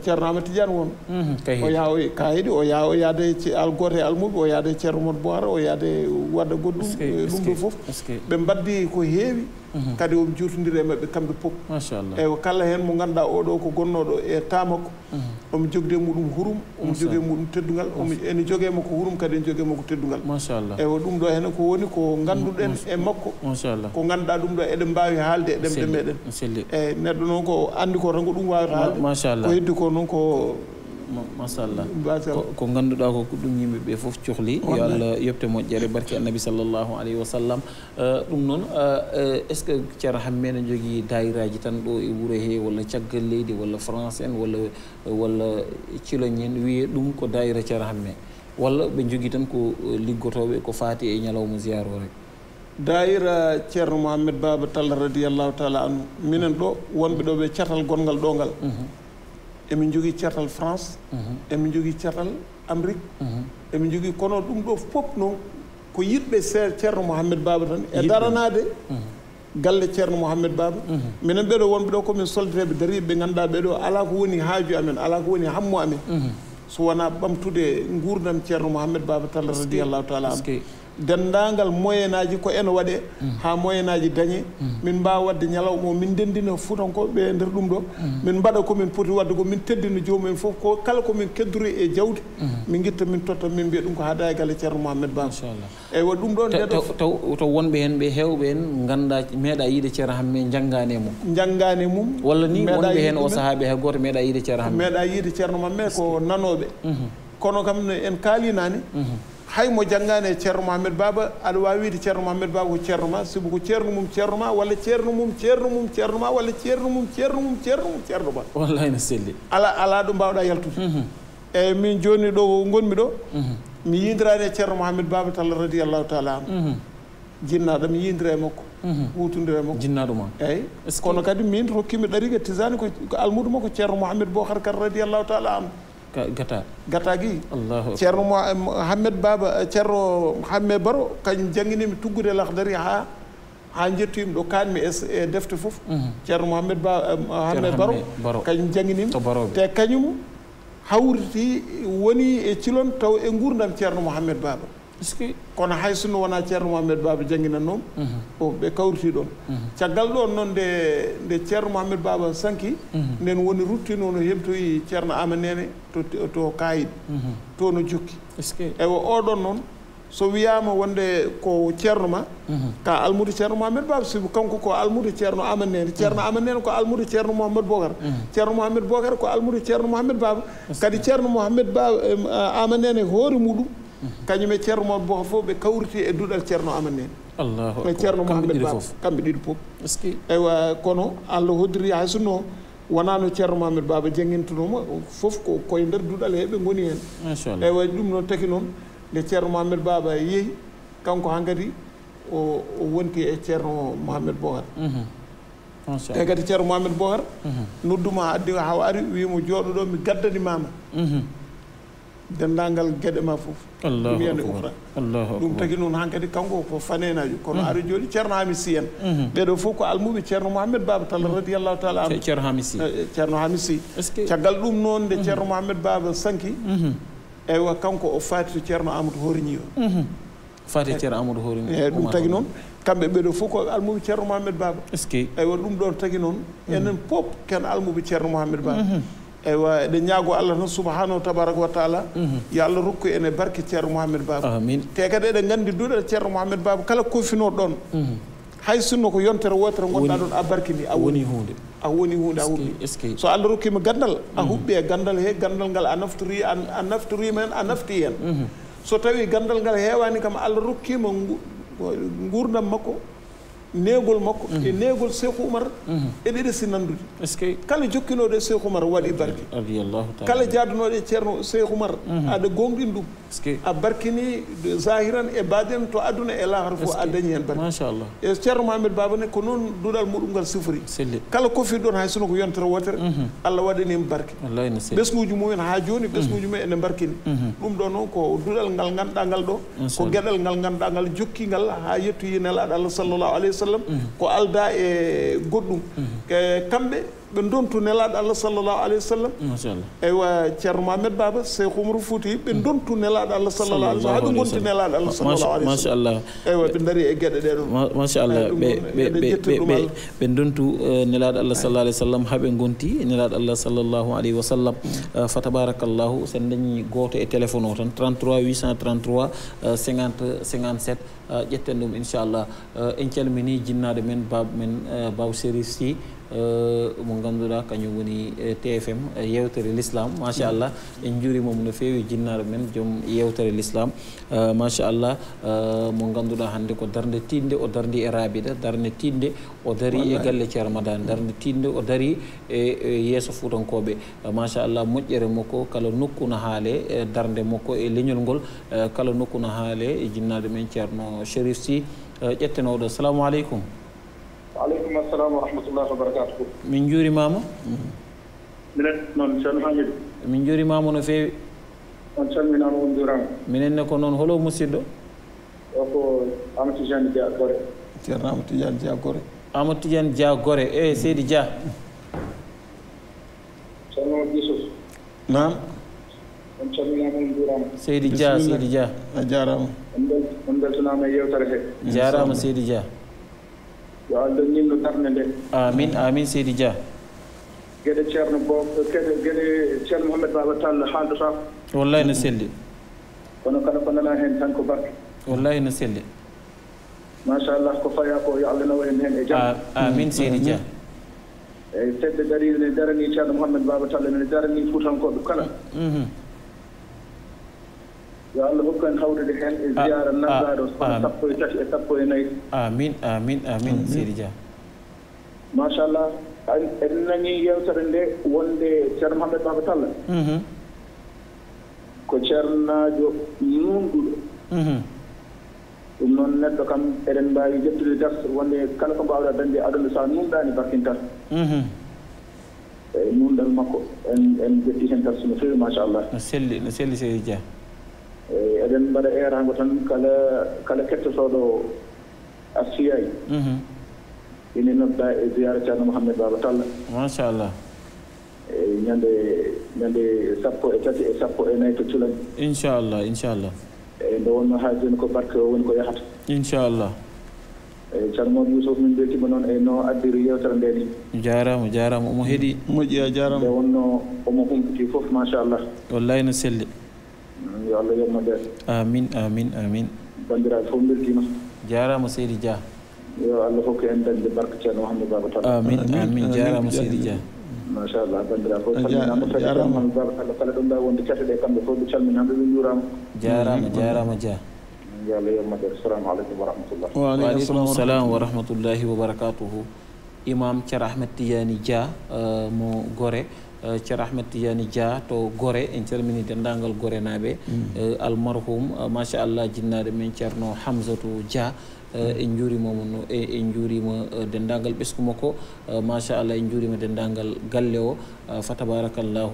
[SPEAKER 3] ceernaama tijan won mhm, o yaw kayidi o yaw yaade e algoote e almuɓe o yaade e ceerno mode boara o yaade wadda goɗɗum e ɗum ɗo fof ɓe mbaddi ko heewi Mhm. kadi omo juutondiri e maɓɓe kamɓe pof machallah eyi kala heen mo ngannduɗaa oɗo ko gonnooɗo e taamakko mhm. omo jogde muɗum hurum omo jogee muɗum teddungal ene jogeemo ko hurum kadi ene jogeemo ko teddungal machallah eyi ɗum ɗo heen ko woni ko ngannduɗen e makko machallah ko ngannduɗaa ɗum ɗo eɗen mbaawi haalde eɗen e meɗen eyi neɗɗo noon ko anndi ko tan ko ɗum waawata haalde machallah ko heddi ko noon ko masallah ko ngannduɗa ko ko ɗum yimɓe ɓe fof cohli yo allah yoɓte
[SPEAKER 2] moƴƴere barke annabi sallllahu alayhi wa sallam euh, ɗum noon euh, euh, est ce que ceer hammeno jogui dayiraji tan ɗo e wuuro he walla caggal leydi walla france en walla walla ciloñ en wiye ɗum ko dayira ceer hamme walla ɓe jogui tan ko liggotoɓe
[SPEAKER 3] ko fati e ñalawma ziyare o rek dayira ceerno mohammed baba tall radiallahu taala anu minen ɗo wonɓe ɗo ɓe catal gonngal ɗongal mhm. emin jogii cerdal france mhm. emin jogii cerdal amérique mhm. emin jogii kono ɗum ɗo fof noon ko yiɗɓe ceerno mouhamed baba tan e daranaade mhm. galle ceerno mouhamed baba minen ɓeɗo wonɓe ɗo komin soldateɓe dariɓe ɓe ngannduɗa ɓeɗo ala ko woni haaju amen ala ko woni hammo amen so wona ɓamtude nguurdam ceerno mouhamed baba tal radiallahu taala dendangal moyen aji ko ena waɗee ha moyen aji dañee min ba wadde nyalaw o min ndenndina futankoɓe e ndeer ɗum ɗo min mbaɗa komin poti wadde ko min teddina joomumen fof ko kala komin keddure e jawdi min gitta min totta min mbiya ɗum ko haadaya galle ceerno mohammed ba
[SPEAKER 2] eyi wa ɗum to, to, taw wonɓe hen ɓe hewbe en ganda meeɗa yiide ceerno hamme janngani e mum jangane mum walla ni wonɓe hen o sahabe he goto meeɗa yiide ceerno hamme meeɗa
[SPEAKER 3] yiide ceerno mamme ko nanoɓe mhm. kono kam en kaalinani mhm. haymo janngani e ceerno mouhamed baba aɗa wawi wiide ceerno mouhamed baba ko ceerno ma sibu ko ceerno mum ceerno ma walla ceerno mum ceerno mum ceerno ma walla ceerno mum ceerno mum ceerno mum ceerno ma
[SPEAKER 2] wallay no selli
[SPEAKER 3] ala ala mhm. e ɗo mbawɗa yaltude eyyi min joni ɗo gonmi mhm. ɗo mi yidirani e ceerno mouhamed baba tallah radiallahu taala an mhm. jinnaɗo mi yidira e makko wutodira e makko jinnaɗo ma eyyi kono kadi min hokkimi ɗariga tisani ko almudu makko ceerno mouhamed bo har kar radiallahu taala anu gata gata gi ceerno mo hammed baba eh, ceerno hamme baro kañum jangginimi tuggude lahdari ha ha jettoyimi ɗo kanmi e, e defte foof mhm. ceerno mohammed ba hamme baro kañum jangginimi te kañum hawriti woni e cilon taw e gurdam ceerno mohammed baba puisque kono hay sinno wona ceerno mouhamed baba jangginan noon mhm. o ɓe kawriti ɗon mhm. caggal ɗon noon nde nde ceerno mouhamed baba sanki mhm. nden woni ruttino no heɓtoyi ceerno ama nene to to kayit to no jokki eyi oɗon noon so wiyama wonde ko ceerno ma ka almudo ceerno mouhamed baba si kanko ko almudo ceerno ama nene ceerno ama nene ko almudo ceerno mouhamed bocar ceerno mouhamed bocar ko almudo ceerno mouhamed baba kadi ceerno mouhamed baba ama nene hoore muɗum kañum e ceerno mo boo fof ɓe kawriti e duɗal ceerno aman nen
[SPEAKER 5] allahu e ceerno mohamed ba
[SPEAKER 3] kamɓe ɗiɗi fof eywa kono allah hoddiri hay sunno wonano ceerno mohamed baba jangintanoma fof ko koye nder duɗal he ɓe goni hen eyi wa ɗum noon taki noon nde ceerno mohamed baba yeehi kanko hankadi o o wonti e ceerno mohamed bohar
[SPEAKER 4] mhm. eyi kadi
[SPEAKER 3] ceerno mohamed bohar mhm. noddumo addi haw ari wiimo jooɗoɗo mi gaddanimama mhm. denndaangal geɗe ma fof ɗum yande ukra ɗum tagi noon han kadi kanko ko faneenaajo kono mm. ari jooni ceerno hamisi en ɓeeɗo mm-hmm. fof ko almuɓe ceerno mouhamed baba tal mm. radiallahu taala an ceerno hamisi eh, eh, caggal ɗum noon nde mm-hmm. ceerno mouhamed baba sanki mm-hmm. eywa kanko o faati to ceerno amadou horiñi o faati eh, ceerno amadou horiñi eyi ɗum tagi noon kamɓe ɓeeɗo fof ko almuɓe ceerno mouhamed baba eyi wa ɗum ɗon tagi noon enen pop ken almuɓe ceerno mouhamed baba eywa eɗen ñaago allah tan subahanahu tabaraka wa taala mhm. yo allah rokku en e barke ceerno mouhamed baba te kadi eɗen nganndi duuɗe ceerno mouhamed baba kala kofinoo ɗon mhm. hay sinno ko yontere wootere gonɗa ɗon a barki ni awoni hunde a woni hunde a huɓɓi so allah rokkima gandal a mhm. huɓɓi e gandal he gandal ngal a naftori a naftorima hen a nafti hen so tawi gandal ngal heewani kam allah rokkima gurdam makko neegol makko mhm. e neegol cheikhu oumar ene mhm. ɗe sinanndude kala jokkinooɗo e cheikhu oumar waɗi barke kala jaadunooɗo e ceerno cheikhu oumar mhm. aɗa gonɗin ɗum a barkinii zahiran e baaden to aduna e lahar fof a dañi heen barke e ceerno mohamed babane ko noon duɗal muɗum ngal sifori kala kofii ɗoon hay sono ko yontere wotere allah waɗaniima barke ɓesguuji mumen haa jooni ɓesguuji mumen ene mbarkini ɗum ɗo noon ko duɗal ngal ngannduɗaa ngal ɗo ko geɗal ngal ngannduɗaa ngal jokkingal haa yettoyii nelaaɗo allah sallallahu alayh w وسلم قال دا قدوم كم بندون تونيلات الله صلى الله عليه وسلم ايوا تشر محمد بابا سي خمر فوتي بندون تونيلات الله صلى الله عليه وسلم هادو تونيلات الله صلى الله عليه وسلم ما شاء الله ايوا بنداري اغيد ديرو
[SPEAKER 2] ما شاء الله بي بي بي تو نيلات الله صلى الله عليه وسلم هابي غونتي نيلات الله صلى الله عليه وسلم فتبارك الله سن نني غوتو اي تليفونو تان 33 833 50 57 ƴetten eh, ɗum inchallah en eh, calmini jinnaɗo men bab men eh, baw mo ngannduɗa kañum woni eh, tfm eh, yewtere l'islam machallah en juurimomo no feewi jinnaaɗo men joom yewtere l'islam machallah mo ngannduɗa hannde ko darde tiɗnde o dardi e raabiɗa darde tiɗnde o dari e galle ceermadan darde tiɗnde o dari e, e yeeso fuutankooɓe machallah moƴƴere makko kala nokku no haale e darde makko e leñol ngol kala nokku no haale e jinnaaɗo men ceerno sherif sy ƴettenooɗo salamu aleykum
[SPEAKER 1] aleykum assalamu wa rahmatullahi wabarakatuhu
[SPEAKER 2] min juurimama
[SPEAKER 1] minen noon ceerno hamidou
[SPEAKER 2] min juurimama no feewi
[SPEAKER 1] on calminama on juurama
[SPEAKER 2] minenne ko noon holo musidɗo
[SPEAKER 1] o ko amadou tidiane dia gore
[SPEAKER 2] ceerno amadou tidiane dia gore amadou tidiane dia gore e seydi dia
[SPEAKER 1] ceerno yusuf nam on calminama on juurama seydi dia seydi
[SPEAKER 2] dia a jarama
[SPEAKER 1] on beltanama e yewtere he jarama seydi dia yo allah ñimno darde nde
[SPEAKER 2] amin amin seydi dia
[SPEAKER 1] geɗe ceerno bo geɗe geɗe ceerno mouhamed baba tall haaldata
[SPEAKER 2] wallahi no selli
[SPEAKER 1] kono kada ko nana heen tan ko bakke
[SPEAKER 2] wallahi no selli
[SPEAKER 1] machallah ko faya ko yo allah nawa heen heen e jam
[SPEAKER 2] amin seydi dia
[SPEAKER 1] mm-hmm. eyi sedde darii ne daranii ceerno mouhamed baba tall ene daranii fuutankoɓe kala mm-hmm. yo allah hokku en hawrude heen e ah, ziyara ah, nagaɗo sappo e tati e sappo e nayi
[SPEAKER 2] amin amin amin seydi dia
[SPEAKER 1] machallah en nañi yewtere nde wonde ceerno mahamed baba talla mhm. ko ceernajo nunɗuɗo mhm. ɗum noon neɗɗo kam eɗen mbaawi jettude darse wonde kala ko mbaawɗa dañde adana so a nunɗaani barkin tar mhm. eyi nunɗal makko en en jetti heen darse no feewi machallah no selli no selli seydi dia eɗen eh, mbaɗa erago tan kala kala kettotoɗo asfiyay mhm. ina nodda e ziyara ceerno mouhammed baba talla machallah eyi eh, ñande ñande sappo eh, e tati e sappo e nayi to culani
[SPEAKER 5] inchallah inchallah
[SPEAKER 1] eyi nde wonno ha joni ko barke o
[SPEAKER 2] woni ko yahata inchallah
[SPEAKER 6] eyi ceerno moon yousouf min mbeltima noon e no addiri yewtere nde
[SPEAKER 2] ni jarama jarama omo heeɗi moƴƴi a jarama nde wonno omo humpiti foof machallah wallay no selli
[SPEAKER 6] allah
[SPEAKER 2] amin amin amin bandiraɓe fof dia allah amin amin jarama seydi dia
[SPEAKER 1] machallah allah
[SPEAKER 2] imam thiara ahmed tidiani gore ci rahmat yani dia to gore en calmini denndaangal gore nabe al naaɓe almarhum allah jinnaade men ceerno hamsatou dia njuri juurimomo no e njuri mo en juurima denndaangal ɓesgu makko machallah en juurima denndaangal galle o fa tabarakallah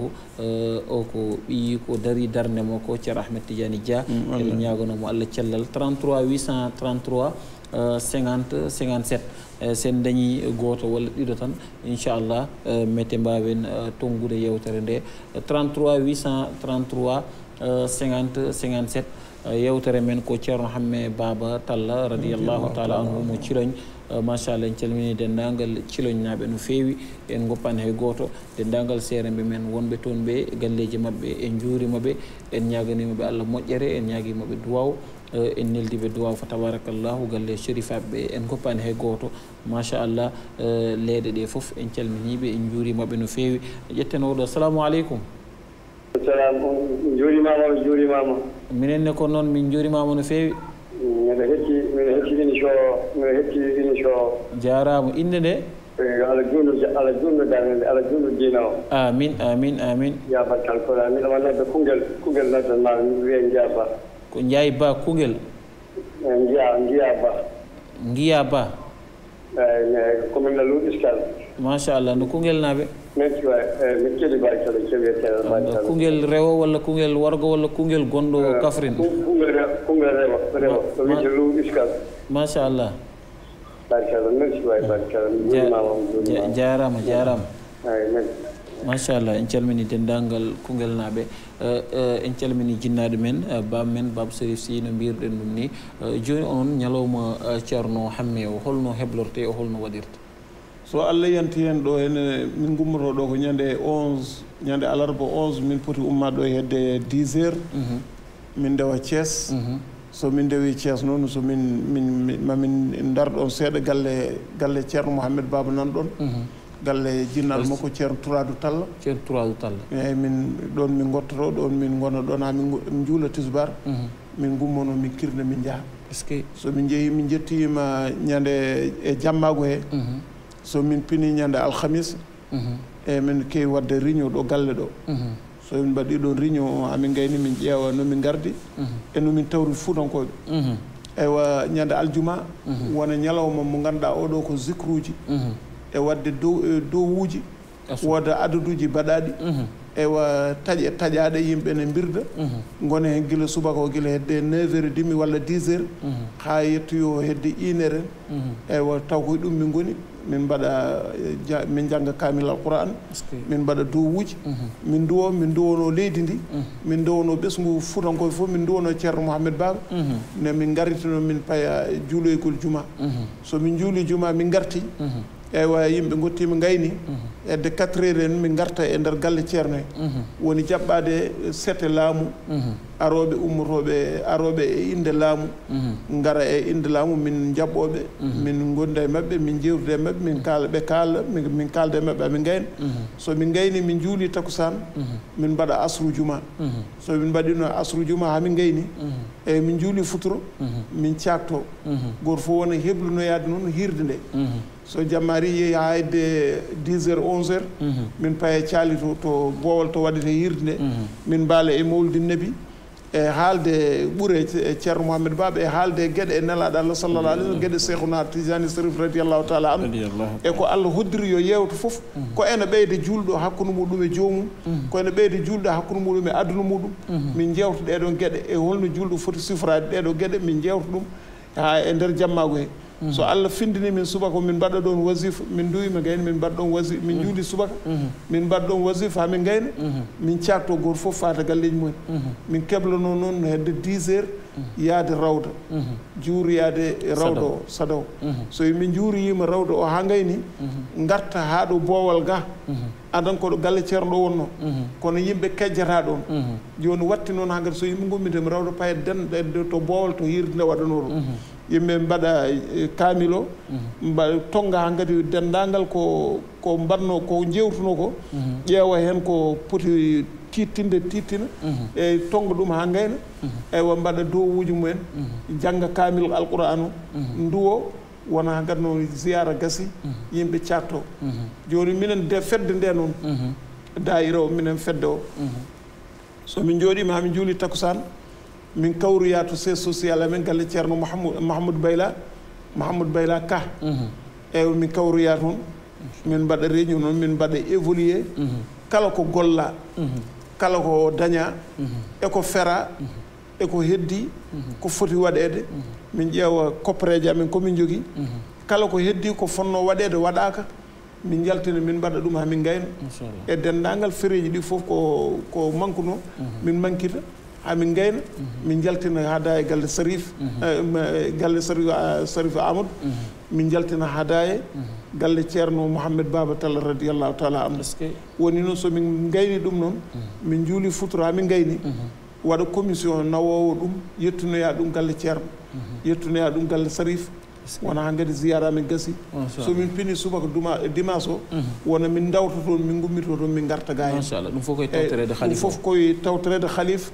[SPEAKER 2] o ko bi ko dari darne darnde makko ceer ahmed tidiani dia eɗen mo allah cellal 33 833 50 57 sen dañuy goto wala ɗiɗo tan inchallah mette mbawen tonngude yewtere nde 33 833 50 57 yewtere men ko ceerno hamme baba talla radiallahu taala anhu mo ciloñ machallah en calmini dendagal ciloñnaɓe no feewi en goppan hay goto dendagal seeremɓe men wonɓe toon ɓe galleji mabɓe en juurimaɓe en ñaganimaɓe allah moƴƴere en ñaguimaɓe duwaw en neldiɓe duwaw fa tabarakallahu galle shérifaɓe ɓe en goppani hay goto machallah leyɗe ɗe foof en calminiɓe en juurimaɓe no fewi ƴetten oɗo assalamu aleykum
[SPEAKER 1] salam juurimama mi juurimama
[SPEAKER 2] minenne ko noon min juurimama no fewi
[SPEAKER 1] miɗa hecci miɗa hecci émission miɗa hecci émission jarama inde nde ala juutno ala juutno darnde ala juutno diina o
[SPEAKER 2] amin amin amin jabatal kola miɗa
[SPEAKER 1] wa nodda kungel kungel noddanma wiye jaba ko
[SPEAKER 2] njaay eh, eh, ba Koungheul
[SPEAKER 1] eh, ngiya ngiya ba ngiya ba commune la Lour Escale
[SPEAKER 2] machallah no ba naaɓe Koungheul rewo walla Koungheul wargo walla Koungheul gonɗo Kaffrine
[SPEAKER 1] Koungheul rewo rewo ɗo wiide Lour Escale machallah barkallah merci way barkallah jarama jarama eyi merci
[SPEAKER 2] machallah en calmini denndaangal kungel naaɓe eh, eh, en calmini jinnaaɗo men eh, baaba men baaba sérif si no mbiruɗen ɗum ni jooni on ñalowma ceerno hamme o holno heblorte o
[SPEAKER 3] holno waɗirta so allah yanti heen ɗo hene min ngummoto ɗo ko ñannde 11 ñannde alarba 11 min poti ummaɗo e hedde 10 heures mhm. min ndewa thies mhm. so min ndewi thies noon so min min mamin ndar ɗon seeɗa galle galle ceerno mouhamed baba nan ɗon mm -hmm. galle e jinnal makko ceerno trois du talla ceerno trois du talla eyi eh, min ɗon min gottoto ɗon min gona ɗon ha min juula tisbar mhm. min gummono min kirna min jaaha est ce que so min jeehi min jettima ñande e jammago he mhm. so min pini ñande alhamisa mhm. eyi min kewi wadde réunion ɗo galle ɗo so min mbaɗi ɗon réunion amin gayni min ƴeewa nomin gardi e nomin tawri fuutankoɓe eywa ñande aljuma wona ñalawma mo ganduɗa oɗo ko zicre uji e wadde e dowuji woda adaduji mbaɗaɗi mhm. ewa taƴe taƴaɗe yimɓe ne birda mhm. gona hen guila subaka o guila hedde 9 heures demi walla 10 heures ha mhm. yettoyo hedde 1 heure en ewa taw koye ɗum min goni min mbaɗa eh, min jangga kamil alquran min mbaɗa dowuji min duwo min duwono leydi ndi min duwono ɓesgu fuutankoye fof min duwono ceerno mouhamed baba ne min garitino min paya juuloygol juma so min juuli juma min garti eyyi wawi yimɓe gottima gayni mhm. edde quatre heure en mi garta e nder galle ceerno he mhm. woni jaɓɓade e sete laamu mhm. arooɓe ummotooɓe arooɓe e innde laamu mhm. ngara e innde laamu min jaɓɓooɓe mhm. min gonndi e maɓɓe min jewtude e maɓɓe min mhm. kaala ɓe kaala min kaalda e maɓɓe amin ngayna so min ngayni min juulii takusan min mbaɗa asru juma so min mbaɗino asru juma haa min ngayni eyi min juulii futuro min caaktoo gooto fof wona heblunoyaade noon hiirde nde so jammaari yehi haa hedde 10 heures 11 heures min paye caali to to boowal to waɗete hiirde nde min mbaala e mawlidi nabi e haalde ɓure e ceerno mouhamed baɓe e haalde gueɗe e nelaɗo allah sallallah alih gueɗe cheikhuna tijani sharif radiallahu taala an e ko allah hoddiri yo yewta foof ko ene ɓeyde juulɗo e hakkude muɗum e joomum ko ene ɓeyde juulɗo e hakkude muɗum e aduna muɗum min jewta ɗeɗon gueɗe e holno juulɗo foti sifraade ɗeɗo gueɗe min jewta ɗum ha e nder jammago he so allah findini min subaka min mbaɗa ɗon wasif min duwima gayni min mbaɗa ɗon wasif min juuli subaka min mbaɗa ɗon wasif haa min gayna min carto goto fof faata galleji mumen min keblano noon hedde 10 heures yaade rawda juur yaade rawda o sadaw so min juuriyima rawda o haa gayni garta haa ɗo boowal ga adan koɗo galle ceerɗo o wonno kono yimɓe kejjata ɗon joni watti noon hagat so yimɓe gummitemi rawda payat denɗo to boowal to hiirde nde waɗanoɗo yimɓe mbaɗa e, kaamil o mhm. tonga han kadi denndaangal ko ko mbatno ko njewtuno ko mhm. ƴeewa heen ko poti tiittinde tiittina mhm. eyi tonga ɗum haa ngayna eywa mbaɗa dowuuji mumen jannga kaamil alqouran o nduwo wona hankadi no ziyara gasi yimɓe catto jooni minen de fedde nde noon daayira o minen fedde o so min jooɗima hami juuli takusan min kawruyaatu se social amen galle ceerno mahamoudou bayla mahamoudou bayla ka mhm. eyi min kawruyaa toon min mbaɗa réunion noon min mbaɗa évolué mhm. kala ko golla mhm. kala ko daña eko fera eko heddi ko foti waɗeede min ƴeewa copréje amen komin jogii kala ko heddi ko fonnoo waɗeede waɗaaka min njaltina min mbaɗa ɗum haa min ngayno e denndaangal feriiji ɗi fof ko ko manque noo min manquita amin gayna min jaltina hada e galle sarif galle sarif amadou min jaltina hadaye galle ceerno mouhamed baba tala radiallahu taala anu woni noon somin gayni ɗum noon mhm. min juuli futura amin gayni mhm. waɗa commission nawowo ɗum yettunoya ɗum galle ceerno mhm. yettunoya ɗum galle sarif wona hankadi ziyara min gasi somin pini subaka duma dimanche o mhm. wona min dawta toon min gummitto toon min garta gaa heɗum fof koye tawtere de khalife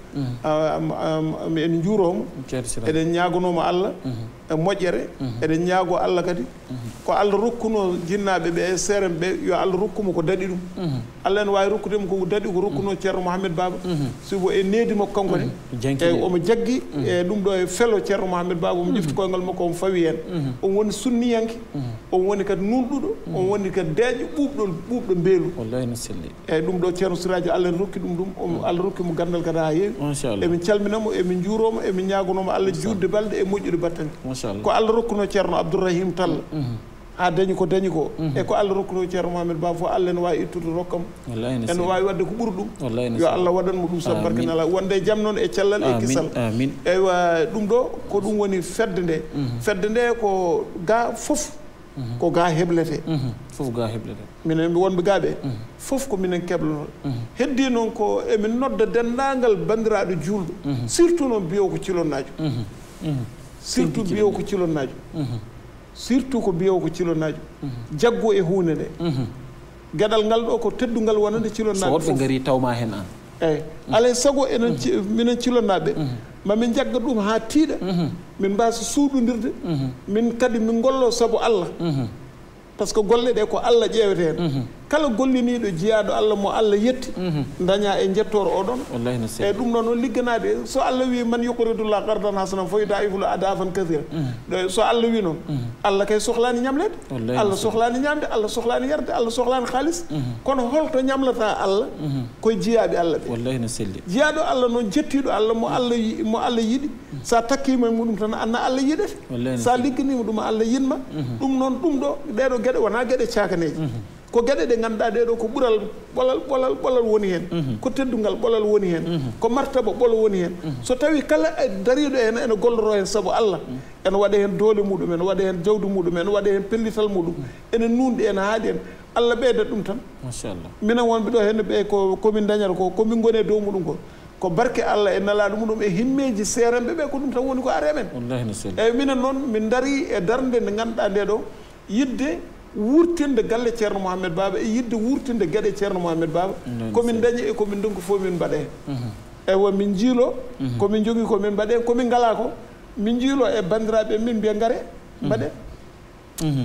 [SPEAKER 3] en juuromo eɗen ñaganoma allah mhm. e moƴƴere mhm. eɗen ñaago allah kadi mhm. ko allah rokkuno jinnaaɓe ɓe e serem ɓe yo allah rokkumo ko daɗi ɗum mhm. allah ene waawi rokkudema ko daɗi ko rokkuno ceerno mouhamed baba sibo e needi makko kanko ne eyi e omo jaggi e ɗum ɗo e felo ceerno mouhamed baba omo ƴifti koyngal makko omo fawi heen on woni sunniyanke on woni kadi nulɗuɗo on woni kadi deeƴo ɓuuɓɗo ɓuuɓɗo mbeelu eyi e ɗum ɗo ceerno siraji allah ene rokki ɗum ɗum allah rokkimo gandal kadi haa heewi emin calminamo emin juuromo emin ñaagonoma allah juutde balɗe e moƴƴude battanke ko allah rokkuno ceerno abdourahim tall mhm. ha dañi ko dañi ko mhm. e ko allah rokkuno ceerno mamed ba fof allah ene wawi ittude rokkam ene wawi wadde ko ɓuri ɗum yo allah waɗanmo ɗum sabu barkanala wonde e jaam noon e cellal e kisal eywa ɗum ɗo ko ɗum woni fedde nde mhm. fedde nde ko ga fof ko ga heblete fof ga heblete minen wonɓe gaɓe fof ko minen keblono heddi noon ko emin nodda dendagal bandiraɗo juulɗo surtout noon biyo ko cilonnajo surtout bio mhm. ko cilonnaajo surtout ko bio ko cilonnaajo mhm. jaggo e huunde nde mhm. geɗal ngal ɗo ko teddungal wonande cilonnaajo wonɓe ngari tawma hen an eyi alay e sago enen minen cilonnaaɓe mamin jagga ɗum haa tiiɗa min mbaasa suuɗodirde min kadi min ngolloo sabu allah par ce que golle ɗe ko allah ƴeewete hen kala golliniiɗo jiyaaɗo allah mo allah yetti mhm. dañaa e njettoro oɗon eyi e ɗum noon o ligganaade so allah wi man yokoridullah gardan hasanan fo yudaifulu adafan kahira mhm. so allah wi noon mhm. allah kay sohlaani ñamleede allah sohlaani ñaamde allah sohlaani yarde allah sohlaani haalis kono holto ñamlataa allah koye jiyaaɓe allah ɓe wallahino selli jiyaaɗo allah noon jettiiɗo allah mo allah mo allah yiɗi so a takkiima e muɗum tan anna allah yiɗete so a ligganiima ɗum allah yinma ɗum noon ɗum ɗo ɗeeɗo geɗe wonaa geɗe caakaneeje ko gueɗe ɗe ngannduɗaa ɗee ɗo ko ɓural ɓolal ɓolal ɓolal woni heen mhm. ko teddungal ɓolal woni heen mhm. ko martaba ɓolo woni heen mhm. so tawi kala e dariiɗo heen ene golloroo heen sabu allah ene waɗa heen doole muɗum en waɗa heen jawdi muɗum en waɗa heen pellital muɗum ene nuunɗi ene haaɗi en allah ɓeydat ɗum tan machallah minen wonɓe ɗo heenne ɓe ko komin dañata ko komin ngoni e dow muɗum ko ko barke allah e nalaaɗo muɗum e himmeeji seeranɓe ɓe ko ɗum tan woni ko aremen eeyi minen noon min darii e darnde nde ngannduɗaa ndee ɗo yidde wurtinde galle ceerno mouhamed baba e yidde wurtinde gueɗe ceerno mouhamed baba komin dañi e komin ndonki fof min mbaɗe hen mhm. eywa min jiilo mhm. komin jogui komin mbaɗe hen komin gala ko min jiilo e bandiraɓe min mbiya gaare mhm. mbaɗe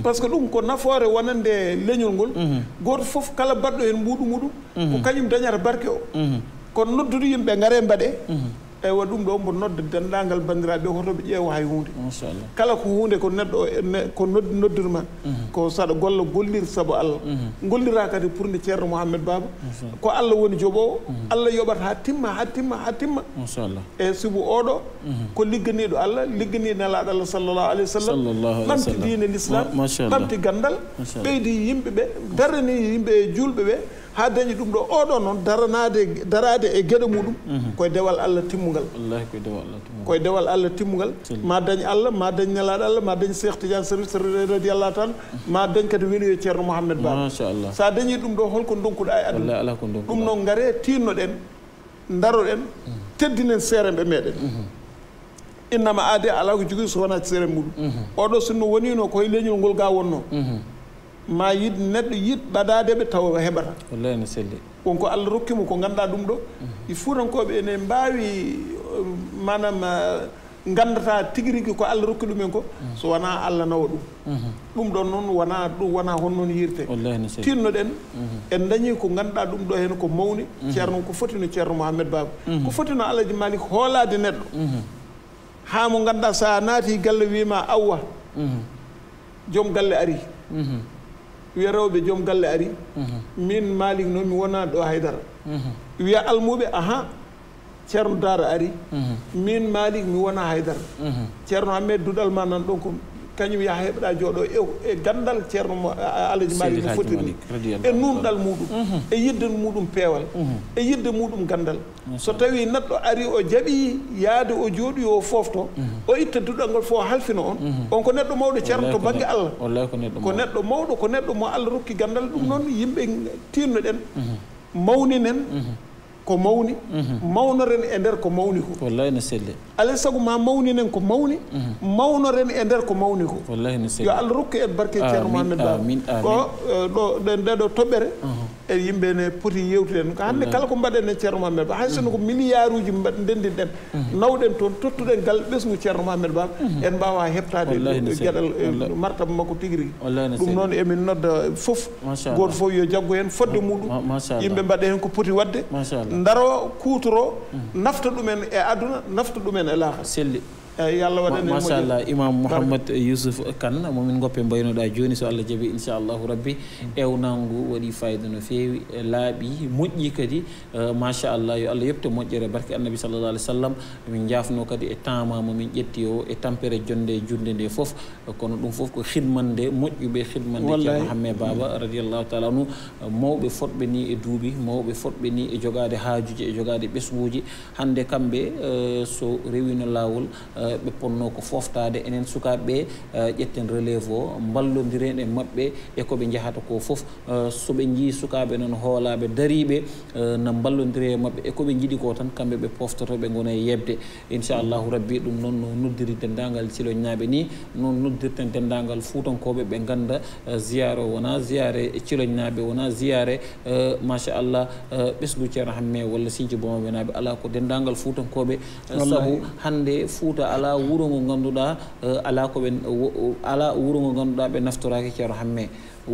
[SPEAKER 3] par ce que ɗum ko nafoore wonande leñol ngol goto foof kala mbaɗɗo hen muɗum muɗum ko kañum dañata barke o kono noddude yimɓe gaare mbaɗe eyi wa ɗum ɗo mbo nodda denndaangal banndiraaɓe hoto ɓe ƴeewa hay huunde kala ko huunde ko neɗɗo ko nodd noddirma mhm. ko saɗa golla gollir sabu allah mhm. golliraa kadi pour nde ceerno mouhammed baba ko allah woni joɓoowo mhm. allah yoɓata haa timma haa timma haa timma eyi sibu oɗo ko ligganiiɗo allah ligganii nelaaɗo allah sallallahu alayhi wa sallam ɓamti diine l'islam ɓamti ganndal ɓeydi yimɓe ɓe daranii yimɓe e juulɓe ɓee ha dañi ɗum ɗo oɗo noon daranade darade e gueɗe muɗum mhm. koye dewal allah timmugal koye dewal allah timmugal ma dañ allah ma dañ ñalaɗo allah ma dañ cheikh tidian sersere radiallah tan mhm. ma dañ kadi weli yo ceerno mouhamed ba sa dañi ɗum ɗo holko donkuɗa e adu ɗum noon gaare tinnoɗen daroɗen mhm. teddinen seeremɓe meɗen innama aade ala ko jogui so wona seere muɗum oɗo sinno wonino koye leñol ngol ga wonno ma yid neɗɗo yid ɓadadeɓe taw heɓata wallahi no selli wonko allah rokkimo ko ganduɗa ɗum ɗo il mhm. e faut tankoɓe ene mbawi uh, manam uh, gandata tigui rigui ko allah rokki ɗumen ko mhm. so wona allah nawa ɗum mhm. ɗum ɗon noon wona ɗum wona hon noon yirte tinnoɗen en dañi ko ganduɗa ɗum ɗo hen ko mawni ceerno ko foti no ceerno mouhamed baba ko foti no allahji malik hoolade neɗɗo ha mo ganduɗa sa naati galle wima awwa joom galle ari wiya rewɓe joom galle ari mhm. min malik noon mi wonani ɗo haydara mhm. wiya almuɓe ahan ceerno daara ari mhm. min malik mi wona haydara ceerno hammed duɗal ma nan ɗon ko kañum yaha heɓɗa jooɗo e e gandal ceerno alaji mali no fotiri e nunɗal muɗum mhm. e yidde muɗum peewal mhm. e yidde muɗum gandal so tawi neɗɗo ari o jaaɓi yaade o jooɗi o foofto mhm. o itta duɗal ngol fof halfino on on ko neɗɗo mawɗo ceerno to bangge allah ko neɗɗo mawɗo ko neɗɗo mo allah rokki gandal ɗum noon yimɓe tinnoɗen mawninen ko mawni mhm. mawnoren e ndeer ko mawni ko wallahi no selle alaa sago ma mawninen ko mawni mhm. mawnoren e ndeer ko mawni ko wallahi no selle yo allah rokku en barke ceerno mohamed ba ko eh, ɗo ɗe ɗo toɓɓere mhm. e yimɓe ne poti yewtiden ko hannde kala ko mbaɗen e ceerno mouhamed ba hay sono ko milliard uji mbaɗ ndendinɗen nawɗen toon tottuɗen gal ɓesgu ceerno mouhamed ba en mbawa heɓtade gueɗal martaba makko tigui rigui ɗum noon emin nodda foof goto foof yo jaggo hen fodde muɗum yimɓe mbaɗa hen ko poti wadde daro kutoro nafta ɗumen e aduna nafta ɗumen e laaha selli eyyi allah
[SPEAKER 4] waɗan machallah
[SPEAKER 3] imam
[SPEAKER 2] mouhamad yousuf kane momin goppe mbaynoɗa joni so allah jaaɓi inchallahu rabbi mm. ewnangu waɗi fayida no fewi e laaɓi moƴƴi kadi machallah yo allah yebte moƴƴere barke annabi sallallah alih w sallam min jafno kadi e tama momin ƴetti o e tempére jonde e jurde nde foof kono ɗum foof ko hidmande moƴƴuɓe hidmande hamme baba mm. radiallahu taala anu mawɓe fotɓe ni e duuɓi mawɓe fotɓe ni e jogade hajuji e jogade ɓesguji hande kamɓe so rewino lawol ɓe ponnoo ko fooftaade enen sukaaɓe ɓe eh, ƴetten relève o mballondireen e maɓɓe e ko ɓe njahata ko fof eh, so ɓe njii sukaaɓe noon hoolaaɓe dariiɓe eh, no mballondiree maɓɓe e ko ɓe njiɗi koo tan kamɓe ɓe pooftoto ɓe ngona e yeɓde inchallahu rabbi ɗum noon no noddiri denndaangal ciloñnaaɓe nii noon noddirte denndaangal fuutankooɓe ɓe ngannda ziyare o wonaa ziyare e ciloñnaaɓe wonaa ziyare machallah ɓesgu ceerno hamme walla sinthi bomaɓe naaɓe alaa ko denndaangal fuutankooɓe sabu hannde fuuta ala wuro ngo ganduɗa eh, ala ko ɓe ala wuro ngo ganduɗa ɓe naftoraki ceerno hamme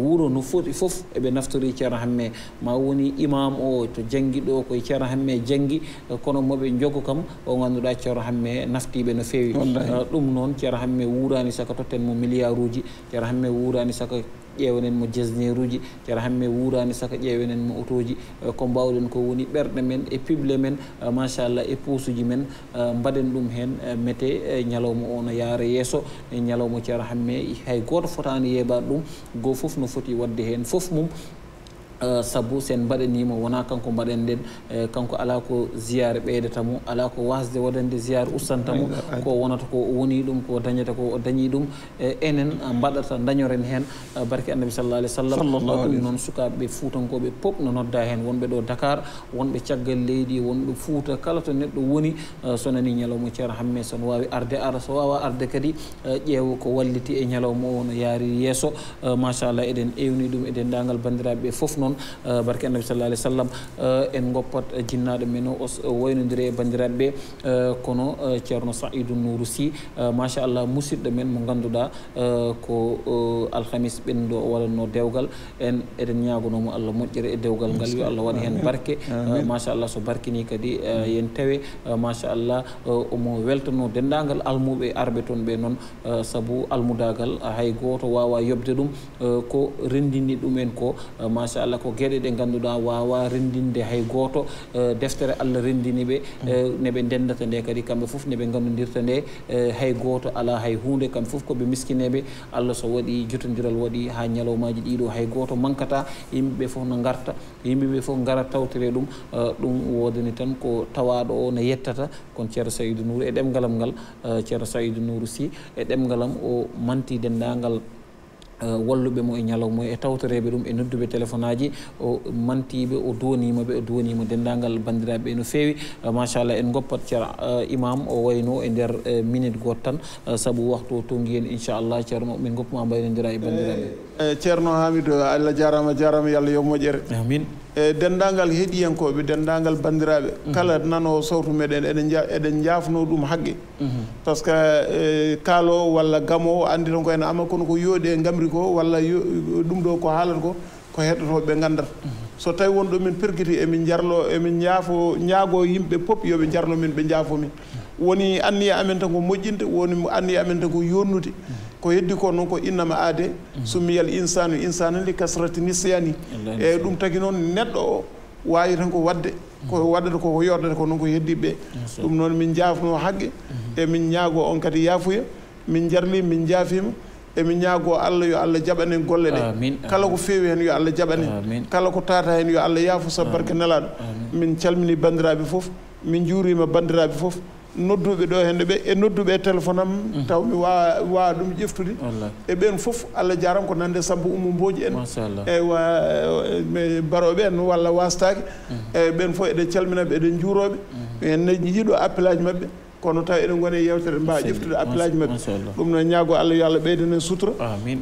[SPEAKER 2] wuro no foti foof eɓe naftori ceerno hamme ma woni imam o to janggi ɗo koye ceerno hamme janggi eh, kono moɓe jogo kam o ganduɗa ceerno hamme naftiɓe no feewi eh, ɗum noon ceerno hamme wurani saka totten mo milliard uji ceerno hamme wurani saka ƴeewenen mo gesnaire uji cara hamme wuurani saka ƴeewenen mo auto ji e ko mbawɗen ko woni ɓerɗe men e publé men e machallah e puusuji men e mbaɗen ɗum hen mete ñalawma o no yaara yesso ñalawma cara hamme hay goto fotani yeɓade ɗum goo foof no foti wadde hen foof mum Eh, sabu sen mbaɗanimo wona kanko mbaɗen nden e, kanko ala ko ziyare ɓeydata mo ala ko wasde waɗande ziyare ustanta mo ko wonata ko woni ɗum ko dañata ko o dañi ɗum e, enen eh, mbaɗata dañoren heen eh, barke annabi sallah alah w sallam ɗum noon sukaɓeɓe fuutankoɓe poop no nodda heen wonɓe ɗo dakar wonɓe caggal leydi wonɓe fuuta kala to neɗɗo woni so nani ñalawma ceero hamme so no wawi arde ara so wawa arde kadi ƴeewa ko walliti e ñalawma o no yaari yesso machallah eɗen ewni ɗum e dendagal bandiraɓeɓe foof noon noon euh, barke annabi sallah alih w sallam euh, en goppat jinnaaɗo men o waynodiri e banndiraaɓe ɓe euh, kono ceerno saidou nouro sy machallah musidɗo men mo ngannduɗa ko alhamis ɓenndo o waɗatno dewgal en eɗen ñaagonoomo allah moƴƴere e dewgal ngal yo allah waɗa heen barke machallah so barkini kadi yen tawe machallah omo weltano denndaangal almuɓe arɓe toon ɓe noon sabu almudaagal hay gooto waawa yoɓde ɗum ko renndinni ɗumen ko machallah walla ko geɗe ɗe ngannduɗa wawa rendinde hay goto e, deftere allah rendini ɓe e, neɓe ndendata nde kadi kamɓe foof neɓe ngandodirta nde e, hay goto ala hay hunde kamɓe foof koɓe miskineɓe allah so waɗi jotodiral waɗi ha ñalawmaji ɗiɗo hay goto manquata yimɓeɓe foof no garta yimɓeɓe foof gara tawtere ɗum ɗum wodani tan ko tawaɗo o ne yettata kono ceero saydou nouru e ɗemgalam ngal ceero saydou nouru si e ɗemgalam o manti dendagal Eh, walluɓe mo e ñalawma e tawtoreɓe ɗum e nodduɓe téléphone aji o mantiɓe o donima ɓe o donima dendagal bandiraɓe no fewi eh, machallah en goppat ceer eh, imam o wayno e nder minute goto tan saabu waktu o tongi hen inchallah ceerno min goppuma mbaynodira e bandiraɓe
[SPEAKER 3] ceerno hamidou allah jarama jarama yo allah yo moƴere amin e denndaangal heɗiyankooɓe denndaangal banndiraaɓe kala nanoo sawtu meɗen eɗen eɗen njaafnoo ɗum haqqe mhm. par ce que e, kaaloowo walla gamoowo anndi tan ko hen ama kono ko yooɗi e ngamri koo walla ɗum ɗo ko haalata ko ko heɗotoo ɓe nganndata mhm. so tawii won ɗo min pirgiti emin jarloo emin njaafo ñaagoo yimɓe pop yo ɓe njarno min ɓe njaafo min woni anniy amen tan ko moƴƴinde woni anniy amen tan ko yonnude ko heddi ko noon ko innama aade summiyal insanu insan ndi kasrati nisiyani eyyi e ɗum tagi noon neɗɗo o wawi tan ko wadde ko waɗata koko yordata ko noon ko heddi ɓe ɗum noon min jaafno haqqe e min ñaago on kadi yaafuya min jarli min jaafima emin ñaago allah yo allah jaɓanen golle ɗe kala ko feewi heen yo allah jaɓanen kala ko tata heen yo allah yaafu sabbarke nelaɗo min calmini bandiraɓe fof min juurima bandiraɓe fof nodduɓe ɗo hen ɓe e nodduɓe e téléphone am mm. taw mi wawa ɗum ƴeftude e ɓen foof allah jaram ko nande sabu ummo mboji en eyi wa e baroɓe en walla wastaki mm. eyi ɓen foof eɗen calminaɓe eɗen juuroɓe mm. en jiiɗo appel aji mabɓe kono taw eɗen gona e yewtere mbawa ƴeftude appelaji mabɓe ɗum noon ñaago allah yo allah ɓeydane sutura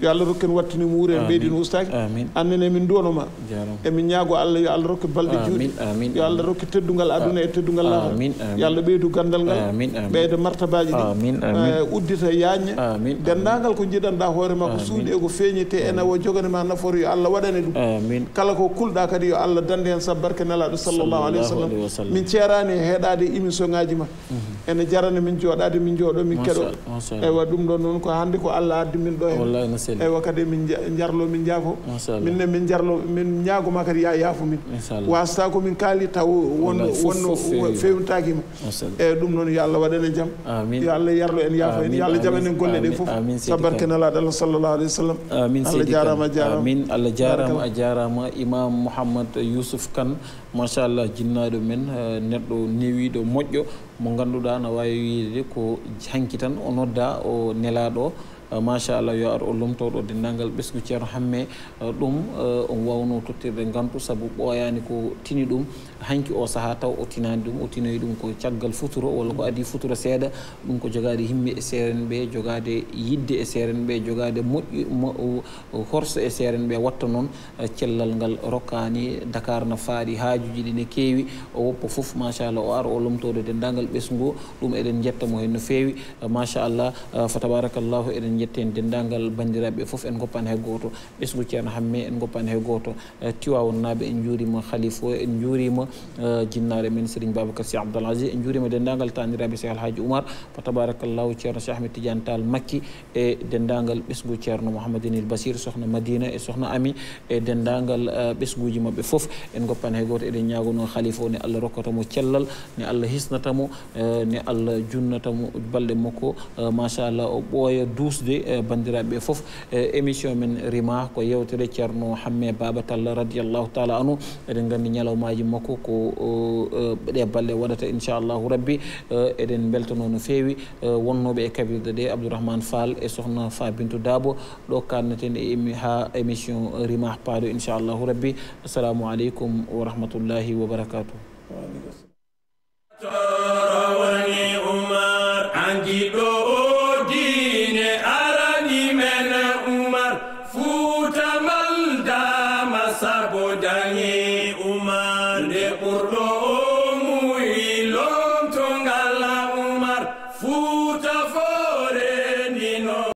[SPEAKER 3] yo allah rokken wattini wuure en ɓeydin ustaki annene min duwanoma emin ñaago allah yo allah rokke balɗe juuɗe yo allah rokke teddugal aduna e teddugal laha yo allah ɓeydu gandal ngal ɓeyda martabaji ɗi eh, uddita yaña dendagal ko jiɗanɗa hoorema ko suuɗi e ko feeñi te ene wo joganima nafoore yo allah waɗane ɗum kala ko kulɗa kadi yo allah dande hen sabbarke nelaɗo sallllahu alayhi wa sallam min ceerani e heeɗade émission ngaji ma
[SPEAKER 4] mhm.
[SPEAKER 3] ene jarana min jooɗaade min jooɗo min keɗo eywa ɗum ɗo noon ko hannde ko allah addi min ɗo eeywa kadi min jarlo min jaafo minne min jarlo min ñaagoma kadi ya yaafo min wasata ko min kaali taw wono wonno fewnitakima eyyi ɗum noon yo allah waɗane jaam yo allah yarlo en yaafo en yo allah jaam enen golle ɗe foof sabbarkenalaɗo allah sallallahu alayhi wa sallam allah jarama a jaramin allah jarama a jarama
[SPEAKER 2] imam mouhamad yousuf kane machallah jinnaɗo men eh, neɗɗo newiɗo moƴƴo mo ngannduɗaa no waawi wiide ko hanki tan o nodda o nelaaɗo uh, machallah yo ar o lomtoɗo denndangal ɓesgu ceerno hamme uh, ɗum uh, on wawno tottirde ngantu sabu ɓooyaani ko tini ɗum hanki o sahaa taw o tinaani ɗum o tinoyi ɗum ko caggal futuro walla ko adii futuro seeɗa ɗum ko jogaade himɓe e seeren ɓe jogaade yiɗde e seeren ɓe jogaade moƴƴi horso e seeren ɓe watta noon eh, cellal ngal rokkaani dakar no faari haajuji ɗi ne keewi o woppo fof machallah o ara o lomtoode denndaangal ɓesngo ɗum eɗen njetta mo hen no feewi eh, machallah eh, fa tabarakallahu eɗen njetta hen denndaangal banndiraaɓe fof en goppan hay gooto ɓesngu ceerno hamme en goppan hay gooto tiwawon naaɓe en njuurima khalife o en njuurima Eh, jinnaare men sérigne babacar si abdoulaji en juurima e dendagal taniraɓe sehal haji oumar fa tabarakallahu ceerno cheh ahmed tidiane tall makki e dendagal ɓesgu ceerno mouhamadinil basir sohna madina e sohna ami e dendagal eh, ɓesguji mabɓe foof en goppan hay goto eɗen ñagono khalifa o ne allah rokkatamo cellal ne allah hisnatamo eh, ne allah junnatamo balɗe makko machallah o ɓooya duusde bandiraɓeɓe foof émission men rima ko yewtere ceerno hamme baba talla radiallahu taala anu eɗen gandi ñalawmaji makko ko de balle wadata inshallah rabbi eden beltano no feewi wonnoɓe e kabirde de abdourahman fall e sohna fa bintou dabo do kalnaten e ha émission rimah paaɗo inshallah rabbi assalamu aleykum wa rahmatullahi wa barakatuh
[SPEAKER 1] rawani umar anjiɗo